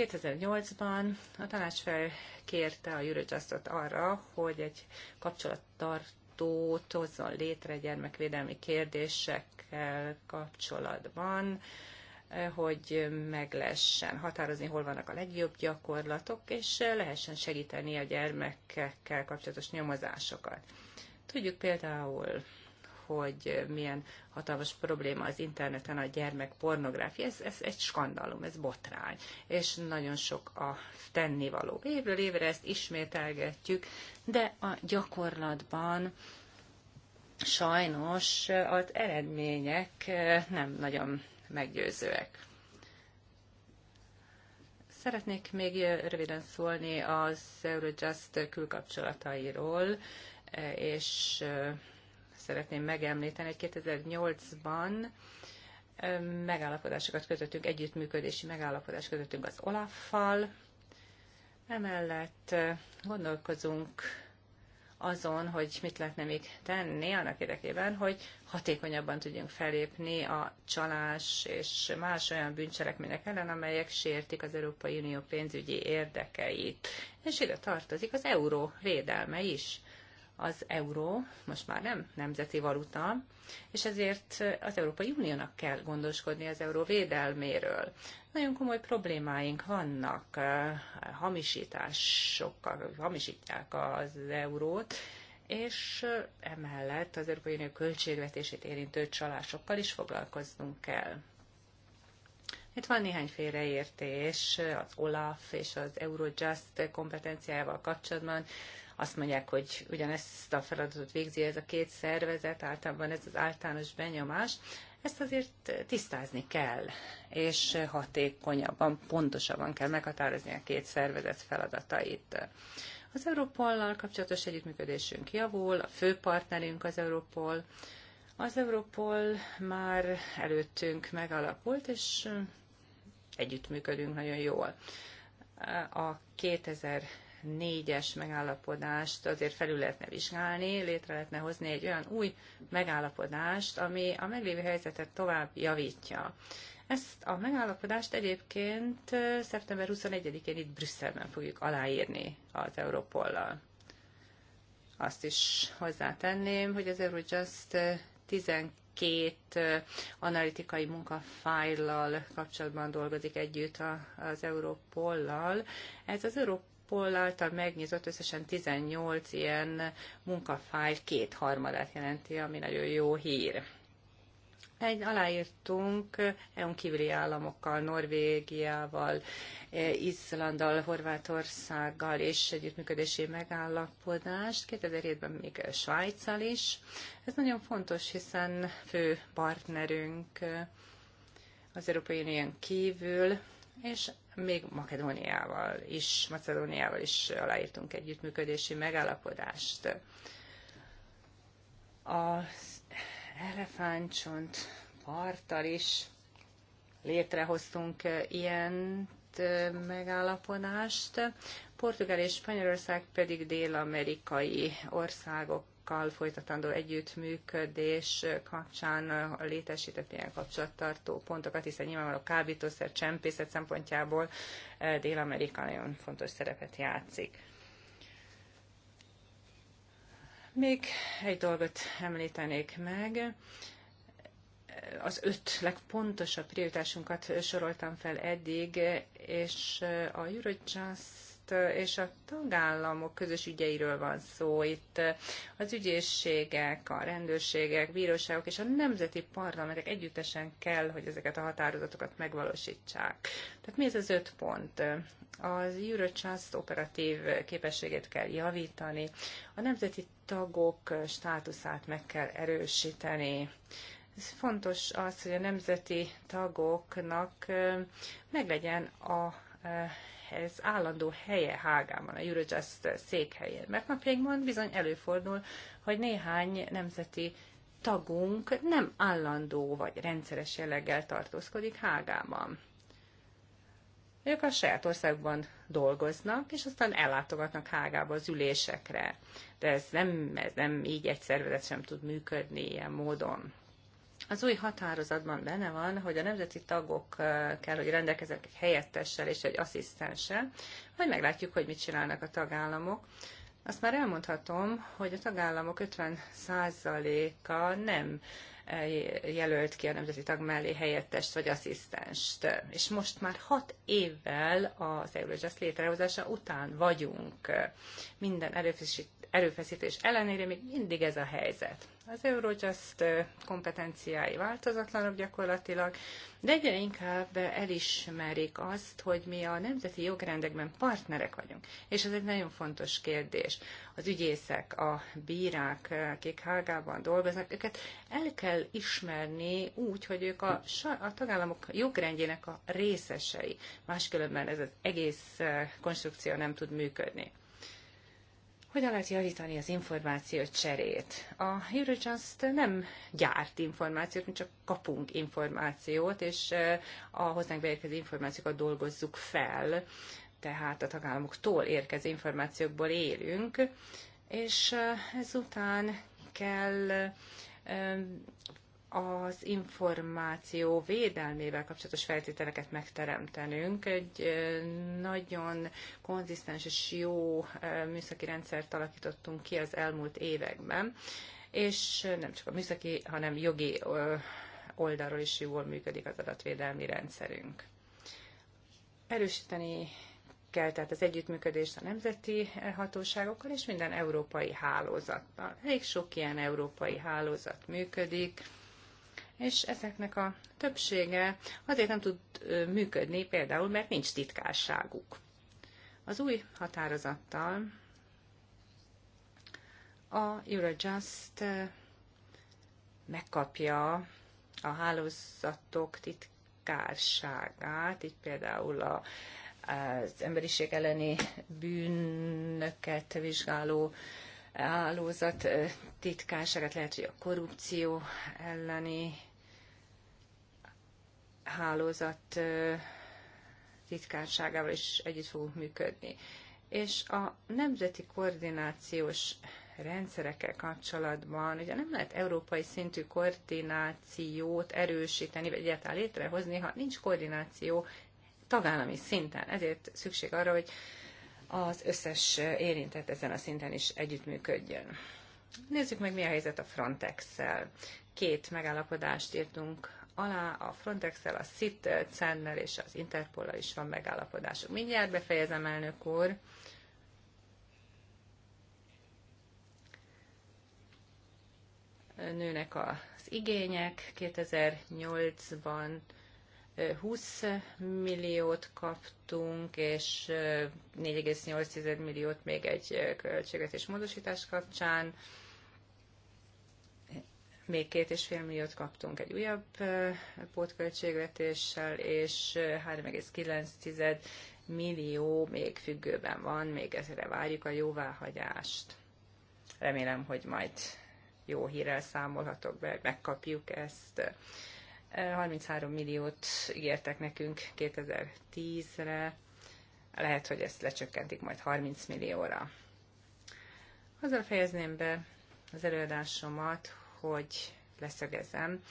2008-ban a tanács felkérte a Eurojustot arra, hogy egy kapcsolattartót hozzon létre gyermekvédelmi kérdésekkel kapcsolatban, eh, hogy meg lehessen határozni, hol vannak a legjobb gyakorlatok, és lehessen segíteni a gyermekekkel kapcsolatos nyomozásokat. Tudjuk például hogy milyen hatalmas probléma az interneten a gyermek pornográfia. Ez, ez egy skandalum, ez botrány, és nagyon sok a tennivaló. Évről évre ezt ismételgetjük, de a gyakorlatban sajnos az eredmények eh, nem nagyon meggyőzőek. Szeretnék még eh, röviden szólni az Eurojust külkapcsolatairól, eh, és szeretném megemlíteni, hogy 2008-ban megállapodásokat kötöttünk, együttműködési megállapodást kötöttünk az Olaffal. Emellett gondolkozunk azon, hogy mit lehetne még tenni annak érdekében, hogy hatékonyabban tudjunk felépni a csalás és más olyan bűncselekmények ellen, amelyek sértik az Európai Unió pénzügyi érdekeit. És ide tartozik az euró védelme is az euró most már nem nemzeti valuta, és ezért az Európai Uniónak kell gondoskodni az euró védelméről. Nagyon komoly problémáink vannak, hamisításokkal hamisítják az eurót, és emellett az Európai Unió költségvetését érintő csalásokkal is foglalkoznunk kell. Itt van néhány félreértés az OLAF és az Eurojust kompetenciával kapcsolatban azt mondják, hogy ugyanezt a feladatot végzi ez a két szervezet, általában ez az általános benyomás, ezt azért tisztázni kell, és hatékonyabban, pontosabban kell meghatározni a két szervezet feladatait. Az Európollal kapcsolatos együttműködésünk javul, a fő partnerünk az Európol, az Európol már előttünk megalakult, és együttműködünk nagyon jól. A 2000 négyes megállapodást azért felül lehetne vizsgálni, létre lehetne hozni egy olyan új megállapodást, ami a meglévő helyzetet tovább javítja. Ezt a megállapodást egyébként szeptember 21-én itt Brüsszelben fogjuk aláírni az Európollal. Azt is hozzátenném, hogy az Eurojust 12 analitikai munkafájllal kapcsolatban dolgozik együtt az Európollal. Ez az Európol Europol által megnyitott összesen 18 ilyen munkafájl kétharmadát jelenti, ami nagyon jó hír. Egy aláírtunk EU-n kívüli államokkal, Norvégiával, e, Izlandal, Horvátországgal és együttműködési megállapodást, 2007-ben még Svájccal is. Ez nagyon fontos, hiszen fő partnerünk e, az Európai Unión kívül, és még Makedóniával is, Macedóniával is aláírtunk együttműködési megállapodást. Az elefántcsont parttal is létrehoztunk ilyen megállapodást. Portugál és Spanyolország pedig dél-amerikai országok országokkal folytatandó együttműködés kapcsán létesített ilyen kapcsolattartó pontokat, hiszen nyilvánvalóan a kábítószer csempészet szempontjából eh, Dél-Amerika nagyon fontos szerepet játszik. Még egy dolgot említenék meg az öt legpontosabb prioritásunkat soroltam fel eddig, és eh, a Eurojust és a tagállamok közös ügyeiről van szó. Itt az ügyészségek, a rendőrségek, bíróságok és a nemzeti parlamentek együttesen kell, hogy ezeket a határozatokat megvalósítsák. Tehát mi ez az öt pont? Az Eurojust operatív képességét kell javítani, a nemzeti tagok státuszát meg kell erősíteni, ez fontos az, hogy a nemzeti tagoknak meglegyen a ez állandó helye Hágában, a Eurojust székhelyén. Mert mond, bizony előfordul, hogy néhány nemzeti tagunk nem állandó vagy rendszeres jelleggel tartózkodik Hágában. Ők a saját országban dolgoznak, és aztán ellátogatnak Hágába az ülésekre. De ez nem, ez nem így egy szervezet sem tud működni ilyen módon. Az új határozatban benne van, hogy a nemzeti tagok eh, kell, hogy rendelkezzenek egy helyettessel és egy asszisztenssel, majd meglátjuk, hogy mit csinálnak a tagállamok. Azt már elmondhatom, hogy a tagállamok 50%-a nem eh, jelölt ki a nemzeti tag mellé helyettest vagy asszisztenst. És most már hat évvel az Eurojust létrehozása után vagyunk. Minden erőfeszítés ellenére még mindig ez a helyzet. Az Eurojust kompetenciái változatlanok gyakorlatilag, de egyre inkább elismerik azt, hogy mi a nemzeti jogrendekben partnerek vagyunk. És ez egy nagyon fontos kérdés. Az ügyészek, a bírák, akik Hágában dolgoznak, őket el kell ismerni úgy, hogy ők a, a tagállamok jogrendjének a részesei. Máskülönben ez az egész konstrukció nem tud működni. Hogyan lehet javítani az információ cserét? A Eurojust nem gyárt információt, mi csak kapunk információt, és a hozzánk beérkező információkat dolgozzuk fel, tehát a tagállamoktól érkező információkból élünk, és ezután kell az információ védelmével kapcsolatos feltételeket megteremtenünk. Egy nagyon konzisztens és jó műszaki rendszert alakítottunk ki az elmúlt években, és nem csak a műszaki, hanem jogi oldalról is jól működik az adatvédelmi rendszerünk. Erősíteni kell tehát az együttműködést a nemzeti hatóságokkal és minden európai hálózattal. Elég sok ilyen európai hálózat működik, és ezeknek a többsége azért nem tud működni, például mert nincs titkárságuk. Az új határozattal a Eurojust megkapja a hálózatok titkárságát, így például a, az emberiség elleni bűnöket vizsgáló hálózat titkárságát, lehet, hogy a korrupció elleni hálózat titkárságával is együtt fogunk működni. És a nemzeti koordinációs rendszerekkel kapcsolatban, ugye nem lehet európai szintű koordinációt erősíteni, vagy egyáltalán létrehozni, ha nincs koordináció tagállami szinten. Ezért szükség arra, hogy az összes érintett ezen a szinten is együttműködjön. Nézzük meg, mi a helyzet a Frontex-szel. Két megállapodást írtunk alá, a Frontex-el, a CIT, eh, CEN-nel és az Interpol-al is van megállapodásuk. Mindjárt befejezem, elnök úr. Nőnek az igények. 2008-ban 20 eh, milliót kaptunk, és 4,8 eh, milliót még egy költségvetés módosítás kapcsán még két és fél milliót kaptunk egy újabb pótköltségvetéssel, és 3,9 millió még függőben van, még ezre várjuk a jóváhagyást. Remélem, hogy majd jó hírrel számolhatok be, megkapjuk ezt. 33 milliót ígértek nekünk 2010-re, lehet, hogy ezt lecsökkentik majd 30 millióra. Azzal fejezném be az előadásomat, hogy leszögezem,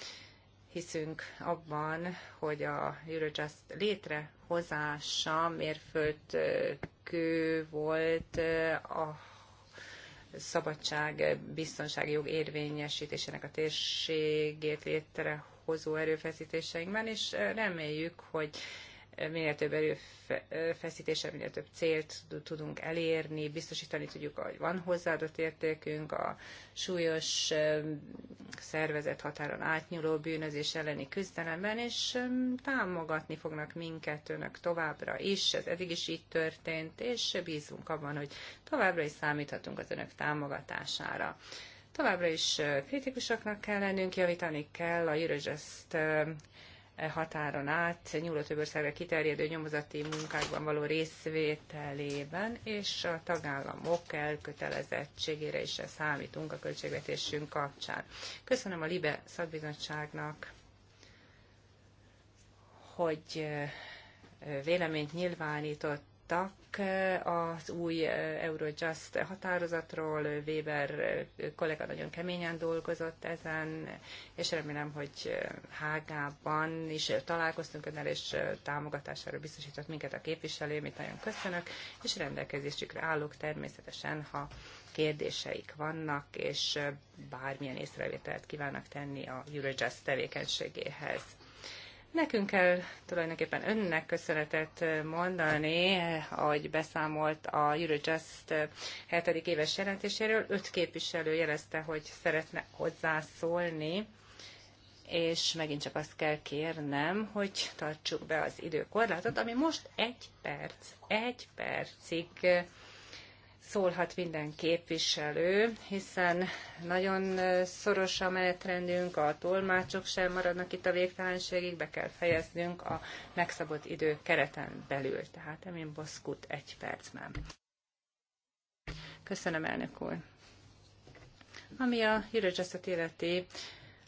hiszünk abban, hogy a Eurojust létrehozása mérföldkő volt a szabadság, biztonsági jog érvényesítésének a térségét létrehozó erőfeszítéseinkben, és reméljük, hogy minél több erőfeszítéssel, minél több célt tudunk elérni, biztosítani tudjuk, hogy van hozzáadott értékünk, a súlyos szervezet határon átnyúló bűnözés elleni küzdelemben, és támogatni fognak minket önök továbbra is, ez eddig is így történt, és bízunk abban, hogy továbbra is számíthatunk az önök támogatására. Továbbra is kritikusoknak kell lennünk, javítani kell a Eurojust E határon át nyúló többországra kiterjedő nyomozati munkákban való részvételében, és a tagállamok elkötelezettségére is számítunk a költségvetésünk kapcsán. Köszönöm a LIBE szakbizottságnak, hogy e, véleményt nyilvánított hallottak eh, az új eh, Eurojust határozatról. Weber eh, kollega nagyon keményen dolgozott ezen, és remélem, hogy Hágában is találkoztunk önnel, és támogatására biztosított minket a képviselő, amit nagyon köszönök, és rendelkezésükre állok természetesen, ha kérdéseik vannak, és bármilyen észrevételt kívánnak tenni a Eurojust tevékenységéhez. Nekünk kell tulajdonképpen önnek köszönetet mondani, ahogy beszámolt a Eurojust 7. éves jelentéséről. Öt képviselő jelezte, hogy szeretne hozzászólni és megint csak azt kell kérnem, hogy tartsuk be az időkorlátot, ami most egy perc, egy percig szólhat minden képviselő, hiszen nagyon szoros a menetrendünk, a tolmácsok sem maradnak itt a végtelenségig, be kell fejeznünk a megszabott idő kereten belül. Tehát Emin Boszkut egy percben. Köszönöm, elnök úr. Ami a hírögyzseszet életi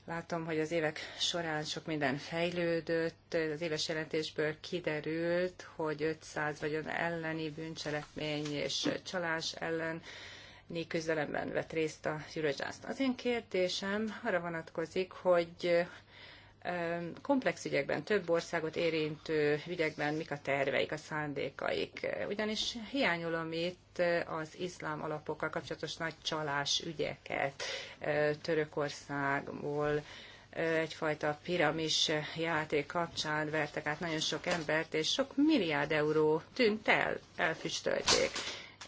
Látom, hogy az évek során sok minden fejlődött. Az éves jelentésből kiderült, hogy 500 vagyon elleni bűncselekmény és csalás ellen küzdelemben vett részt a Eurojust. Az én kérdésem arra vonatkozik, hogy komplex ügyekben, több országot érintő ügyekben mik a terveik, a szándékaik. Ugyanis hiányolom itt az iszlám alapokkal kapcsolatos nagy csalás ügyeket Törökországból, egyfajta piramis játék kapcsán vertek át nagyon sok embert, és sok milliárd euró tűnt el, elfüstölték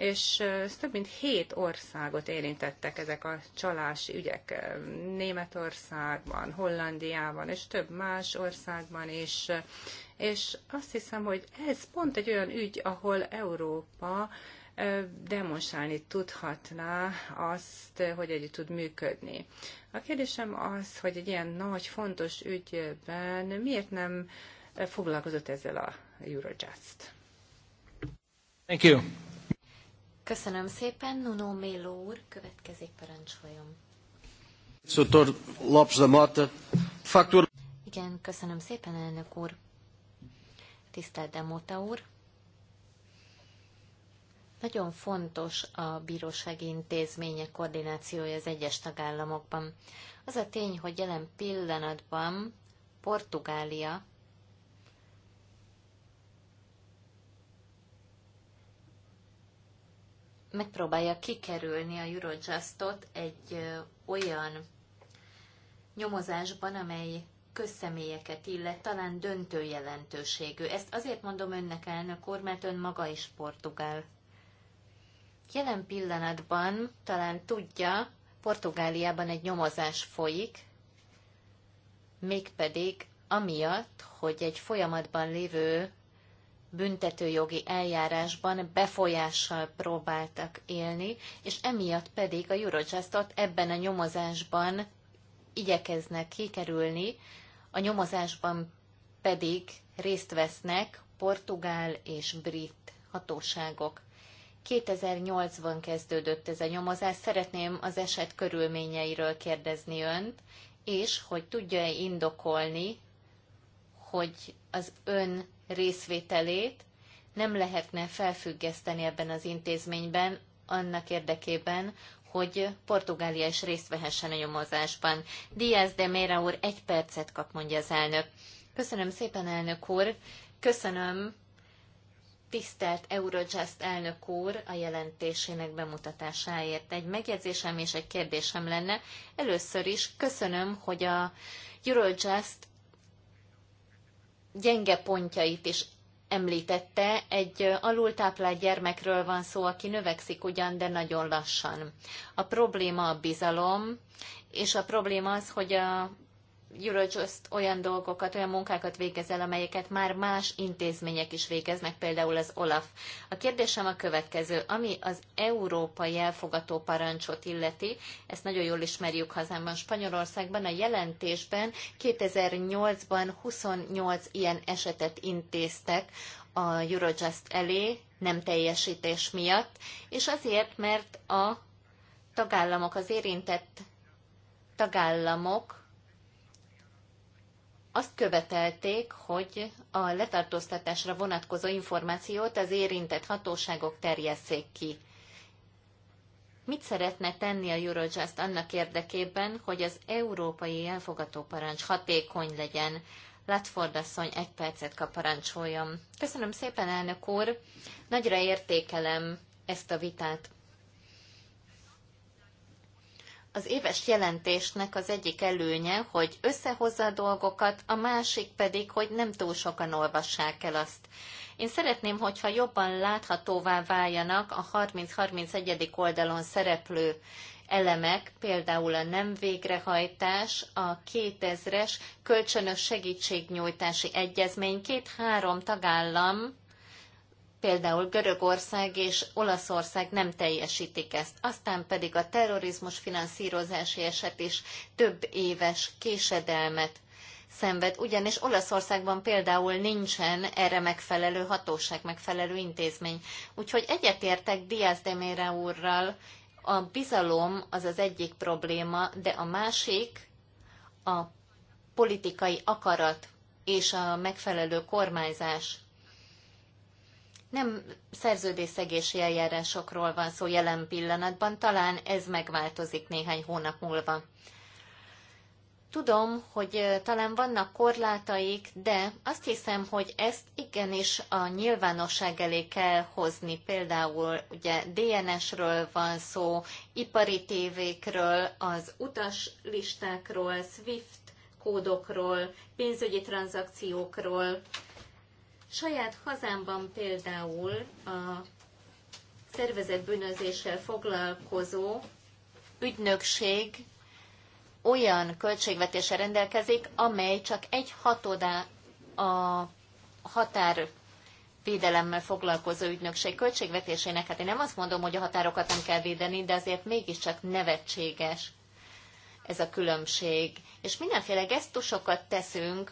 és több mint hét országot érintettek ezek a csalási ügyek Németországban, Hollandiában és több más országban is. És azt hiszem, hogy ez pont egy olyan ügy, ahol Európa demonstrálni tudhatná azt, hogy együtt tud működni. A kérdésem az, hogy egy ilyen nagy, fontos ügyben miért nem foglalkozott ezzel a Eurojust? Thank you. Köszönöm szépen, Nuno Méló úr, következik parancsoljon. Sotor Lopes da Mota, faktor... Igen, köszönöm szépen, elnök úr. Tisztelt Demóta úr. Nagyon fontos a bírósági intézmények koordinációja az egyes tagállamokban. Az a tény, hogy jelen pillanatban Portugália megpróbálja kikerülni a Eurojustot egy olyan nyomozásban, amely közszemélyeket illet, talán döntő jelentőségű. Ezt azért mondom önnek, elnök úr, mert ön maga is portugál. Jelen pillanatban talán tudja, Portugáliában egy nyomozás folyik, mégpedig amiatt, hogy egy folyamatban lévő büntetőjogi eljárásban befolyással próbáltak élni, és emiatt pedig a Eurojustot ebben a nyomozásban igyekeznek kikerülni, a nyomozásban pedig részt vesznek portugál és brit hatóságok. 2008-ban kezdődött ez a nyomozás. Szeretném az eset körülményeiről kérdezni önt, és hogy tudja-e indokolni, hogy az ön részvételét nem lehetne felfüggeszteni ebben az intézményben annak érdekében, hogy Portugália is részt vehessen a nyomozásban. Díaz de Mera úr egy percet kap, mondja az elnök. Köszönöm szépen, elnök úr. Köszönöm tisztelt Eurojust elnök úr a jelentésének bemutatásáért. Egy megjegyzésem és egy kérdésem lenne. Először is köszönöm, hogy a Eurojust gyenge pontjait is említette, egy alultáplált gyermekről van szó, aki növekszik ugyan, de nagyon lassan. A probléma a bizalom, és a probléma az, hogy a Eurojust olyan dolgokat, olyan munkákat végez el, amelyeket már más intézmények is végeznek, például az OLAF. A kérdésem a következő, ami az európai elfogató parancsot illeti, ezt nagyon jól ismerjük hazámban, Spanyolországban, a jelentésben 2008-ban 28 ilyen esetet intéztek a Eurojust elé, nem teljesítés miatt, és azért, mert a tagállamok, az érintett tagállamok azt követelték, hogy a letartóztatásra vonatkozó információt az érintett hatóságok terjesszék ki. Mit szeretne tenni a Eurojust annak érdekében, hogy az európai elfogató hatékony legyen? Latford asszony egy percet kap parancsoljon. Köszönöm szépen, elnök úr! Nagyra értékelem ezt a vitát. Az éves jelentésnek az egyik előnye, hogy összehozza a dolgokat, a másik pedig, hogy nem túl sokan olvassák el azt. Én szeretném, hogyha jobban láthatóvá váljanak a 30-31. oldalon szereplő elemek, például a nem végrehajtás, a 2000-es kölcsönös segítségnyújtási egyezmény két-három tagállam például Görögország és Olaszország nem teljesítik ezt. Aztán pedig a terrorizmus finanszírozási eset is több éves késedelmet szenved, ugyanis Olaszországban például nincsen erre megfelelő hatóság, megfelelő intézmény. Úgyhogy egyetértek Diaz de Mera úrral, a bizalom az az egyik probléma, de a másik a politikai akarat és a megfelelő kormányzás nem szerződésszegési eljárásokról van szó jelen pillanatban, talán ez megváltozik néhány hónap múlva. Tudom, hogy talán vannak korlátaik, de azt hiszem, hogy ezt igenis a nyilvánosság elé kell hozni. Például ugye DNS-ről van szó, ipari tévékről, az utaslistákról, SWIFT kódokról, pénzügyi tranzakciókról, Saját hazámban például a szervezett bűnözéssel foglalkozó ügynökség olyan költségvetése rendelkezik, amely csak egy hatodá a határ védelemmel foglalkozó ügynökség költségvetésének. Hát én nem azt mondom, hogy a határokat nem kell védeni, de azért mégiscsak nevetséges ez a különbség. És mindenféle gesztusokat teszünk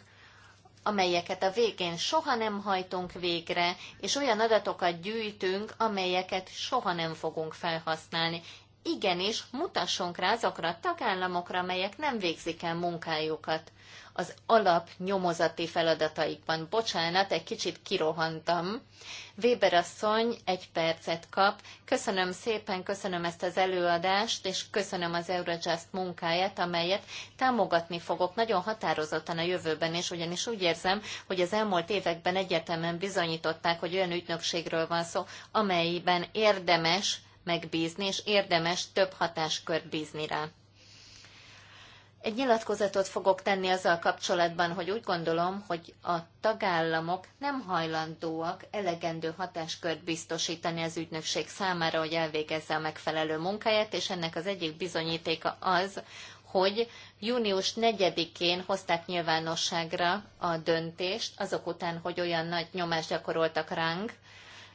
amelyeket a végén soha nem hajtunk végre, és olyan adatokat gyűjtünk, amelyeket soha nem fogunk felhasználni igenis mutassunk rá azokra a tagállamokra, amelyek nem végzik el munkájukat az alap nyomozati feladataikban. Bocsánat, egy kicsit kirohantam. Weber asszony egy percet kap. Köszönöm szépen, köszönöm ezt az előadást, és köszönöm az Eurojust munkáját, amelyet támogatni fogok nagyon határozottan a jövőben, és ugyanis úgy érzem, hogy az elmúlt években egyetemen bizonyították, hogy olyan ügynökségről van szó, amelyben érdemes megbízni, és érdemes több hatáskört bízni rá. Egy nyilatkozatot fogok tenni azzal kapcsolatban, hogy úgy gondolom, hogy a tagállamok nem hajlandóak elegendő hatáskört biztosítani az ügynökség számára, hogy elvégezze a megfelelő munkáját, és ennek az egyik bizonyítéka az, hogy június 4-én hozták nyilvánosságra a döntést, azok után, hogy olyan nagy nyomást gyakoroltak ránk,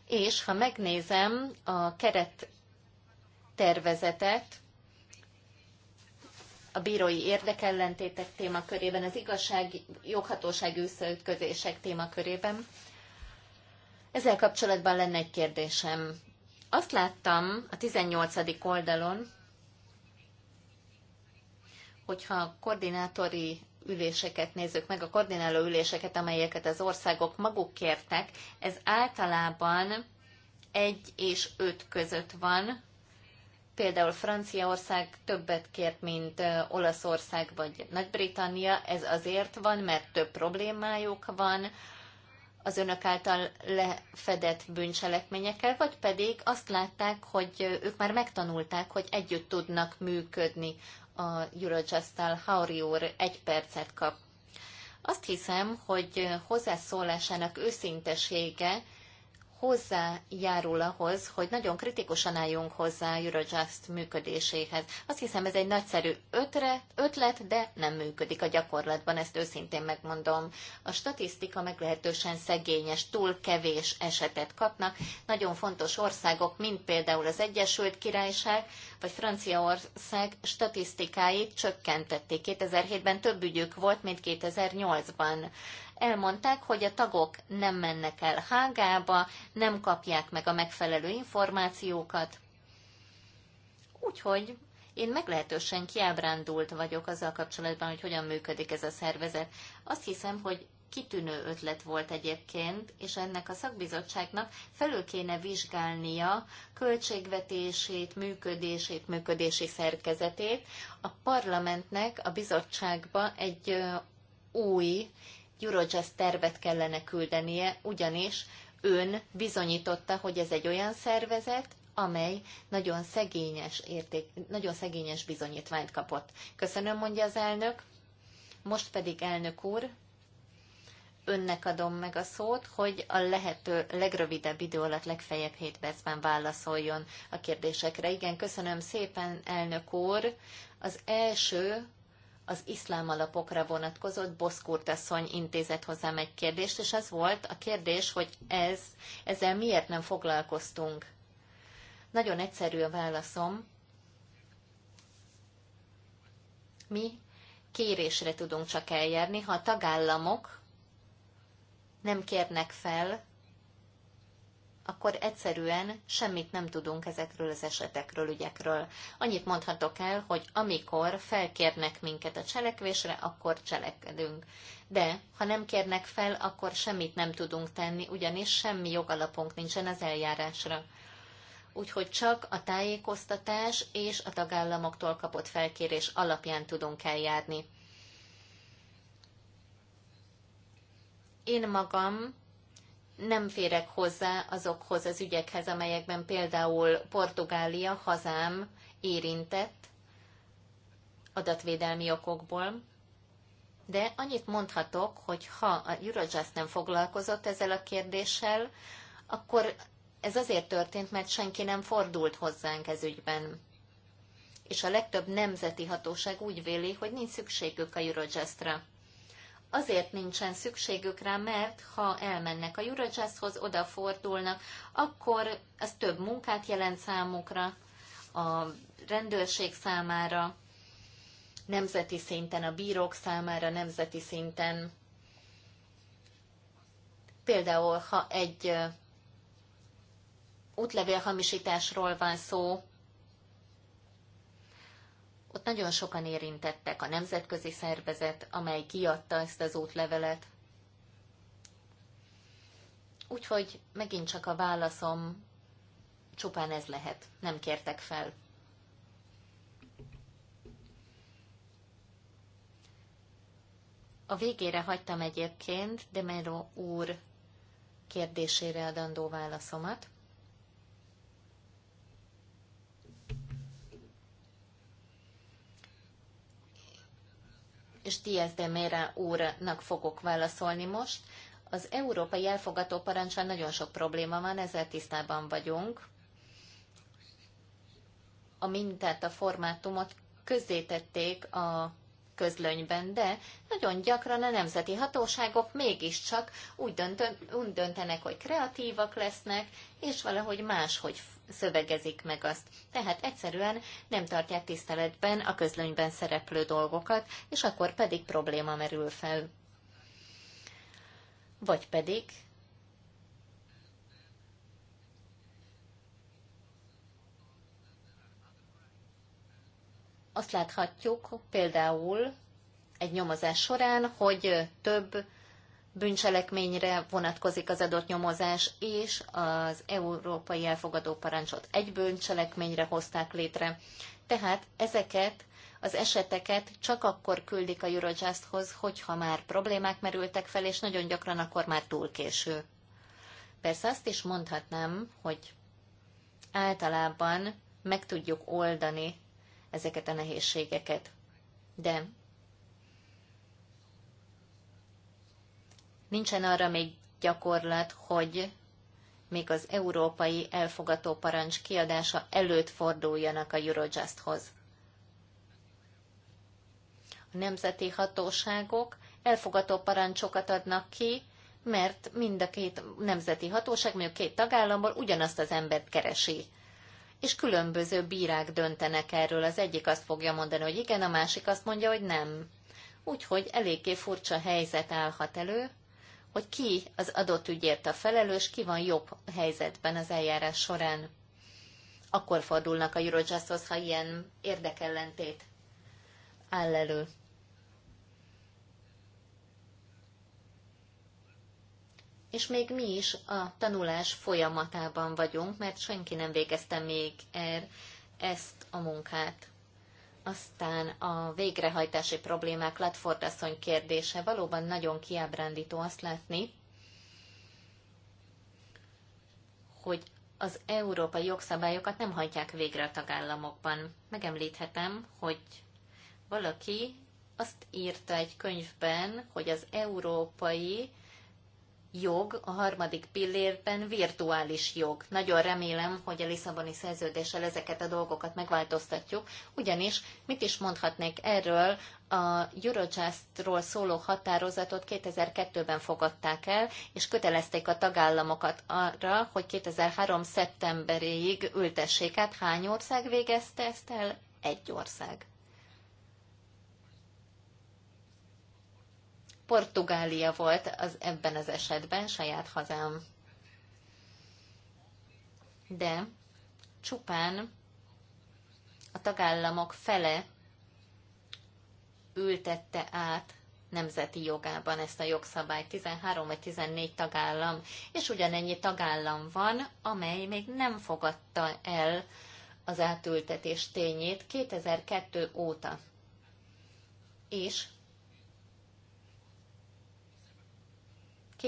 és ha megnézem a keret tervezetet a bírói érdekellentétek témakörében, az igazság joghatóság összeütközések témakörében. Ezzel kapcsolatban lenne egy kérdésem. Azt láttam a 18. oldalon, hogyha a koordinátori üléseket nézzük meg, a koordináló üléseket, amelyeket az országok maguk kértek, ez általában egy és öt között van, Például Franciaország többet kért, mint Olaszország vagy Nagy-Britannia. Ez azért van, mert több problémájuk van az önök által lefedett bűncselekményekkel, vagy pedig azt látták, hogy ők már megtanulták, hogy együtt tudnak működni a Eurojust-tal. Hauri úr egy percet kap. Azt hiszem, hogy hozzászólásának őszintesége hozzájárul ahhoz, hogy nagyon kritikusan álljunk hozzá Eurojust működéséhez. Azt hiszem, ez egy nagyszerű ötre, ötlet, de nem működik a gyakorlatban, ezt őszintén megmondom. A statisztika meglehetősen szegényes, túl kevés esetet kapnak. Nagyon fontos országok, mint például az Egyesült Királyság, vagy Franciaország statisztikáit csökkentették. 2007-ben több ügyük volt, mint 2008-ban. Elmondták, hogy a tagok nem mennek el Hágába, nem kapják meg a megfelelő információkat. Úgyhogy én meglehetősen kiábrándult vagyok azzal kapcsolatban, hogy hogyan működik ez a szervezet. Azt hiszem, hogy kitűnő ötlet volt egyébként, és ennek a szakbizottságnak felül kéne vizsgálnia költségvetését, működését, működési szerkezetét. A parlamentnek a bizottságba egy új Eurojust tervet kellene küldenie, ugyanis ön bizonyította, hogy ez egy olyan szervezet, amely nagyon szegényes, érték, nagyon szegényes bizonyítványt kapott. Köszönöm, mondja az elnök. Most pedig elnök úr, önnek adom meg a szót, hogy a lehető legrövidebb idő alatt legfeljebb 7 percben válaszoljon a kérdésekre. Igen, köszönöm szépen, elnök úr. Az első az iszlám alapokra vonatkozott Boszkurtasszony intézett hozzám egy kérdést, és az volt a kérdés, hogy ez, ezzel miért nem foglalkoztunk. Nagyon egyszerű a válaszom. Mi kérésre tudunk csak eljárni, ha a tagállamok nem kérnek fel, akkor egyszerűen semmit nem tudunk ezekről az esetekről, ügyekről. Annyit mondhatok el, hogy amikor felkérnek minket a cselekvésre, akkor cselekedünk. De ha nem kérnek fel, akkor semmit nem tudunk tenni, ugyanis semmi jogalapunk nincsen az eljárásra. Úgyhogy csak a tájékoztatás és a tagállamoktól kapott felkérés alapján tudunk eljárni. én magam nem férek hozzá azokhoz az ügyekhez, amelyekben például Portugália, hazám érintett adatvédelmi okokból, de annyit mondhatok, hogy ha a Eurojust nem foglalkozott ezzel a kérdéssel, akkor ez azért történt, mert senki nem fordult hozzánk ez ügyben. És a legtöbb nemzeti hatóság úgy véli, hogy nincs szükségük a Eurojustra azért nincsen szükségük rá, mert ha elmennek a Eurojazzhoz, odafordulnak, akkor az több munkát jelent számukra, a rendőrség számára, nemzeti szinten, a bírók számára, nemzeti szinten. Például, ha egy útlevélhamisításról van szó, ott nagyon sokan érintettek, a nemzetközi szervezet, amely kiadta ezt az útlevelet. Úgyhogy megint csak a válaszom csupán ez lehet. Nem kértek fel. A végére hagytam egyébként Demero úr kérdésére adandó válaszomat. és Díaz de Mera úrnak fogok válaszolni most. Az európai elfogató parancsán nagyon sok probléma van, ezzel tisztában vagyunk. A mintát, a formátumot közzétették a közlönyben, de nagyon gyakran a nemzeti hatóságok mégiscsak úgy, döntön, úgy döntenek, hogy kreatívak lesznek, és valahogy máshogy szövegezik meg azt. Tehát egyszerűen nem tartják tiszteletben a közlönyben szereplő dolgokat, és akkor pedig probléma merül fel. Vagy pedig azt láthatjuk például egy nyomozás során, hogy több bűncselekményre vonatkozik az adott nyomozás, és az európai elfogadó parancsot egy bűncselekményre hozták létre. Tehát ezeket az eseteket csak akkor küldik a Eurojusthoz, hogyha már problémák merültek fel, és nagyon gyakran akkor már túl késő. Persze azt is mondhatnám, hogy általában meg tudjuk oldani ezeket a nehézségeket. De nincsen arra még gyakorlat, hogy még az európai elfogató parancs kiadása előtt forduljanak a Eurojusthoz. A nemzeti hatóságok elfogató parancsokat adnak ki, mert mind a két nemzeti hatóság, mondjuk két tagállamból ugyanazt az embert keresi és különböző bírák döntenek erről. Az egyik azt fogja mondani, hogy igen, a másik azt mondja, hogy nem. Úgyhogy eléggé furcsa helyzet állhat elő, hogy ki az adott ügyért a felelős, ki van jobb helyzetben az eljárás során. Akkor fordulnak a Eurojusthoz, ha ilyen érdekellentét áll elő. és még mi is a tanulás folyamatában vagyunk, mert senki nem végezte még el ezt a munkát. Aztán a végrehajtási problémák Latford asszony kérdése valóban nagyon kiábrándító azt látni, hogy az európai jogszabályokat nem hajtják végre a tagállamokban. Megemlíthetem, hogy valaki azt írta egy könyvben, hogy az európai jog a harmadik pillérben virtuális jog. Nagyon remélem, hogy a Lisszaboni szerződéssel ezeket a dolgokat megváltoztatjuk, ugyanis mit is mondhatnék erről, a Eurojustról szóló határozatot 2002-ben fogadták el, és kötelezték a tagállamokat arra, hogy 2003. szeptemberéig ültessék át. Hány ország végezte ezt el? Egy ország. Portugália volt az ebben az esetben saját hazám. De csupán a tagállamok fele ültette át nemzeti jogában ezt a jogszabályt, 13 vagy 14 tagállam, és ugyanennyi tagállam van, amely még nem fogadta el az átültetés tényét 2002 óta. És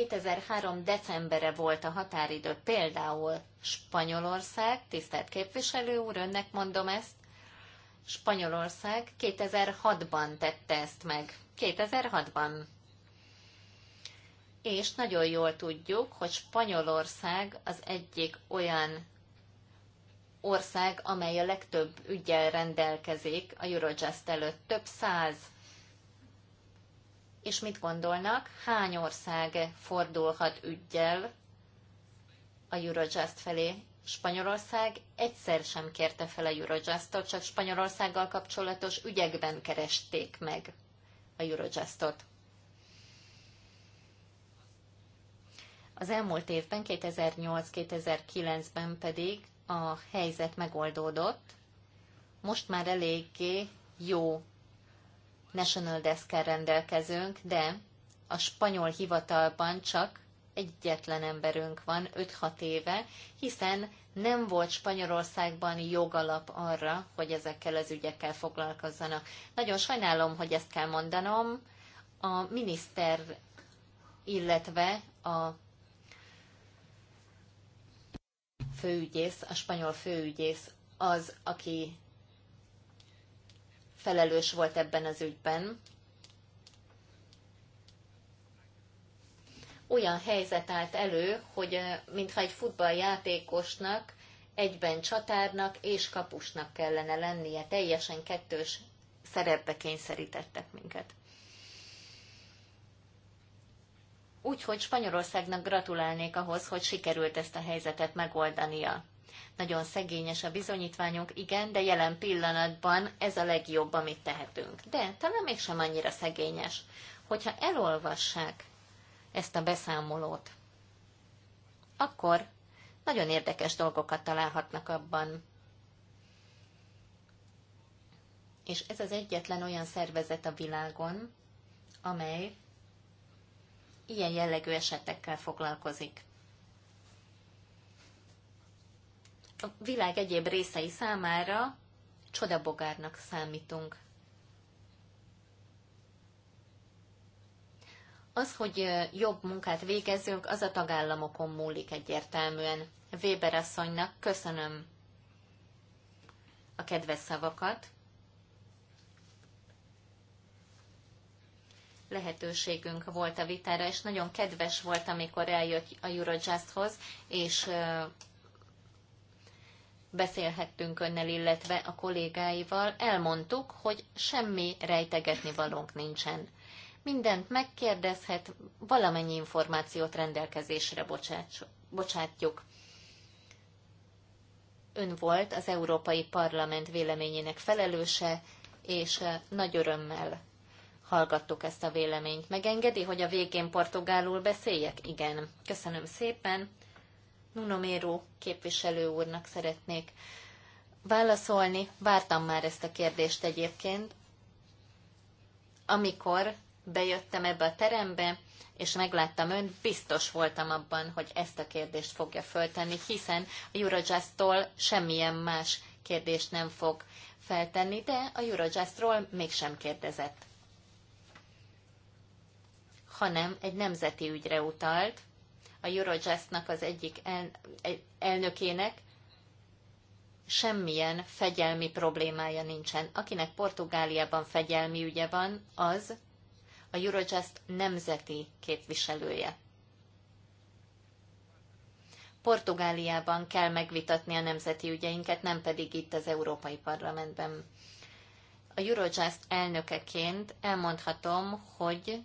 2003. decemberre volt a határidő például Spanyolország, tisztelt képviselő úr, önnek mondom ezt, Spanyolország 2006-ban tette ezt meg. 2006-ban. És nagyon jól tudjuk, hogy Spanyolország az egyik olyan ország, amely a legtöbb ügyel rendelkezik a Eurojust előtt. Több száz és mit gondolnak, hány ország fordulhat ügyjel a Eurojust felé? Spanyolország egyszer sem kérte fel a Eurojustot, csak Spanyolországgal kapcsolatos ügyekben keresték meg a Eurojustot. Az elmúlt évben, 2008-2009-ben pedig a helyzet megoldódott. Most már eléggé jó National Desk-kel rendelkezünk, de a spanyol hivatalban csak egyetlen emberünk van 5-6 éve, hiszen nem volt Spanyolországban jogalap arra, hogy ezekkel az ügyekkel foglalkozzanak. Nagyon sajnálom, hogy ezt kell mondanom. A miniszter, illetve a főügyész, a spanyol főügyész az, aki felelős volt ebben az ügyben. Olyan helyzet állt elő, hogy mintha egy futballjátékosnak egyben csatárnak és kapusnak kellene lennie, teljesen kettős szerepbe kényszerítettek minket. Úgyhogy Spanyolországnak gratulálnék ahhoz, hogy sikerült ezt a helyzetet megoldania nagyon szegényes a bizonyítványunk, igen, de jelen pillanatban ez a legjobb, amit tehetünk. De talán mégsem annyira szegényes. Hogyha elolvassák ezt a beszámolót, akkor nagyon érdekes dolgokat találhatnak abban. És ez az egyetlen olyan szervezet a világon, amely ilyen jellegű esetekkel foglalkozik. a világ egyéb részei számára csodabogárnak számítunk. Az, hogy jobb munkát végezzünk, az a tagállamokon múlik egyértelműen. Weber asszonynak köszönöm a kedves szavakat. lehetőségünk volt a vitára, és nagyon kedves volt, amikor eljött a hoz, és beszélhettünk önnel, illetve a kollégáival, elmondtuk, hogy semmi rejtegetni valónk nincsen. Mindent megkérdezhet, valamennyi információt rendelkezésre bocsátjuk. Ön volt az Európai Parlament véleményének felelőse, és eh, nagy örömmel hallgattuk ezt a véleményt. Megengedi, hogy a végén portugálul beszéljek? Igen. Köszönöm szépen. Nuno Méró képviselő úrnak szeretnék válaszolni. Vártam már ezt a kérdést egyébként. Amikor bejöttem ebbe a terembe, és megláttam önt, biztos voltam abban, hogy ezt a kérdést fogja föltenni, hiszen a Eurojust-tól semmilyen más kérdést nem fog feltenni, de a Eurojust-ról mégsem kérdezett hanem egy nemzeti ügyre utalt, a Eurojustnak az egyik el, elnökének semmilyen fegyelmi problémája nincsen. Akinek Portugáliában fegyelmi ügye van, az a Eurojust nemzeti képviselője. Portugáliában kell megvitatni a nemzeti ügyeinket, nem pedig itt az Európai Parlamentben. A Eurojust elnökeként elmondhatom, hogy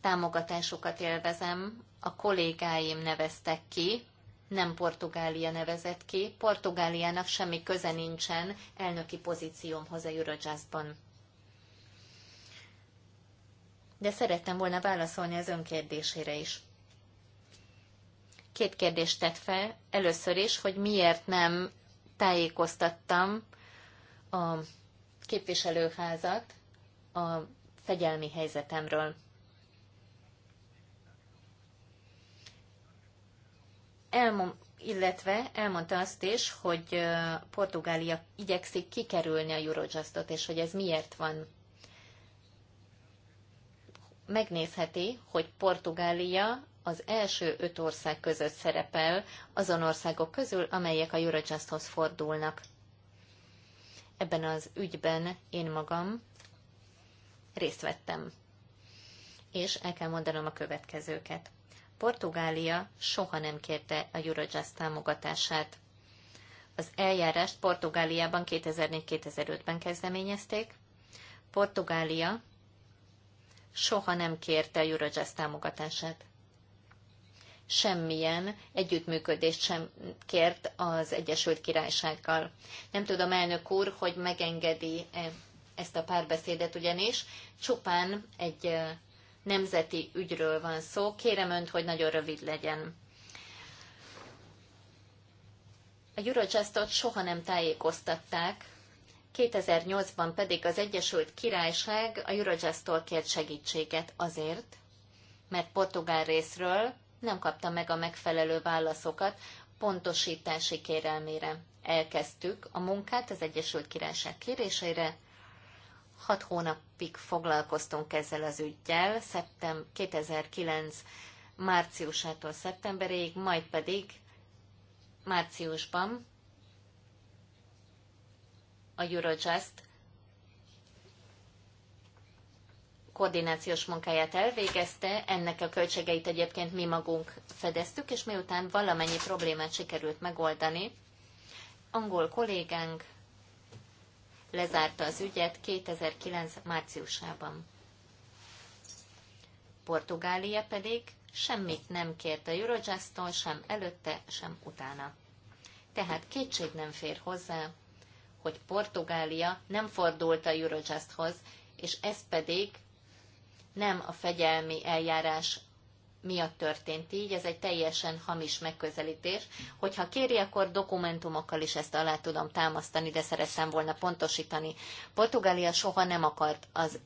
támogatásokat élvezem, a kollégáim neveztek ki, nem Portugália nevezett ki. Portugáliának semmi köze nincsen elnöki pozíciómhoz a Eurojazzban. De szerettem volna válaszolni az önkérdésére is. Két kérdést tett fel. Először is, hogy miért nem tájékoztattam a képviselőházat a fegyelmi helyzetemről. elmond, illetve elmondta azt is, hogy Portugália igyekszik kikerülni a Eurojustot, és hogy ez miért van. Megnézheti, hogy Portugália az első öt ország között szerepel azon országok közül, amelyek a Eurojusthoz fordulnak. Ebben az ügyben én magam részt vettem. És el kell mondanom a következőket. Portugália soha nem kérte a Eurojust támogatását. Az eljárást Portugáliában 2004-2005-ben kezdeményezték. Portugália soha nem kérte a Eurojust támogatását. Semmilyen együttműködést sem kért az Egyesült Királysággal. Nem tudom, elnök úr, hogy megengedi -e ezt a párbeszédet ugyanis, csupán egy nemzeti ügyről van szó. Kérem önt, hogy nagyon rövid legyen. A Eurojustot soha nem tájékoztatták, 2008-ban pedig az Egyesült Királyság a Eurojust-tól kért segítséget azért, mert portugál részről nem kapta meg a megfelelő válaszokat pontosítási kérelmére. Elkezdtük a munkát az Egyesült Királyság kérésére, hat hónapig foglalkoztunk ezzel az ügyjel, szeptem 2009 márciusától szeptemberéig, majd pedig márciusban a Eurojust koordinációs munkáját elvégezte, ennek a költségeit egyébként mi magunk fedeztük, és miután valamennyi problémát sikerült megoldani, angol kollégánk lezárta az ügyet 2009. márciusában. Portugália pedig semmit nem kért a Eurojust-tól, sem előtte, sem utána. Tehát kétség nem fér hozzá, hogy Portugália nem fordult a Eurojusthoz, és ez pedig nem a fegyelmi eljárás miatt történt így, ez egy teljesen hamis megközelítés. Hogyha kéri, akkor dokumentumokkal is ezt alá tudom támasztani, de szerettem volna pontosítani. Portugália soha nem akart az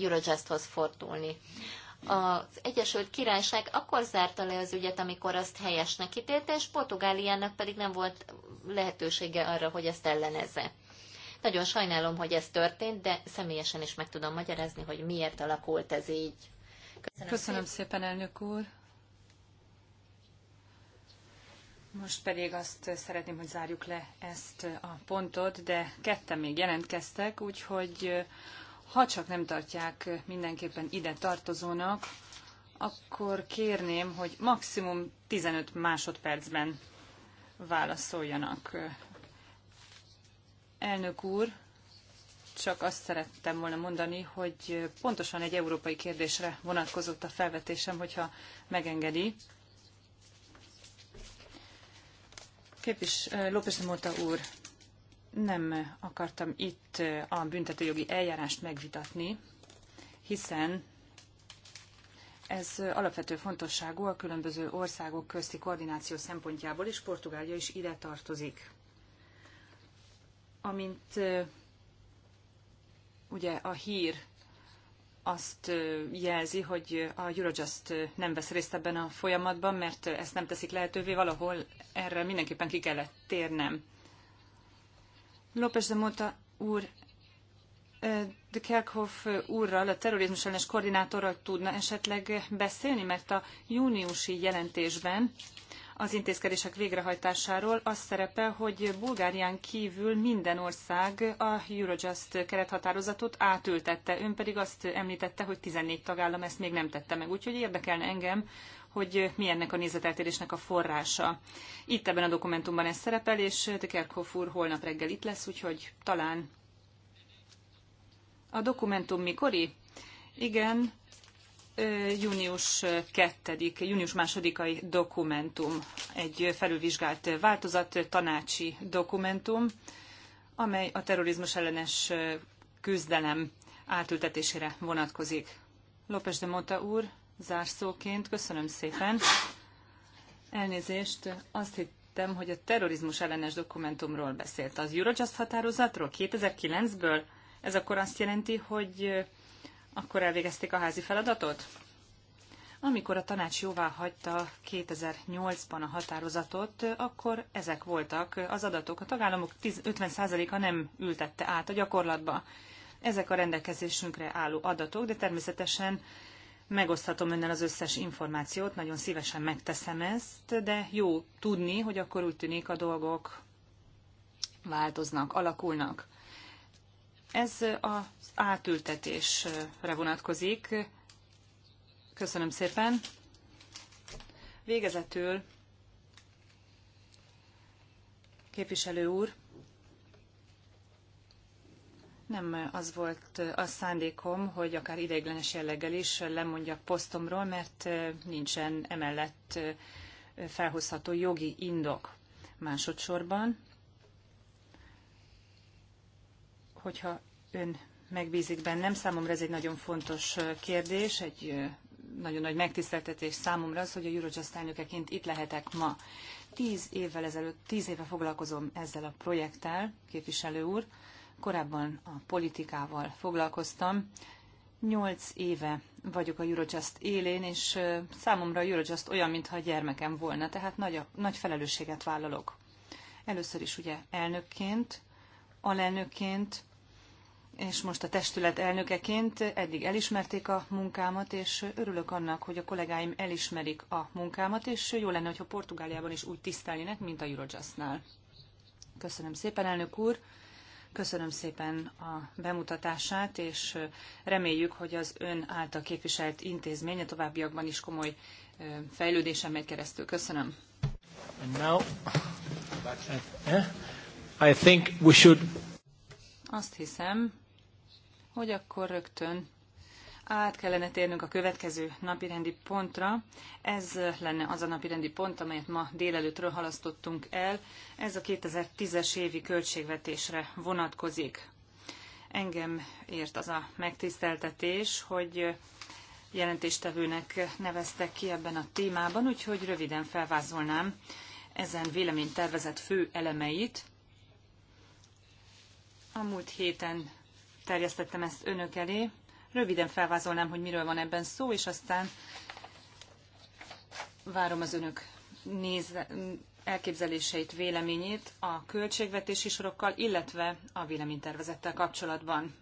Eurojusthoz fordulni. Az Egyesült Királyság akkor zárta le az ügyet, amikor azt helyesnek ítélte, és Portugáliának pedig nem volt lehetősége arra, hogy ezt ellenezze. Nagyon sajnálom, hogy ez történt, de személyesen is meg tudom magyarázni, hogy miért alakult ez így. Köszönöm, Köszönöm szépen, elnök úr. Most pedig azt szeretném, hogy zárjuk le ezt a pontot, de ketten még jelentkeztek, úgyhogy ha csak nem tartják mindenképpen ide tartozónak, akkor kérném, hogy maximum 15 másodpercben válaszoljanak. Elnök úr, csak azt szerettem volna mondani, hogy pontosan egy európai kérdésre vonatkozott a felvetésem, hogyha megengedi. Képvis eh, López Mota úr, nem akartam itt eh, a büntetőjogi eljárást megvitatni, hiszen ez alapvető fontosságú a különböző országok közti koordináció szempontjából, és Portugália is ide tartozik. Amint eh, ugye a hír azt jelzi, hogy a Eurojust nem vesz részt ebben a folyamatban, mert ezt nem teszik lehetővé valahol, erre mindenképpen ki kellett térnem. López de Mota úr, de Kerkhoff úrral, a terrorizmus ellenes koordinátorral tudna esetleg beszélni, mert a júniusi jelentésben az intézkedések végrehajtásáról az szerepel, hogy Bulgárián kívül minden ország a Eurojust kerethatározatot átültette. Ön pedig azt említette, hogy 14 tagállam ezt még nem tette meg. Úgyhogy érdekelne engem, hogy mi ennek a nézeteltérésnek a forrása. Itt ebben a dokumentumban ez szerepel, és Kerkhoff úr holnap reggel itt lesz, úgyhogy talán a dokumentum mikori? Igen, június 2 június másodikai dokumentum, egy felülvizsgált változat, tanácsi dokumentum, amely a terrorizmus ellenes küzdelem átültetésére vonatkozik. López de Mota úr, zárszóként köszönöm szépen. Elnézést, azt hittem, hogy a terrorizmus ellenes dokumentumról beszélt. Az Eurojust határozatról 2009-ből? Ez akkor azt jelenti, hogy akkor elvégezték a házi feladatot? Amikor a tanács jóvá hagyta 2008-ban a határozatot, akkor ezek voltak az adatok. A tagállamok 50%-a nem ültette át a gyakorlatba. Ezek a rendelkezésünkre álló adatok, de természetesen megoszthatom önnel az összes információt, nagyon szívesen megteszem ezt, de jó tudni, hogy akkor úgy tűnik a dolgok változnak, alakulnak. Ez az átültetésre vonatkozik. Köszönöm szépen. Végezetül, képviselő úr, nem az volt a szándékom, hogy akár ideiglenes jelleggel is lemondjak posztomról, mert nincsen emellett felhozható jogi indok. Másodszorban hogyha ön megbízik bennem, számomra ez egy nagyon fontos kérdés, egy nagyon nagy megtiszteltetés számomra az, hogy a Eurojust elnökeként itt lehetek ma. Tíz évvel ezelőtt, tíz éve foglalkozom ezzel a projekttel, képviselő úr. Korábban a politikával foglalkoztam. Nyolc éve vagyok a Eurojust élén, és számomra a Eurojust olyan, mintha a gyermekem volna, tehát nagy, nagy felelősséget vállalok. Először is ugye elnökként, alelnökként, és most a testület elnökeként eddig elismerték a munkámat, és örülök annak, hogy a kollégáim elismerik a munkámat, és jó lenne, hogyha Portugáliában is úgy tisztelnének, mint a Eurojustnál. Köszönöm szépen, elnök úr! Köszönöm szépen a bemutatását, és reméljük, hogy az ön által képviselt intézmény a továbbiakban is komoly fejlődésen megy keresztül. Köszönöm. Eh? I think we should... Azt hiszem, hogy akkor rögtön át kellene térnünk a következő napirendi pontra. Ez lenne az a napirendi pont, amelyet ma délelőttről halasztottunk el. Ez a 2010-es évi költségvetésre vonatkozik. Engem ért az a megtiszteltetés, hogy jelentéstevőnek neveztek ki ebben a témában, úgyhogy röviden felvázolnám ezen véleménytervezet fő elemeit. A múlt héten terjesztettem ezt önök elé. Röviden felvázolnám, hogy miről van ebben szó, és aztán várom az önök néz, elképzeléseit, véleményét a költségvetési sorokkal, illetve a véleménytervezettel kapcsolatban.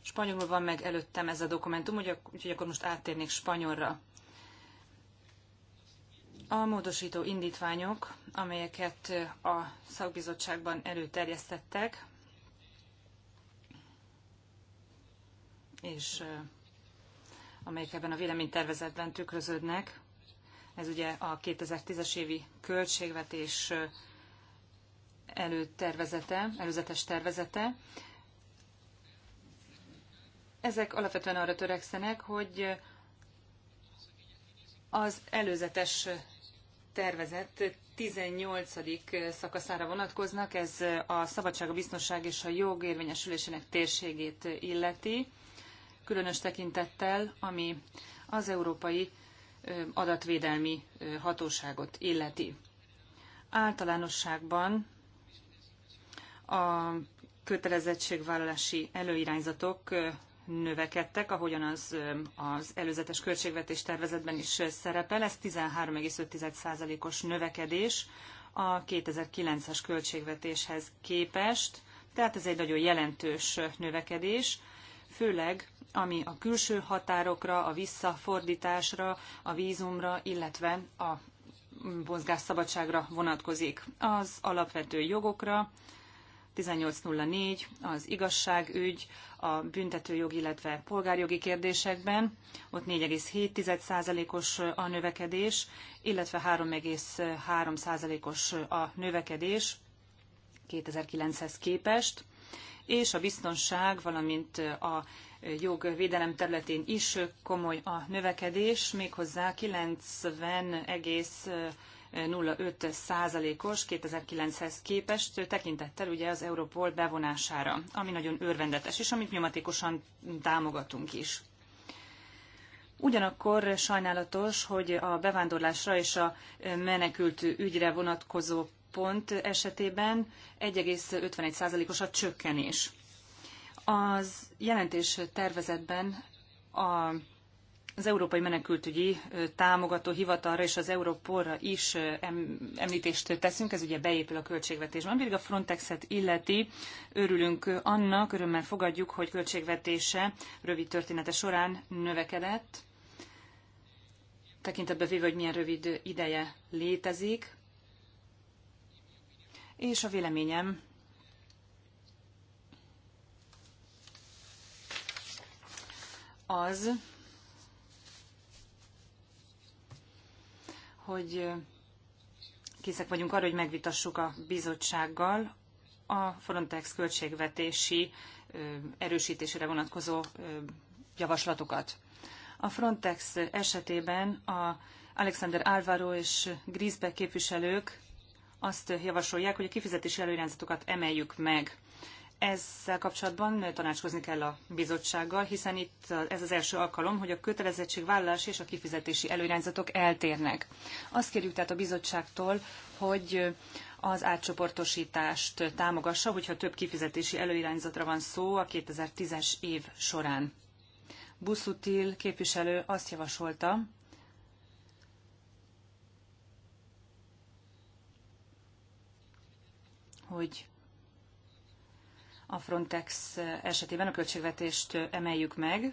Spanyolul van meg előttem ez a dokumentum, úgyhogy akkor most áttérnék spanyolra. A módosító indítványok, amelyeket a szakbizottságban előterjesztettek, és amelyek ebben a véleménytervezetben tükröződnek. Ez ugye a 2010-es évi költségvetés előtervezete, előzetes tervezete. Ezek alapvetően arra törekszenek, hogy az előzetes tervezett 18. szakaszára vonatkoznak, ez a szabadság, a biztonság és a jog érvényesülésének térségét illeti különös tekintettel, ami az Európai Adatvédelmi Hatóságot illeti. Általánosságban a kötelezettségvállalási előirányzatok növekedtek, ahogyan az, az előzetes költségvetés tervezetben is szerepel. Ez 13,5%-os növekedés a 2009-es költségvetéshez képest, tehát ez egy nagyon jelentős növekedés, főleg ami a külső határokra, a visszafordításra, a vízumra, illetve a mozgásszabadságra vonatkozik. Az alapvető jogokra, 1804, az igazságügy, a büntetőjog, illetve polgárjogi kérdésekben, ott 4,7%-os a növekedés, illetve 3,3%-os a növekedés 2009-hez képest, és a biztonság, valamint a jogvédelem területén is komoly a növekedés, méghozzá 90,05 százalékos 2009-hez képest tekintettel ugye az Europol bevonására, ami nagyon örvendetes, és amit nyomatékosan támogatunk is. Ugyanakkor sajnálatos, hogy a bevándorlásra és a menekült ügyre vonatkozó pont esetében 1,51%-os a csökkenés. Az jelentés tervezetben a az Európai Menekültügyi Támogató Hivatalra és az Európorra is említést teszünk, ez ugye beépül a költségvetésbe. Amíg a Frontexet illeti, örülünk annak, örömmel fogadjuk, hogy költségvetése rövid története során növekedett, tekintetbe véve, hogy milyen rövid ideje létezik, és a véleményem az, hogy készek vagyunk arra, hogy megvitassuk a bizottsággal a Frontex költségvetési erősítésére vonatkozó javaslatokat. A Frontex esetében a Alexander Álvaro és Grisbe képviselők azt javasolják, hogy a kifizetési előirányzatokat emeljük meg. Ezzel kapcsolatban tanácskozni kell a bizottsággal, hiszen itt ez az első alkalom, hogy a kötelezettségvállalás és a kifizetési előirányzatok eltérnek. Azt kérjük tehát a bizottságtól, hogy az átcsoportosítást támogassa, hogyha több kifizetési előirányzatra van szó a 2010-es év során. Buszutil képviselő azt javasolta, hogy a Frontex esetében a költségvetést emeljük meg,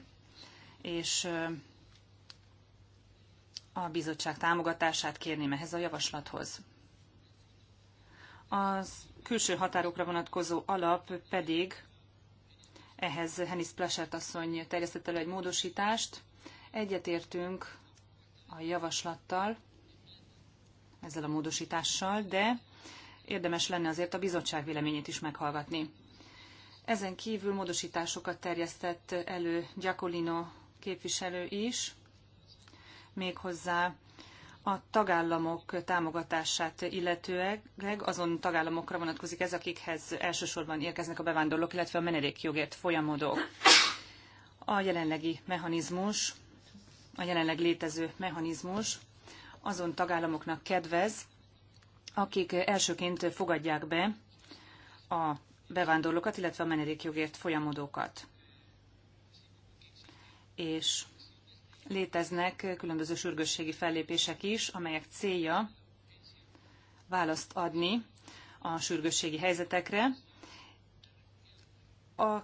és a bizottság támogatását kérném ehhez a javaslathoz. Az külső határokra vonatkozó alap pedig ehhez Henis Plesert asszony terjesztett elő egy módosítást. Egyetértünk a javaslattal, ezzel a módosítással, de érdemes lenne azért a bizottság véleményét is meghallgatni. Ezen kívül módosításokat terjesztett elő Giacolino képviselő is, méghozzá a tagállamok támogatását illetőleg azon tagállamokra vonatkozik ez, akikhez elsősorban érkeznek a bevándorlók, illetve a menedékjogért folyamodók. A jelenlegi mechanizmus, a jelenleg létező mechanizmus azon tagállamoknak kedvez, akik elsőként fogadják be a bevándorlókat, illetve a menedékjogért folyamodókat. És léteznek különböző sürgősségi fellépések is, amelyek célja választ adni a sürgősségi helyzetekre. A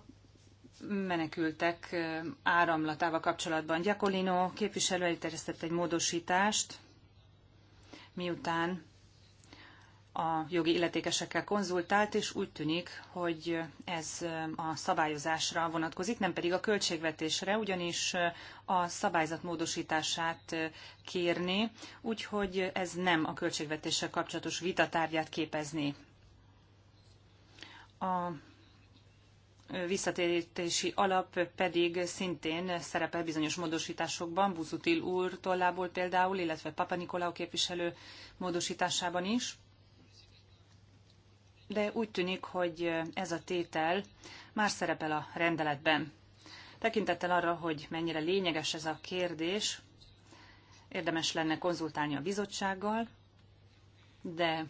menekültek áramlatával kapcsolatban Gyakolino képviselő elterjesztett egy módosítást, miután a jogi illetékesekkel konzultált, és úgy tűnik, hogy ez a szabályozásra vonatkozik, nem pedig a költségvetésre, ugyanis a szabályzat módosítását kérni, úgyhogy ez nem a költségvetéssel kapcsolatos vitatárgyát képezni. A visszatérítési alap pedig szintén szerepel bizonyos módosításokban, Buzutil úr tollából például, illetve Papa Nikolau képviselő módosításában is de úgy tűnik, hogy ez a tétel már szerepel a rendeletben. Tekintettel arra, hogy mennyire lényeges ez a kérdés, érdemes lenne konzultálni a bizottsággal, de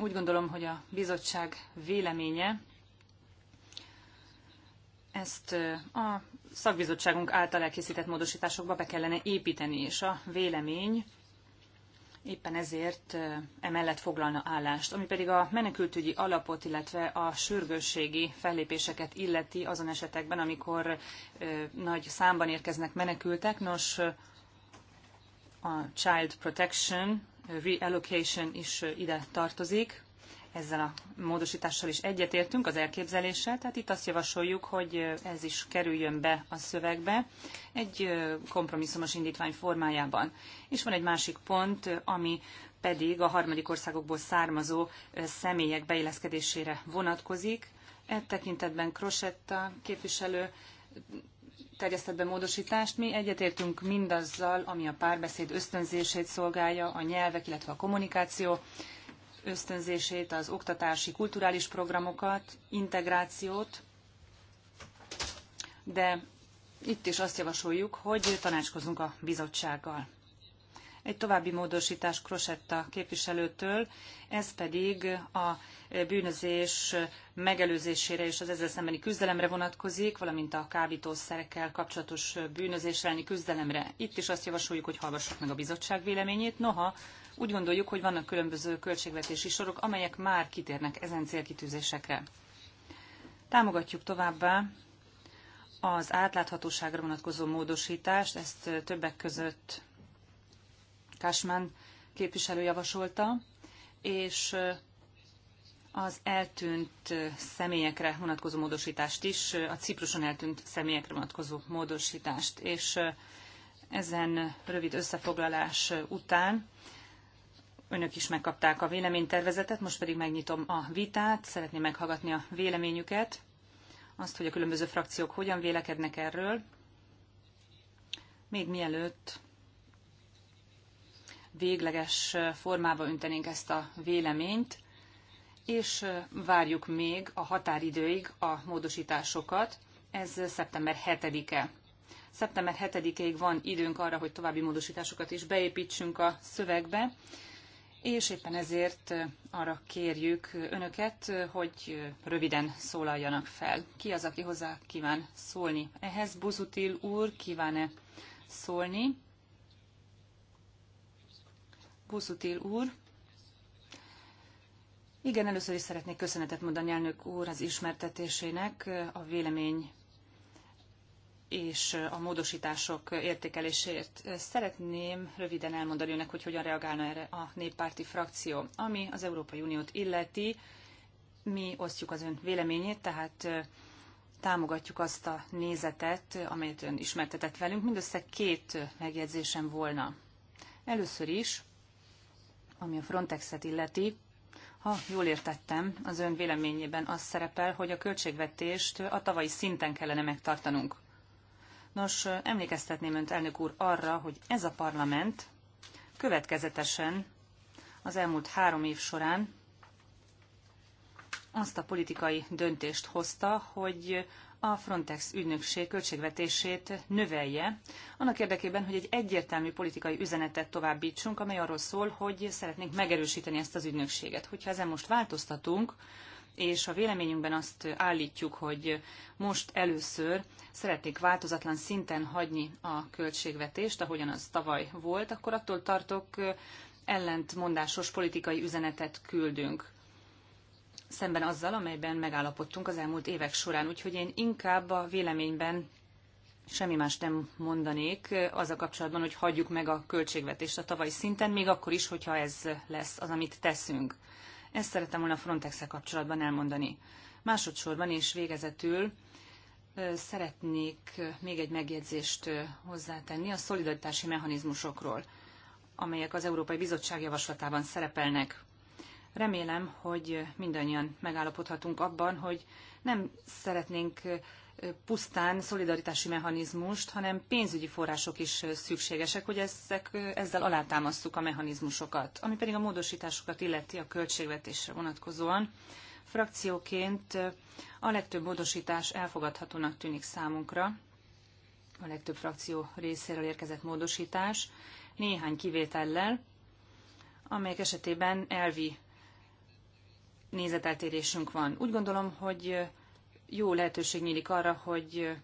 úgy gondolom, hogy a bizottság véleménye ezt a szakbizottságunk által elkészített módosításokba be kellene építeni, és a vélemény éppen ezért emellett foglalna állást. Ami pedig a menekültügyi alapot, illetve a sürgősségi fellépéseket illeti azon esetekben, amikor nagy számban érkeznek menekültek. Nos, a Child Protection, Reallocation is ide tartozik ezzel a módosítással is egyetértünk az elképzeléssel, tehát itt azt javasoljuk, hogy ez is kerüljön be a szövegbe egy kompromisszumos indítvány formájában. És van egy másik pont, ami pedig a harmadik országokból származó személyek beilleszkedésére vonatkozik. E tekintetben Krosetta képviselő terjesztett be módosítást. Mi egyetértünk mindazzal, ami a párbeszéd ösztönzését szolgálja, a nyelvek, illetve a kommunikáció ösztönzését, az oktatási, kulturális programokat, integrációt, de itt is azt javasoljuk, hogy tanácskozunk a bizottsággal. Egy további módosítás Krosetta képviselőtől, ez pedig a bűnözés megelőzésére és az ezzel szembeni küzdelemre vonatkozik, valamint a kábítószerekkel kapcsolatos bűnözésre elleni küzdelemre. Itt is azt javasoljuk, hogy hallgassuk meg a bizottság véleményét. Noha úgy gondoljuk, hogy vannak különböző költségvetési sorok, amelyek már kitérnek ezen célkitűzésekre. Támogatjuk továbbá az átláthatóságra vonatkozó módosítást, ezt többek között Kásmán képviselő javasolta, és az eltűnt személyekre vonatkozó módosítást is, a Cipruson eltűnt személyekre vonatkozó módosítást, és ezen rövid összefoglalás után Önök is megkapták a véleménytervezetet, most pedig megnyitom a vitát, szeretném meghallgatni a véleményüket, azt, hogy a különböző frakciók hogyan vélekednek erről. Még mielőtt végleges formába öntenénk ezt a véleményt, és várjuk még a határidőig a módosításokat. Ez szeptember 7-e. Szeptember 7-ig van időnk arra, hogy további módosításokat is beépítsünk a szövegbe, és éppen ezért arra kérjük önöket, hogy röviden szólaljanak fel. Ki az, aki hozzá kíván szólni? Ehhez Buzutil úr kíván-e szólni? Buzutil úr. Igen, először is szeretnék köszönetet mondani elnök úr az ismertetésének, a vélemény és a módosítások értékeléséért. Szeretném röviden elmondani önnek, hogy hogyan reagálna erre a néppárti frakció. Ami az Európai Uniót illeti, mi osztjuk az ön véleményét, tehát támogatjuk azt a nézetet, amelyet ön ismertetett velünk. Mindössze két megjegyzésem volna. Először is, ami a Frontexet illeti, ha jól értettem, az ön véleményében az szerepel, hogy a költségvetést a tavalyi szinten kellene megtartanunk. Nos, emlékeztetném önt, elnök úr, arra, hogy ez a parlament következetesen az elmúlt három év során azt a politikai döntést hozta, hogy a Frontex ügynökség költségvetését növelje, annak érdekében, hogy egy egyértelmű politikai üzenetet továbbítsunk, amely arról szól, hogy szeretnénk megerősíteni ezt az ügynökséget. Hogyha ezen most változtatunk, és a véleményünkben azt állítjuk, hogy most először szeretnék változatlan szinten hagyni a költségvetést, ahogyan az tavaly volt, akkor attól tartok ellentmondásos politikai üzenetet küldünk szemben azzal, amelyben megállapodtunk az elmúlt évek során. Úgyhogy én inkább a véleményben semmi más nem mondanék az a kapcsolatban, hogy hagyjuk meg a költségvetést a tavalyi szinten, még akkor is, hogyha ez lesz az, amit teszünk. Ezt szerettem volna a frontex -e kapcsolatban elmondani. Másodszorban és végezetül szeretnék még egy megjegyzést hozzátenni a szolidaritási mechanizmusokról, amelyek az Európai Bizottság javaslatában szerepelnek. Remélem, hogy mindannyian megállapodhatunk abban, hogy nem szeretnénk pusztán szolidaritási mechanizmust, hanem pénzügyi források is szükségesek, hogy ezek, ezzel alátámasztjuk a mechanizmusokat. Ami pedig a módosításokat illeti a költségvetésre vonatkozóan, frakcióként a legtöbb módosítás elfogadhatónak tűnik számunkra, a legtöbb frakció részéről érkezett módosítás, néhány kivétellel, amelyek esetében elvi nézeteltérésünk van. Úgy gondolom, hogy jó lehetőség nyílik arra, hogy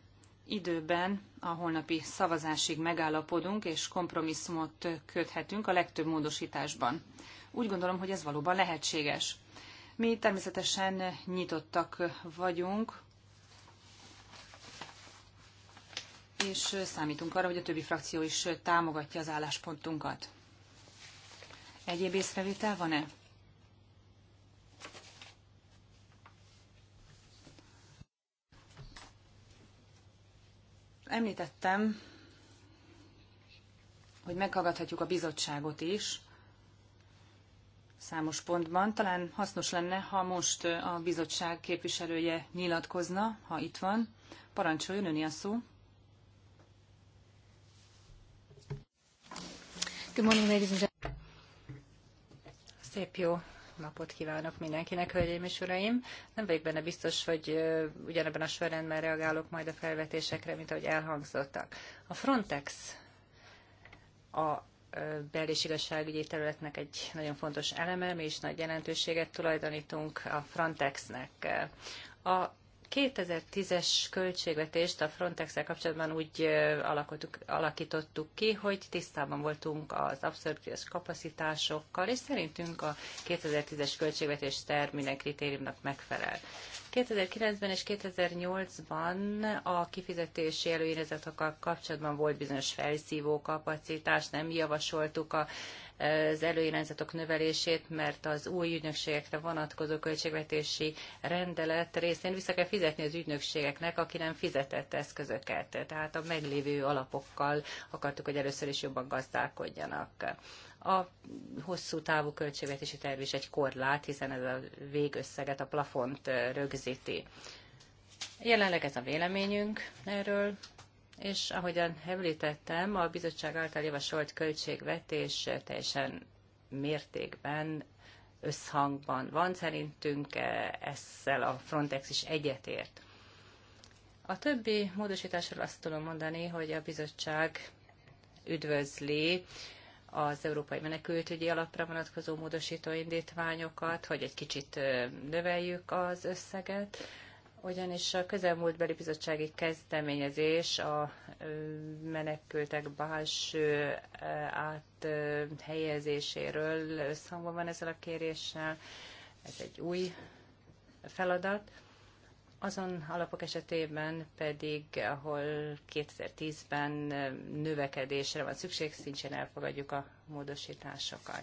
időben a holnapi szavazásig megállapodunk és kompromisszumot köthetünk a legtöbb módosításban. Úgy gondolom, hogy ez valóban lehetséges. Mi természetesen nyitottak vagyunk, és számítunk arra, hogy a többi frakció is támogatja az álláspontunkat. Egyéb észrevétel van-e? Említettem, hogy meghallgathatjuk a bizottságot is számos pontban. Talán hasznos lenne, ha most a bizottság képviselője nyilatkozna, ha itt van. Parancsoljon öni a szó. Good morning, ladies and gentlemen. Szép jó napot kívánok mindenkinek, hölgyeim és uraim. Nem vagyok benne biztos, hogy ugyanebben a sorrendben reagálok majd a felvetésekre, mint ahogy elhangzottak. A Frontex a bel- és igazságügyi területnek egy nagyon fontos eleme, mi is nagy jelentőséget tulajdonítunk a Frontexnek. A 2010-es költségvetést a frontex kapcsolatban úgy alakítottuk ki, hogy tisztában voltunk az abszorpciós kapacitásokkal, és szerintünk a 2010-es költségvetés terv minden kritériumnak megfelel. 2009-ben és 2008-ban a kifizetési előíratokkal kapcsolatban volt bizonyos felszívó kapacitás, nem javasoltuk a az előirányzatok növelését, mert az új ügynökségekre vonatkozó költségvetési rendelet részén vissza kell fizetni az ügynökségeknek, aki nem fizetett eszközöket. Tehát a meglévő alapokkal akartuk, hogy először is jobban gazdálkodjanak. A hosszú távú költségvetési terv is egy korlát, hiszen ez a végösszeget, a plafont rögzíti. Jelenleg ez a véleményünk erről, és ahogyan említettem, a bizottság által javasolt költségvetés teljesen mértékben összhangban van szerintünk, e, ezzel a Frontex is egyetért. A többi módosításról azt tudom mondani, hogy a bizottság üdvözli az Európai Menekültügyi Alapra vonatkozó módosító indítványokat, hogy egy kicsit növeljük az összeget, ugyanis a közelmúltbeli bizottsági kezdeményezés a menekültek belső áthelyezéséről összhangban van ezzel a kéréssel. Ez egy új feladat. Azon alapok esetében pedig, ahol 2010-ben növekedésre van szükség, szintén elfogadjuk a módosításokat.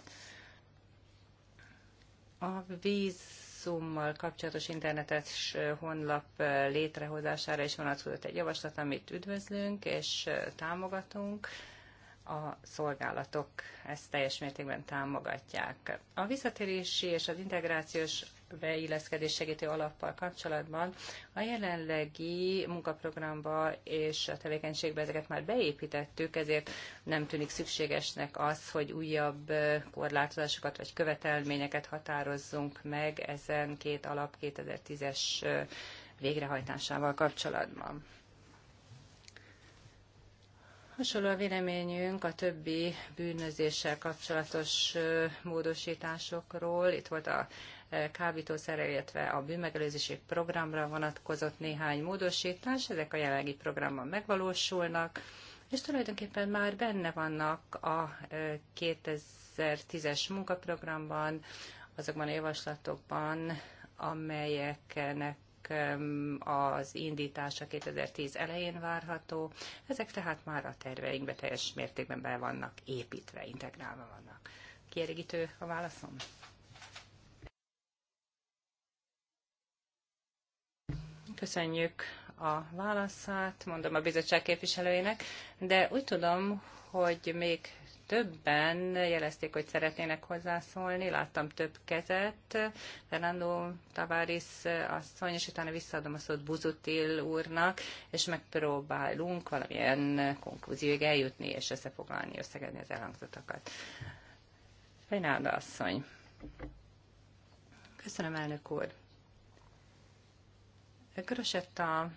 A vízummal kapcsolatos internetes honlap létrehozására is vonatkozott egy javaslat, amit üdvözlünk és támogatunk. A szolgálatok ezt teljes mértékben támogatják. A visszatérési és az integrációs beilleszkedés segítő alappal kapcsolatban a jelenlegi munkaprogramba és a tevékenységbe ezeket már beépítettük, ezért nem tűnik szükségesnek az, hogy újabb korlátozásokat vagy követelményeket határozzunk meg ezen két alap 2010-es végrehajtásával kapcsolatban. Hasonló a véleményünk a többi bűnözéssel kapcsolatos módosításokról. Itt volt a kábítószerre, illetve a bűnmegelőzési programra vonatkozott néhány módosítás. Ezek a jelenlegi programban megvalósulnak, és tulajdonképpen már benne vannak a 2010-es munkaprogramban, azokban a javaslatokban, amelyeknek az indítása 2010 elején várható. Ezek tehát már a terveinkbe teljes mértékben be vannak építve, integrálva vannak. Kielégítő a válaszom? Köszönjük a válaszát, mondom a bizottság képviselőjének, de úgy tudom, hogy még többen jelezték, hogy szeretnének hozzászólni. Láttam több kezet. Fernando Tavares asszony, és utána visszaadom a szót Buzutil úrnak, és megpróbálunk valamilyen konklúzióig eljutni, és összefoglalni, összegedni az elhangzottakat. Fernando asszony. Köszönöm, elnök úr. Körösett a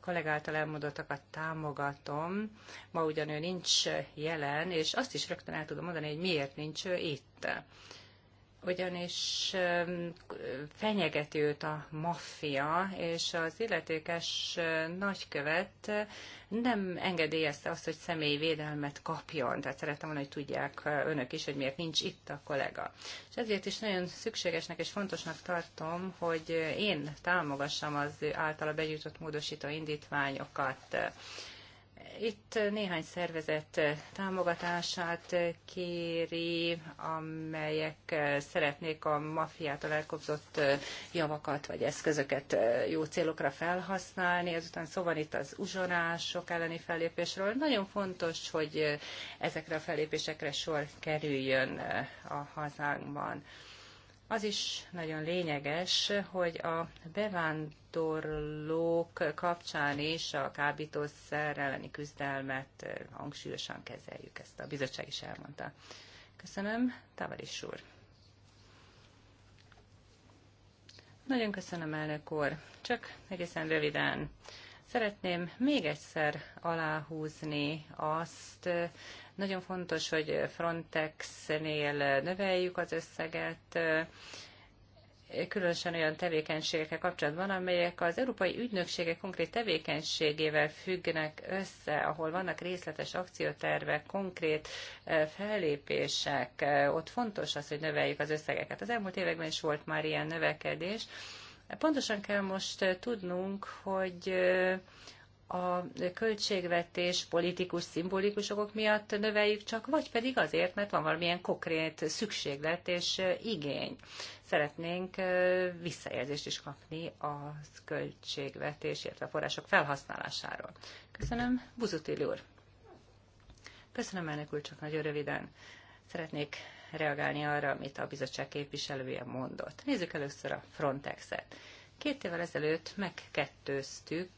kollégáltal elmondottakat támogatom. Ma ugyan ő nincs jelen, és azt is rögtön el tudom mondani, hogy miért nincs ő itt ugyanis fenyegeti őt a maffia, és az illetékes nagykövet nem engedélyezte azt, hogy személyvédelmet kapjon. Tehát szeretem volna, hogy tudják önök is, hogy miért nincs itt a kollega. És ezért is nagyon szükségesnek és fontosnak tartom, hogy én támogassam az általa begyújtott módosító indítványokat itt néhány szervezet támogatását kéri, amelyek szeretnék a maffiától elkobzott javakat vagy eszközöket jó célokra felhasználni. Ezután szó van itt az uzsonások elleni fellépésről. Nagyon fontos, hogy ezekre a fellépésekre sor kerüljön a hazánkban. Az is nagyon lényeges, hogy a bevándorlók kapcsán is a kábítószer elleni küzdelmet hangsúlyosan kezeljük. Ezt a bizottság is elmondta. Köszönöm, Tavaris úr. Nagyon köszönöm, elnök úr. Csak egészen röviden Szeretném még egyszer aláhúzni azt, nagyon fontos, hogy Frontexnél növeljük az összeget, különösen olyan tevékenységekkel kapcsolatban, amelyek az európai ügynökségek konkrét tevékenységével függnek össze, ahol vannak részletes akciótervek, konkrét e, fellépések. E, ott fontos az, hogy növeljük az összegeket. Az elmúlt években is volt már ilyen növekedés, Pontosan kell most eh, tudnunk, hogy eh, a költségvetés politikus, szimbolikus okok miatt növeljük csak, vagy pedig azért, mert van valamilyen konkrét szükséglet és eh, igény. Szeretnénk visszajelzést is kapni a költségvetés, illetve a források felhasználásáról. Köszönöm, Buzutil úr. Köszönöm, elnök úr, csak nagyon röviden. Szeretnék reagálni arra, amit a bizottság képviselője mondott. Nézzük először a Frontexet. Két évvel ezelőtt megkettőztük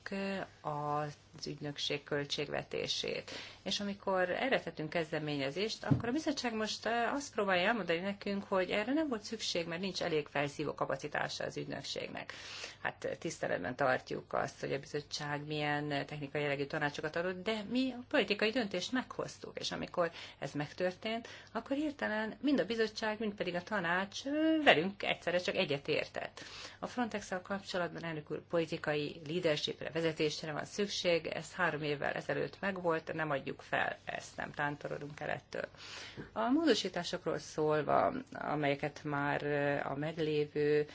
a az ügynökség költségvetését. És amikor erre tettünk kezdeményezést, akkor a bizottság most eh, azt próbálja elmondani nekünk, hogy erre nem volt szükség, mert nincs elég felszívó kapacitása az ügynökségnek. Hát eh, tiszteletben tartjuk azt, hogy a bizottság milyen eh, technikai jellegű tanácsokat adott, de mi a politikai döntést meghoztuk, és amikor ez megtörtént, akkor hirtelen mind a bizottság, mind pedig a tanács velünk egyszerre csak egyetértett. A Frontex-el kapcsolatban elnök politikai leadershipre, vezetésre van szükség, lehetőség, ez három évvel ezelőtt megvolt, nem adjuk fel ezt, nem tántorodunk el ettől. A módosításokról szólva, amelyeket már a meglévő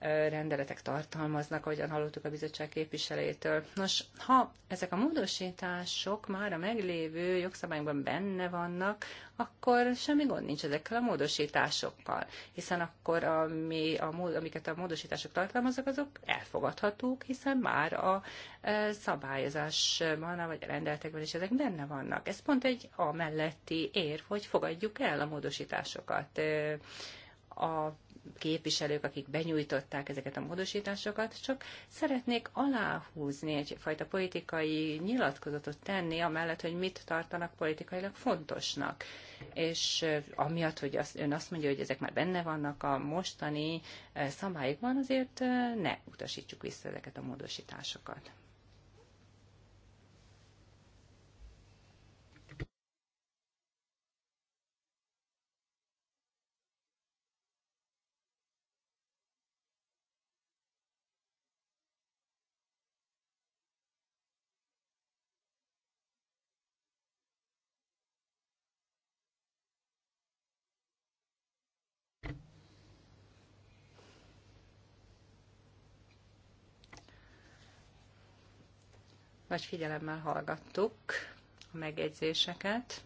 rendeletek tartalmaznak, ahogyan hallottuk a bizottság képviselőjétől. Nos, ha ezek a módosítások már a meglévő jogszabályokban benne vannak, akkor semmi gond nincs ezekkel a módosításokkal, hiszen akkor ami, a, amiket a módosítások tartalmaznak, azok elfogadhatók, hiszen már a e, szabályozásban, vagy a rendeletekben is ezek benne vannak. Ez pont egy amelletti érv, hogy fogadjuk el a módosításokat. E, a képviselők, akik benyújtották ezeket a módosításokat, csak szeretnék aláhúzni egyfajta politikai nyilatkozatot tenni, amellett, hogy mit tartanak politikailag fontosnak. És eh, amiatt, hogy az, ön azt mondja, hogy ezek már benne vannak a mostani eh, szabályokban, azért eh, ne utasítsuk vissza ezeket a módosításokat. Nagy figyelemmel hallgattuk a megjegyzéseket,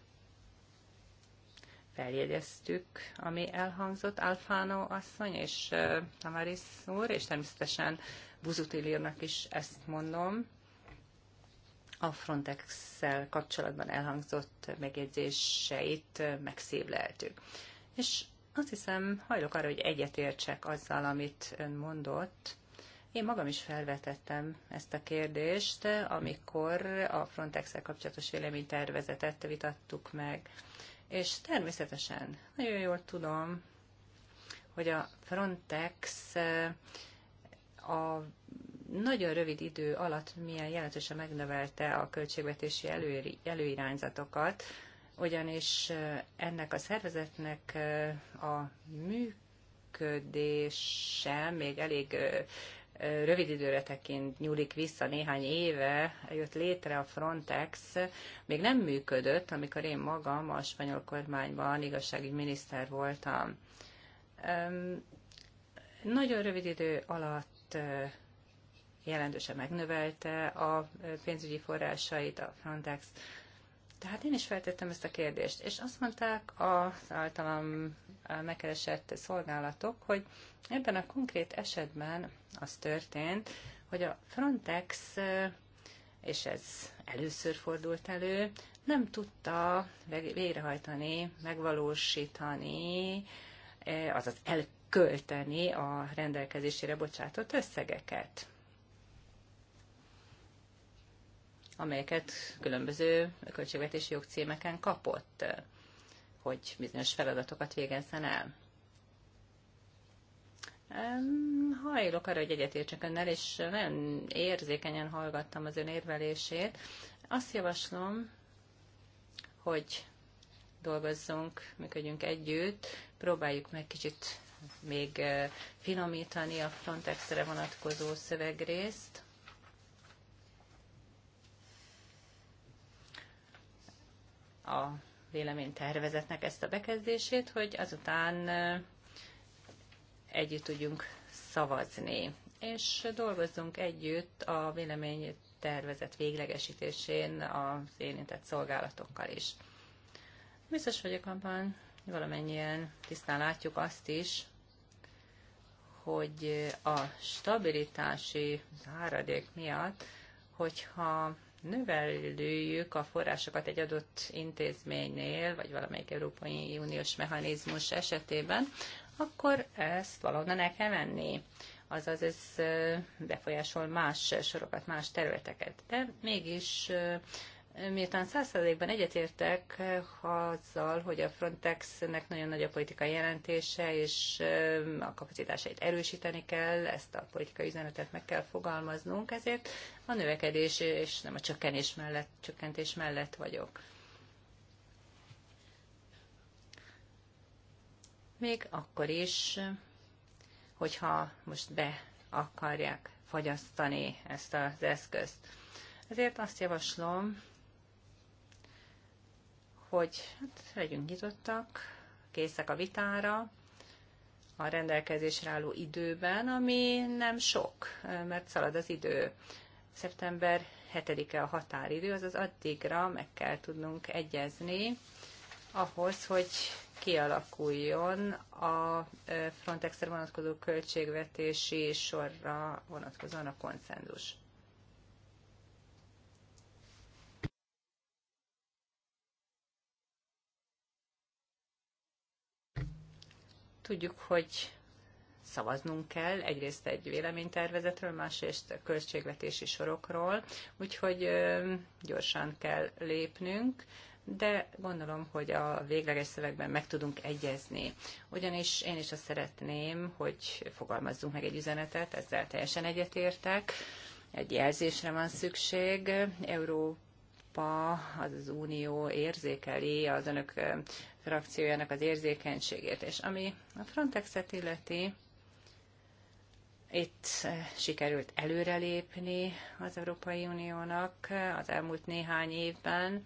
feljegyeztük, ami elhangzott Alfano asszony és Tamaris úr, és természetesen Buzutilírnak is ezt mondom, a frontex kapcsolatban elhangzott megjegyzéseit megszívleltük. És azt hiszem, hajlok arra, hogy egyetértsek azzal, amit ön mondott, én magam is felvetettem ezt a kérdést, amikor a frontex kapcsolatos véleménytervezetet vitattuk meg. És természetesen nagyon jól tudom, hogy a Frontex eh, a nagyon rövid idő alatt milyen jelentősen megnövelte a költségvetési elő, előirányzatokat, ugyanis eh, ennek a szervezetnek eh, a működése még elég rövid időre tekint, nyúlik vissza, néhány éve jött létre a Frontex, még nem működött, amikor én magam a spanyol kormányban igazságügyi miniszter voltam. Nagyon rövid idő alatt jelentősen megnövelte a pénzügyi forrásait a Frontex, tehát én is feltettem ezt a kérdést, és azt mondták az általam eh, megkeresett szolgálatok, hogy ebben a konkrét esetben az történt, hogy a Frontex, eh, és ez először fordult elő, nem tudta végrehajtani, megvalósítani, eh, azaz elkölteni a rendelkezésére bocsátott összegeket. amelyeket különböző költségvetési jogcímeken kapott, eh, hogy bizonyos feladatokat végezzen el. Hajlok arra, hogy egyetértsek önnel, és nagyon érzékenyen hallgattam az ön érvelését. Azt javaslom, hogy dolgozzunk, működjünk együtt, próbáljuk meg kicsit még eh, finomítani a Frontexre vonatkozó szövegrészt, a véleménytervezetnek ezt a bekezdését, hogy azután együtt tudjunk szavazni, és dolgozzunk együtt a véleménytervezet tervezet véglegesítésén az érintett szolgálatokkal is. Biztos vagyok abban, valamennyien tisztán látjuk azt is, hogy a stabilitási záradék miatt, hogyha növeljük a forrásokat egy adott intézménynél, vagy valamelyik Európai Uniós mechanizmus esetében, akkor ezt valahonnan el kell menni. Azaz ez befolyásol más sorokat, más területeket. De mégis Miután százszerzékben egyetértek azzal, hogy a Frontexnek nagyon nagy a politikai jelentése, és a kapacitásait erősíteni kell, ezt a politikai üzenetet meg kell fogalmaznunk, ezért a növekedés és nem a csökkenés mellett, csökkentés mellett vagyok. Még akkor is, hogyha most be akarják fagyasztani ezt az eszközt. Ezért azt javaslom, hogy hát, legyünk nyitottak, készek a vitára, a rendelkezésre álló időben, ami nem sok, mert szalad az idő. Szeptember 7-e a határidő, azaz addigra meg kell tudnunk egyezni ahhoz, hogy kialakuljon a frontex vonatkozó költségvetési sorra vonatkozóan a konszenzus. Tudjuk, hogy szavaznunk kell, egyrészt egy véleménytervezetről, másrészt a költségvetési sorokról, úgyhogy gyorsan kell lépnünk, de gondolom, hogy a végleges szövegben meg tudunk egyezni. Ugyanis én is azt szeretném, hogy fogalmazzunk meg egy üzenetet, ezzel teljesen egyetértek, egy jelzésre van szükség. Európa Európa, az az Unió érzékeli az önök frakciójának az érzékenységét. És ami a Frontexet illeti, itt sikerült előrelépni az Európai Uniónak az elmúlt néhány évben,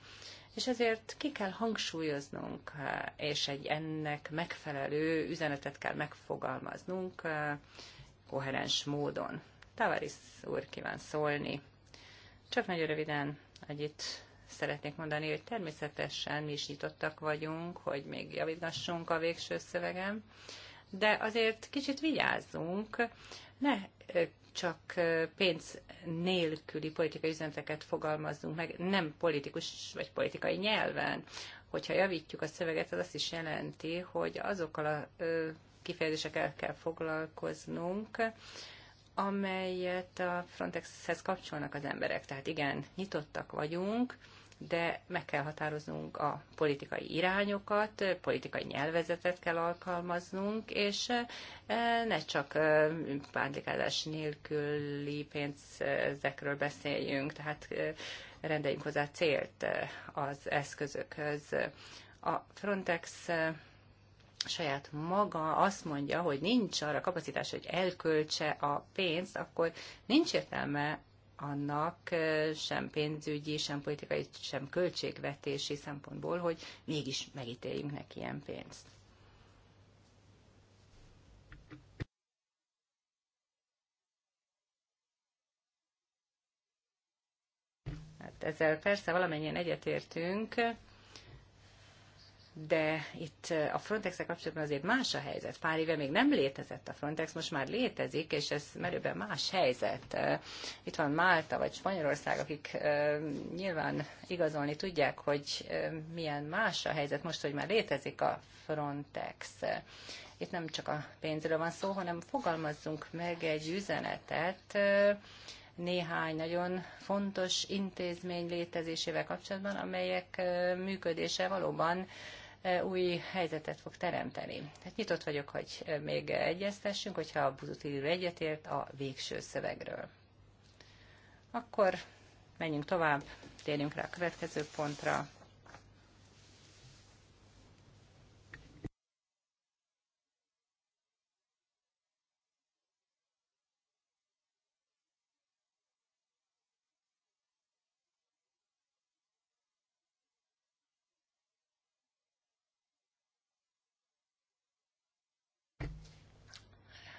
és ezért ki kell hangsúlyoznunk, és egy ennek megfelelő üzenetet kell megfogalmaznunk koherens módon. Tavaris úr kíván szólni. Csak nagyon röviden egyet szeretnék mondani, hogy természetesen mi is nyitottak vagyunk, hogy még javítassunk a végső szövegem, de azért kicsit vigyázzunk, ne csak pénz nélküli politikai üzeneteket fogalmazzunk meg, nem politikus vagy politikai nyelven. Hogyha javítjuk a szöveget, az azt is jelenti, hogy azokkal a kifejezésekkel kell foglalkoznunk, amelyet a Frontexhez kapcsolnak az emberek. Tehát igen, nyitottak vagyunk, de meg kell határoznunk a politikai irányokat, politikai nyelvezetet kell alkalmaznunk, és eh, ne csak eh, pántlikázás nélküli pénzekről beszéljünk, tehát eh, rendeljünk hozzá célt az eszközökhöz. A Frontex saját maga azt mondja, hogy nincs arra kapacitás, hogy elköltse a pénzt, akkor nincs értelme annak sem pénzügyi, sem politikai, sem költségvetési szempontból, hogy mégis megítéljünk neki ilyen pénzt. Hát ezzel persze valamennyien egyetértünk, de itt a frontex kapcsolatban azért más a helyzet. Pár éve még nem létezett a Frontex, most már létezik, és ez merőben más helyzet. Itt van Málta vagy Spanyolország, akik nyilván igazolni tudják, hogy milyen más a helyzet most, hogy már létezik a Frontex. Itt nem csak a pénzről van szó, hanem fogalmazzunk meg egy üzenetet, néhány nagyon fontos intézmény létezésével kapcsolatban, amelyek működése valóban E, új helyzetet fog teremteni. Hát nyitott vagyok, hogy e, még egyeztessünk, hogyha a buzutil egyetért a végső szövegről. Akkor menjünk tovább, térjünk rá a következő pontra.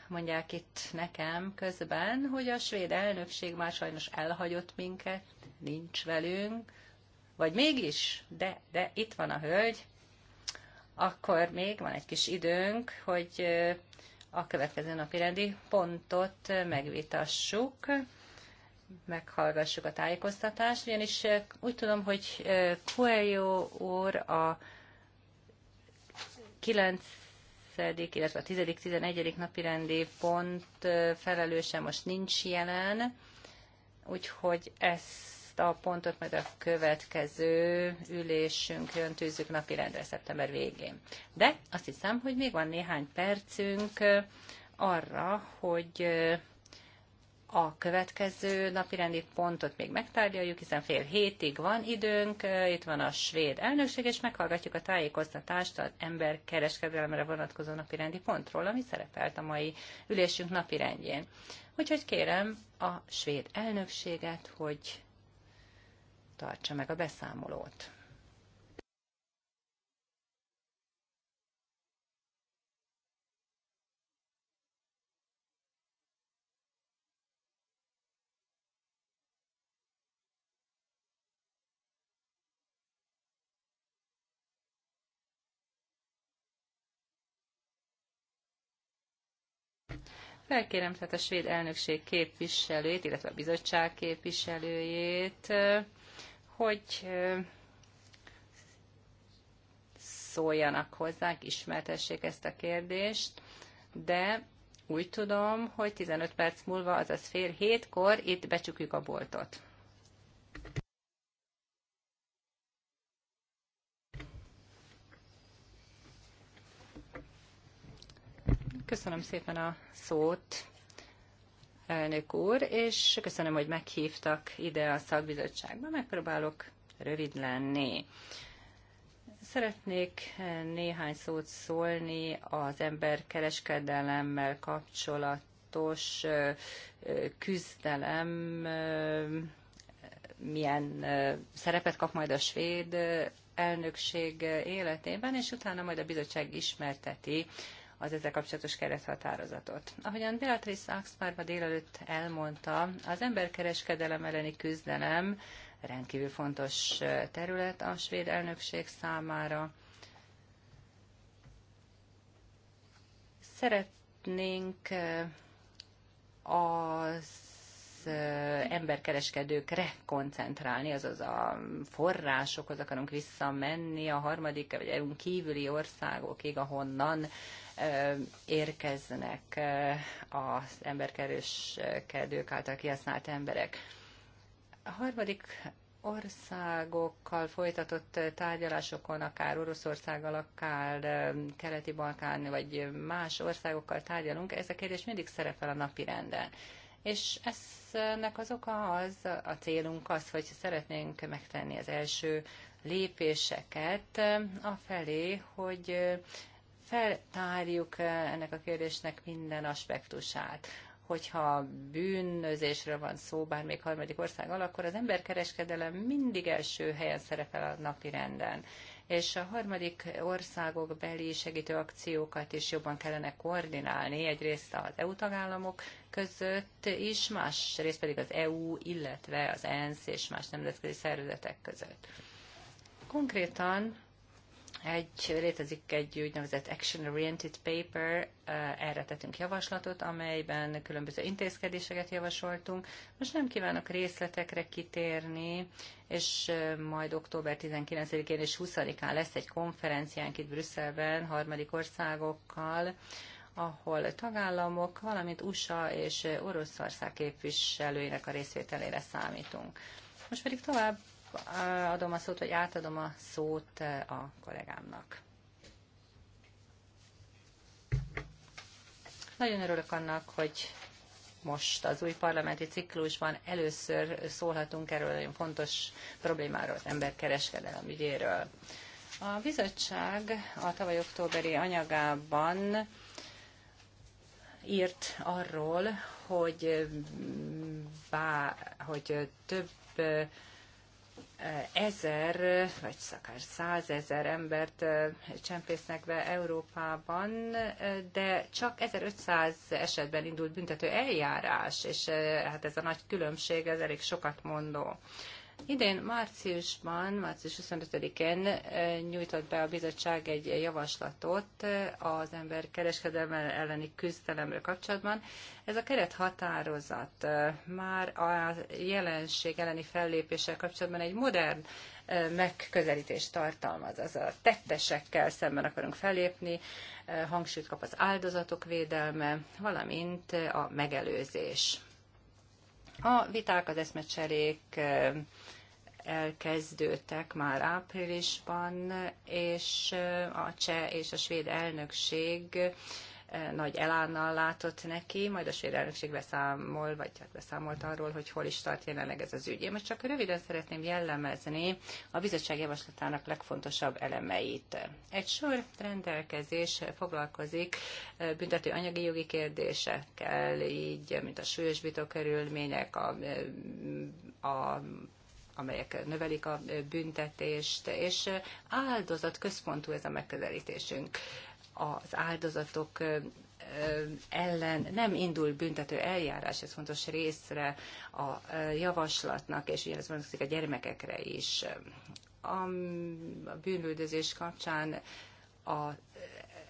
mondják itt nekem közben, hogy a svéd elnökség már sajnos elhagyott minket, nincs velünk, vagy mégis, de, de itt van a hölgy, akkor még van egy kis időnk, hogy a következő napi rendi pontot megvitassuk, meghallgassuk a tájékoztatást, ugyanis úgy tudom, hogy Coelho úr a 9 tizedik illetve a tizenegyedik napi napirendi pont felelőse most nincs jelen, úgyhogy ezt a pontot majd a következő jön tűzzük napirendre szeptember végén. De azt hiszem, hogy még van néhány percünk arra, hogy a következő napirendi pontot még megtárgyaljuk, hiszen fél hétig van időnk, itt van a svéd elnökség, és meghallgatjuk a tájékoztatást az kereskedelemre vonatkozó napirendi pontról, ami szerepelt a mai ülésünk napirendjén. Úgyhogy kérem a svéd elnökséget, hogy tartsa meg a beszámolót. Felkérem tehát a svéd elnökség képviselőjét, illetve a bizottság képviselőjét, hogy szóljanak hozzánk, ismertessék ezt a kérdést, de úgy tudom, hogy 15 perc múlva, azaz fél hétkor itt becsukjuk a boltot. Köszönöm szépen a szót, elnök úr, és köszönöm, hogy meghívtak ide a szakbizottságba. Megpróbálok rövid lenni. Szeretnék néhány szót szólni az emberkereskedelemmel kapcsolatos küzdelem milyen szerepet kap majd a svéd elnökség életében, és utána majd a bizottság ismerteti az ezzel kapcsolatos kerethatározatot. Ahogyan Beatrice Axpár ma délelőtt elmondta, az emberkereskedelem elleni küzdelem rendkívül fontos terület a svéd elnökség számára. Szeretnénk az emberkereskedőkre koncentrálni, azaz a forrásokhoz akarunk visszamenni a harmadik vagy EU kívüli országokig, ahonnan érkeznek az emberkereskedők által kihasznált emberek. A harmadik országokkal folytatott tárgyalásokon, akár Oroszországgal, akár Keleti-Balkán, vagy más országokkal tárgyalunk, ez a kérdés mindig szerepel a napi renden. És ennek az oka az, a célunk az, hogy szeretnénk megtenni az első lépéseket eh, a felé, hogy eh, feltárjuk eh, ennek a kérdésnek minden aspektusát hogyha bűnözésről van szó, bármelyik harmadik ország akkor az emberkereskedelem mindig első helyen szerepel a napi renden és a harmadik országok beli segítő akciókat is jobban kellene koordinálni, egyrészt az EU tagállamok között is, másrészt pedig az EU, illetve az ENSZ és más nemzetközi szervezetek között. Konkrétan egy, létezik egy úgynevezett action-oriented paper, erre tettünk javaslatot, amelyben különböző intézkedéseket javasoltunk. Most nem kívánok részletekre kitérni, és majd október 19-én és 20-án lesz egy konferenciánk itt Brüsszelben, harmadik országokkal, ahol tagállamok, valamint USA és Oroszország képviselőinek a részvételére számítunk. Most pedig tovább adom a szót, vagy átadom a szót eh, a kollégámnak. Nagyon örülök annak, hogy most az új parlamenti ciklusban először szólhatunk erről nagyon fontos problémáról, az emberkereskedelem ügyéről. A bizottság a tavaly októberi anyagában írt arról, hogy, mm, bá, hogy több eh, ezer, vagy akár százezer embert csempésznek be Európában, de csak 1500 esetben indult büntető eljárás, és hát ez a nagy különbség, ez elég sokat mondó. Idén márciusban, március 25-én nyújtott be a bizottság egy javaslatot az ember kereskedelme elleni küzdelemre kapcsolatban. Ez a keret határozat már a jelenség elleni fellépéssel kapcsolatban egy modern megközelítést tartalmaz. Az a tettesekkel szemben akarunk fellépni, hangsúlyt kap az áldozatok védelme, valamint a megelőzés. A viták, az eszmecserék elkezdődtek már áprilisban, és a cseh és a svéd elnökség nagy elánnal látott neki, majd a svéd beszámol, vagy hát beszámolt arról, hogy hol is tart jelenleg ez az ügy. Én most csak röviden szeretném jellemezni a bizottság javaslatának legfontosabb elemeit. Egy sor rendelkezés foglalkozik büntető anyagi jogi kérdésekkel, így, mint a súlyos körülmények, a, a amelyek növelik a büntetést, és központú ez a megközelítésünk az áldozatok ellen nem indul büntető eljárás, ez fontos részre a javaslatnak, és ugyanez vonatkozik a gyermekekre is. A bűnüldözés kapcsán a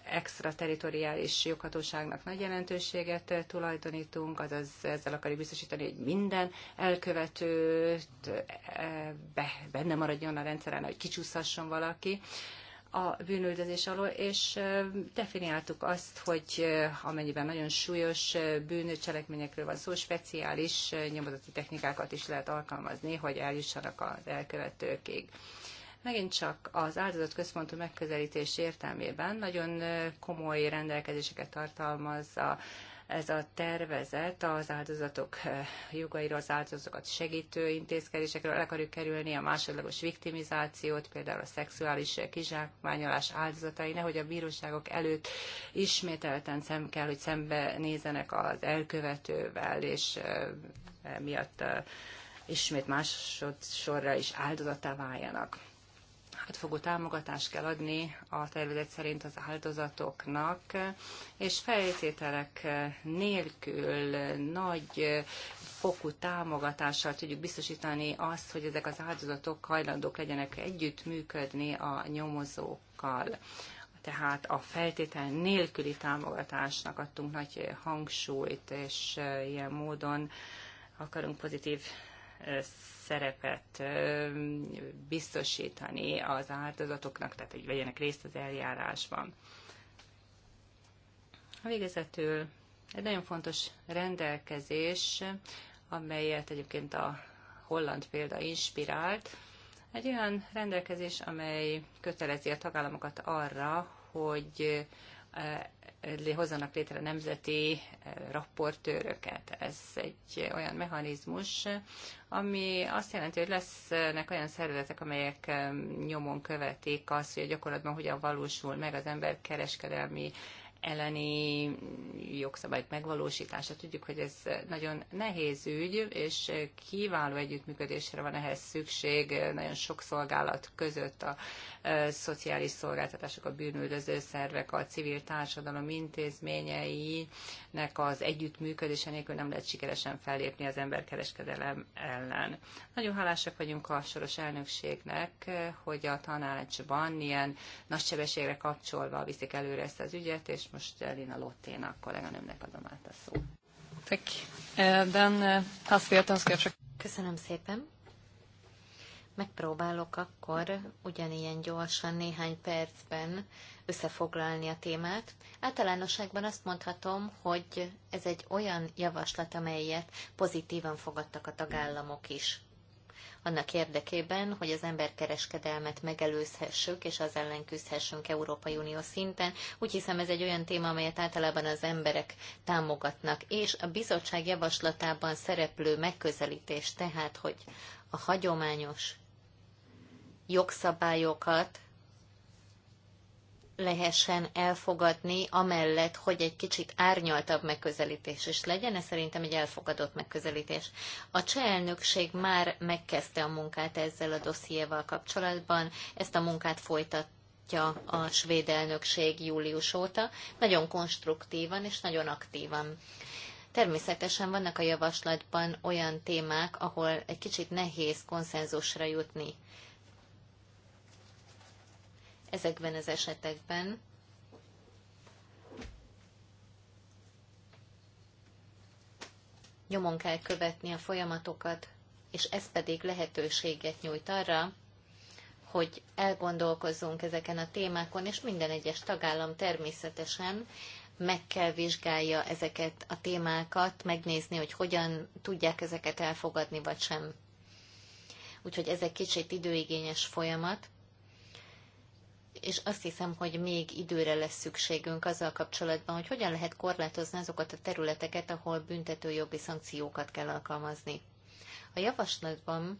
extraterritoriális joghatóságnak nagy jelentőséget tulajdonítunk, azaz ezzel akarjuk biztosítani, hogy minden elkövetőt benne maradjon a rendszeren, hogy kicsúszhasson valaki a bűnöldözés alól, és definiáltuk azt, hogy amennyiben nagyon súlyos bűncselekményekről van szó, speciális nyomozati technikákat is lehet alkalmazni, hogy eljussanak az elkövetőkig. Megint csak az központú megközelítés értelmében nagyon komoly rendelkezéseket tartalmaz a ez a tervezet az áldozatok eh, jogairól, az áldozatokat segítő intézkedésekről, el akarjuk kerülni a másodlagos viktimizációt, például a szexuális kizsákmányolás áldozatai, nehogy a bíróságok előtt ismételten szem kell, hogy szembenézenek az elkövetővel, és eh, miatt eh, ismét másodszorra is áldozatá váljanak átfogó támogatást kell adni a tervezet szerint az áldozatoknak, és feltételek nélkül nagy fokú támogatással tudjuk biztosítani azt, hogy ezek az áldozatok hajlandók legyenek együttműködni a nyomozókkal tehát a feltétel nélküli támogatásnak adtunk nagy hangsúlyt, és ilyen módon akarunk pozitív szerepet biztosítani az áldozatoknak, tehát hogy vegyenek részt az eljárásban. Végezetül egy nagyon fontos rendelkezés, amelyet egyébként a holland példa inspirált, egy olyan rendelkezés, amely kötelezi a tagállamokat arra, hogy hozzanak létre nemzeti eh, rapportőröket. Ez egy olyan mechanizmus, ami azt jelenti, hogy lesznek olyan szervezetek, amelyek eh, nyomon követik azt, hogy a gyakorlatban hogyan valósul meg az emberkereskedelmi elleni jogszabályok megvalósítása. Tudjuk, hogy ez nagyon nehéz ügy, és kiváló együttműködésre van ehhez szükség nagyon sok szolgálat között a e, szociális szolgáltatások, a bűnüldöző szervek, a civil társadalom intézményeinek az együttműködése nélkül nem lehet sikeresen fellépni az emberkereskedelem ellen. Nagyon hálásak vagyunk a soros elnökségnek, hogy a tanácsban ilyen nagy sebességre kapcsolva viszik előre ezt az ügyet, és most eh, Lina a kolléganőmnek adom át a szót. Eh, eh, Köszönöm szépen. Megpróbálok akkor ugyanilyen gyorsan néhány percben összefoglalni a témát. Általánosságban azt mondhatom, hogy ez egy olyan javaslat, amelyet pozitívan fogadtak a tagállamok is annak érdekében, hogy az emberkereskedelmet megelőzhessük, és az ellen küzdhessünk Európai Unió szinten. Úgy hiszem, ez egy olyan téma, amelyet általában az emberek támogatnak, és a bizottság javaslatában szereplő megközelítés tehát, hogy a hagyományos jogszabályokat lehessen elfogadni, amellett, hogy egy kicsit árnyaltabb megközelítés is legyen, ez szerintem egy elfogadott megközelítés. A cseh elnökség már megkezdte a munkát ezzel a dossziéval kapcsolatban, ezt a munkát folytatja a svéd elnökség július óta, nagyon konstruktívan és nagyon aktívan. Természetesen vannak a javaslatban olyan témák, ahol egy kicsit nehéz konszenzusra jutni ezekben az esetekben nyomon kell követni a folyamatokat, és ez pedig lehetőséget nyújt arra, hogy elgondolkozzunk ezeken a témákon, és minden egyes tagállam természetesen meg kell vizsgálja ezeket a témákat, megnézni, hogy hogyan tudják ezeket elfogadni, vagy sem. Úgyhogy ez egy kicsit időigényes folyamat, és azt hiszem, hogy még időre lesz szükségünk azzal kapcsolatban, hogy hogyan lehet korlátozni azokat a területeket, ahol büntetőjogi szankciókat kell alkalmazni. A javaslatban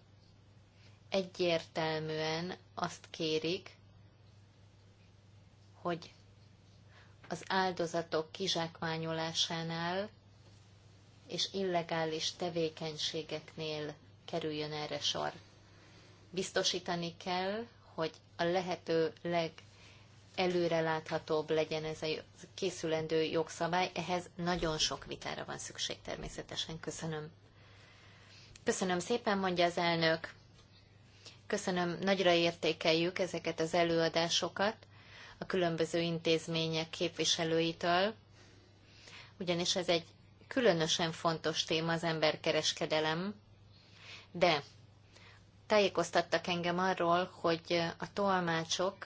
egyértelműen azt kérik, hogy az áldozatok kizsákmányolásánál és illegális tevékenységeknél kerüljön erre sor. Biztosítani kell, hogy a lehető legelőreláthatóbb legyen ez a készülendő jogszabály. Ehhez nagyon sok vitára van szükség természetesen. Köszönöm. Köszönöm szépen, mondja az elnök. Köszönöm, nagyra értékeljük ezeket az előadásokat a különböző intézmények képviselőitől, ugyanis ez egy különösen fontos téma az emberkereskedelem, de tájékoztattak engem arról, hogy a tolmácsok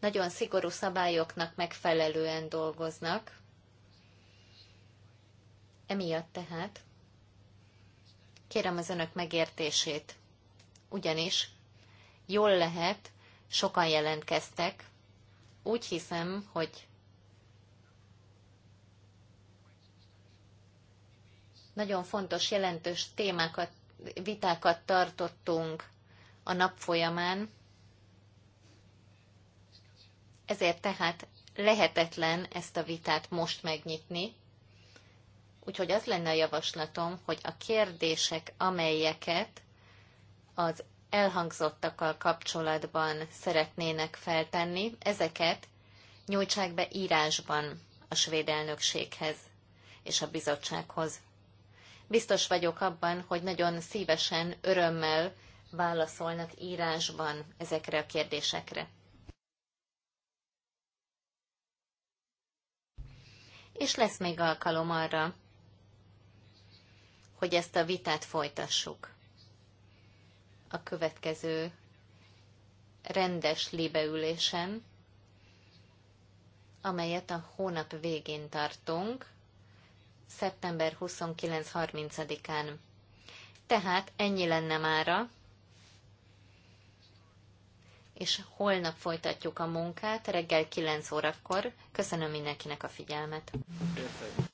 nagyon szigorú szabályoknak megfelelően dolgoznak. Emiatt tehát kérem az önök megértését, ugyanis jól lehet, sokan jelentkeztek, úgy hiszem, hogy nagyon fontos, jelentős témákat vitákat tartottunk a nap folyamán, ezért tehát lehetetlen ezt a vitát most megnyitni. Úgyhogy az lenne a javaslatom, hogy a kérdések, amelyeket az elhangzottakkal kapcsolatban szeretnének feltenni, ezeket nyújtsák be írásban a svéd elnökséghez és a bizottsághoz. Biztos vagyok abban, hogy nagyon szívesen, örömmel válaszolnak írásban ezekre a kérdésekre. És lesz még alkalom arra, hogy ezt a vitát folytassuk. A következő rendes libeülésen, amelyet a hónap végén tartunk, szeptember 29-30-án. Tehát ennyi lenne mára, és holnap folytatjuk a munkát reggel 9 órakor. Köszönöm mindenkinek a figyelmet. Köszönöm.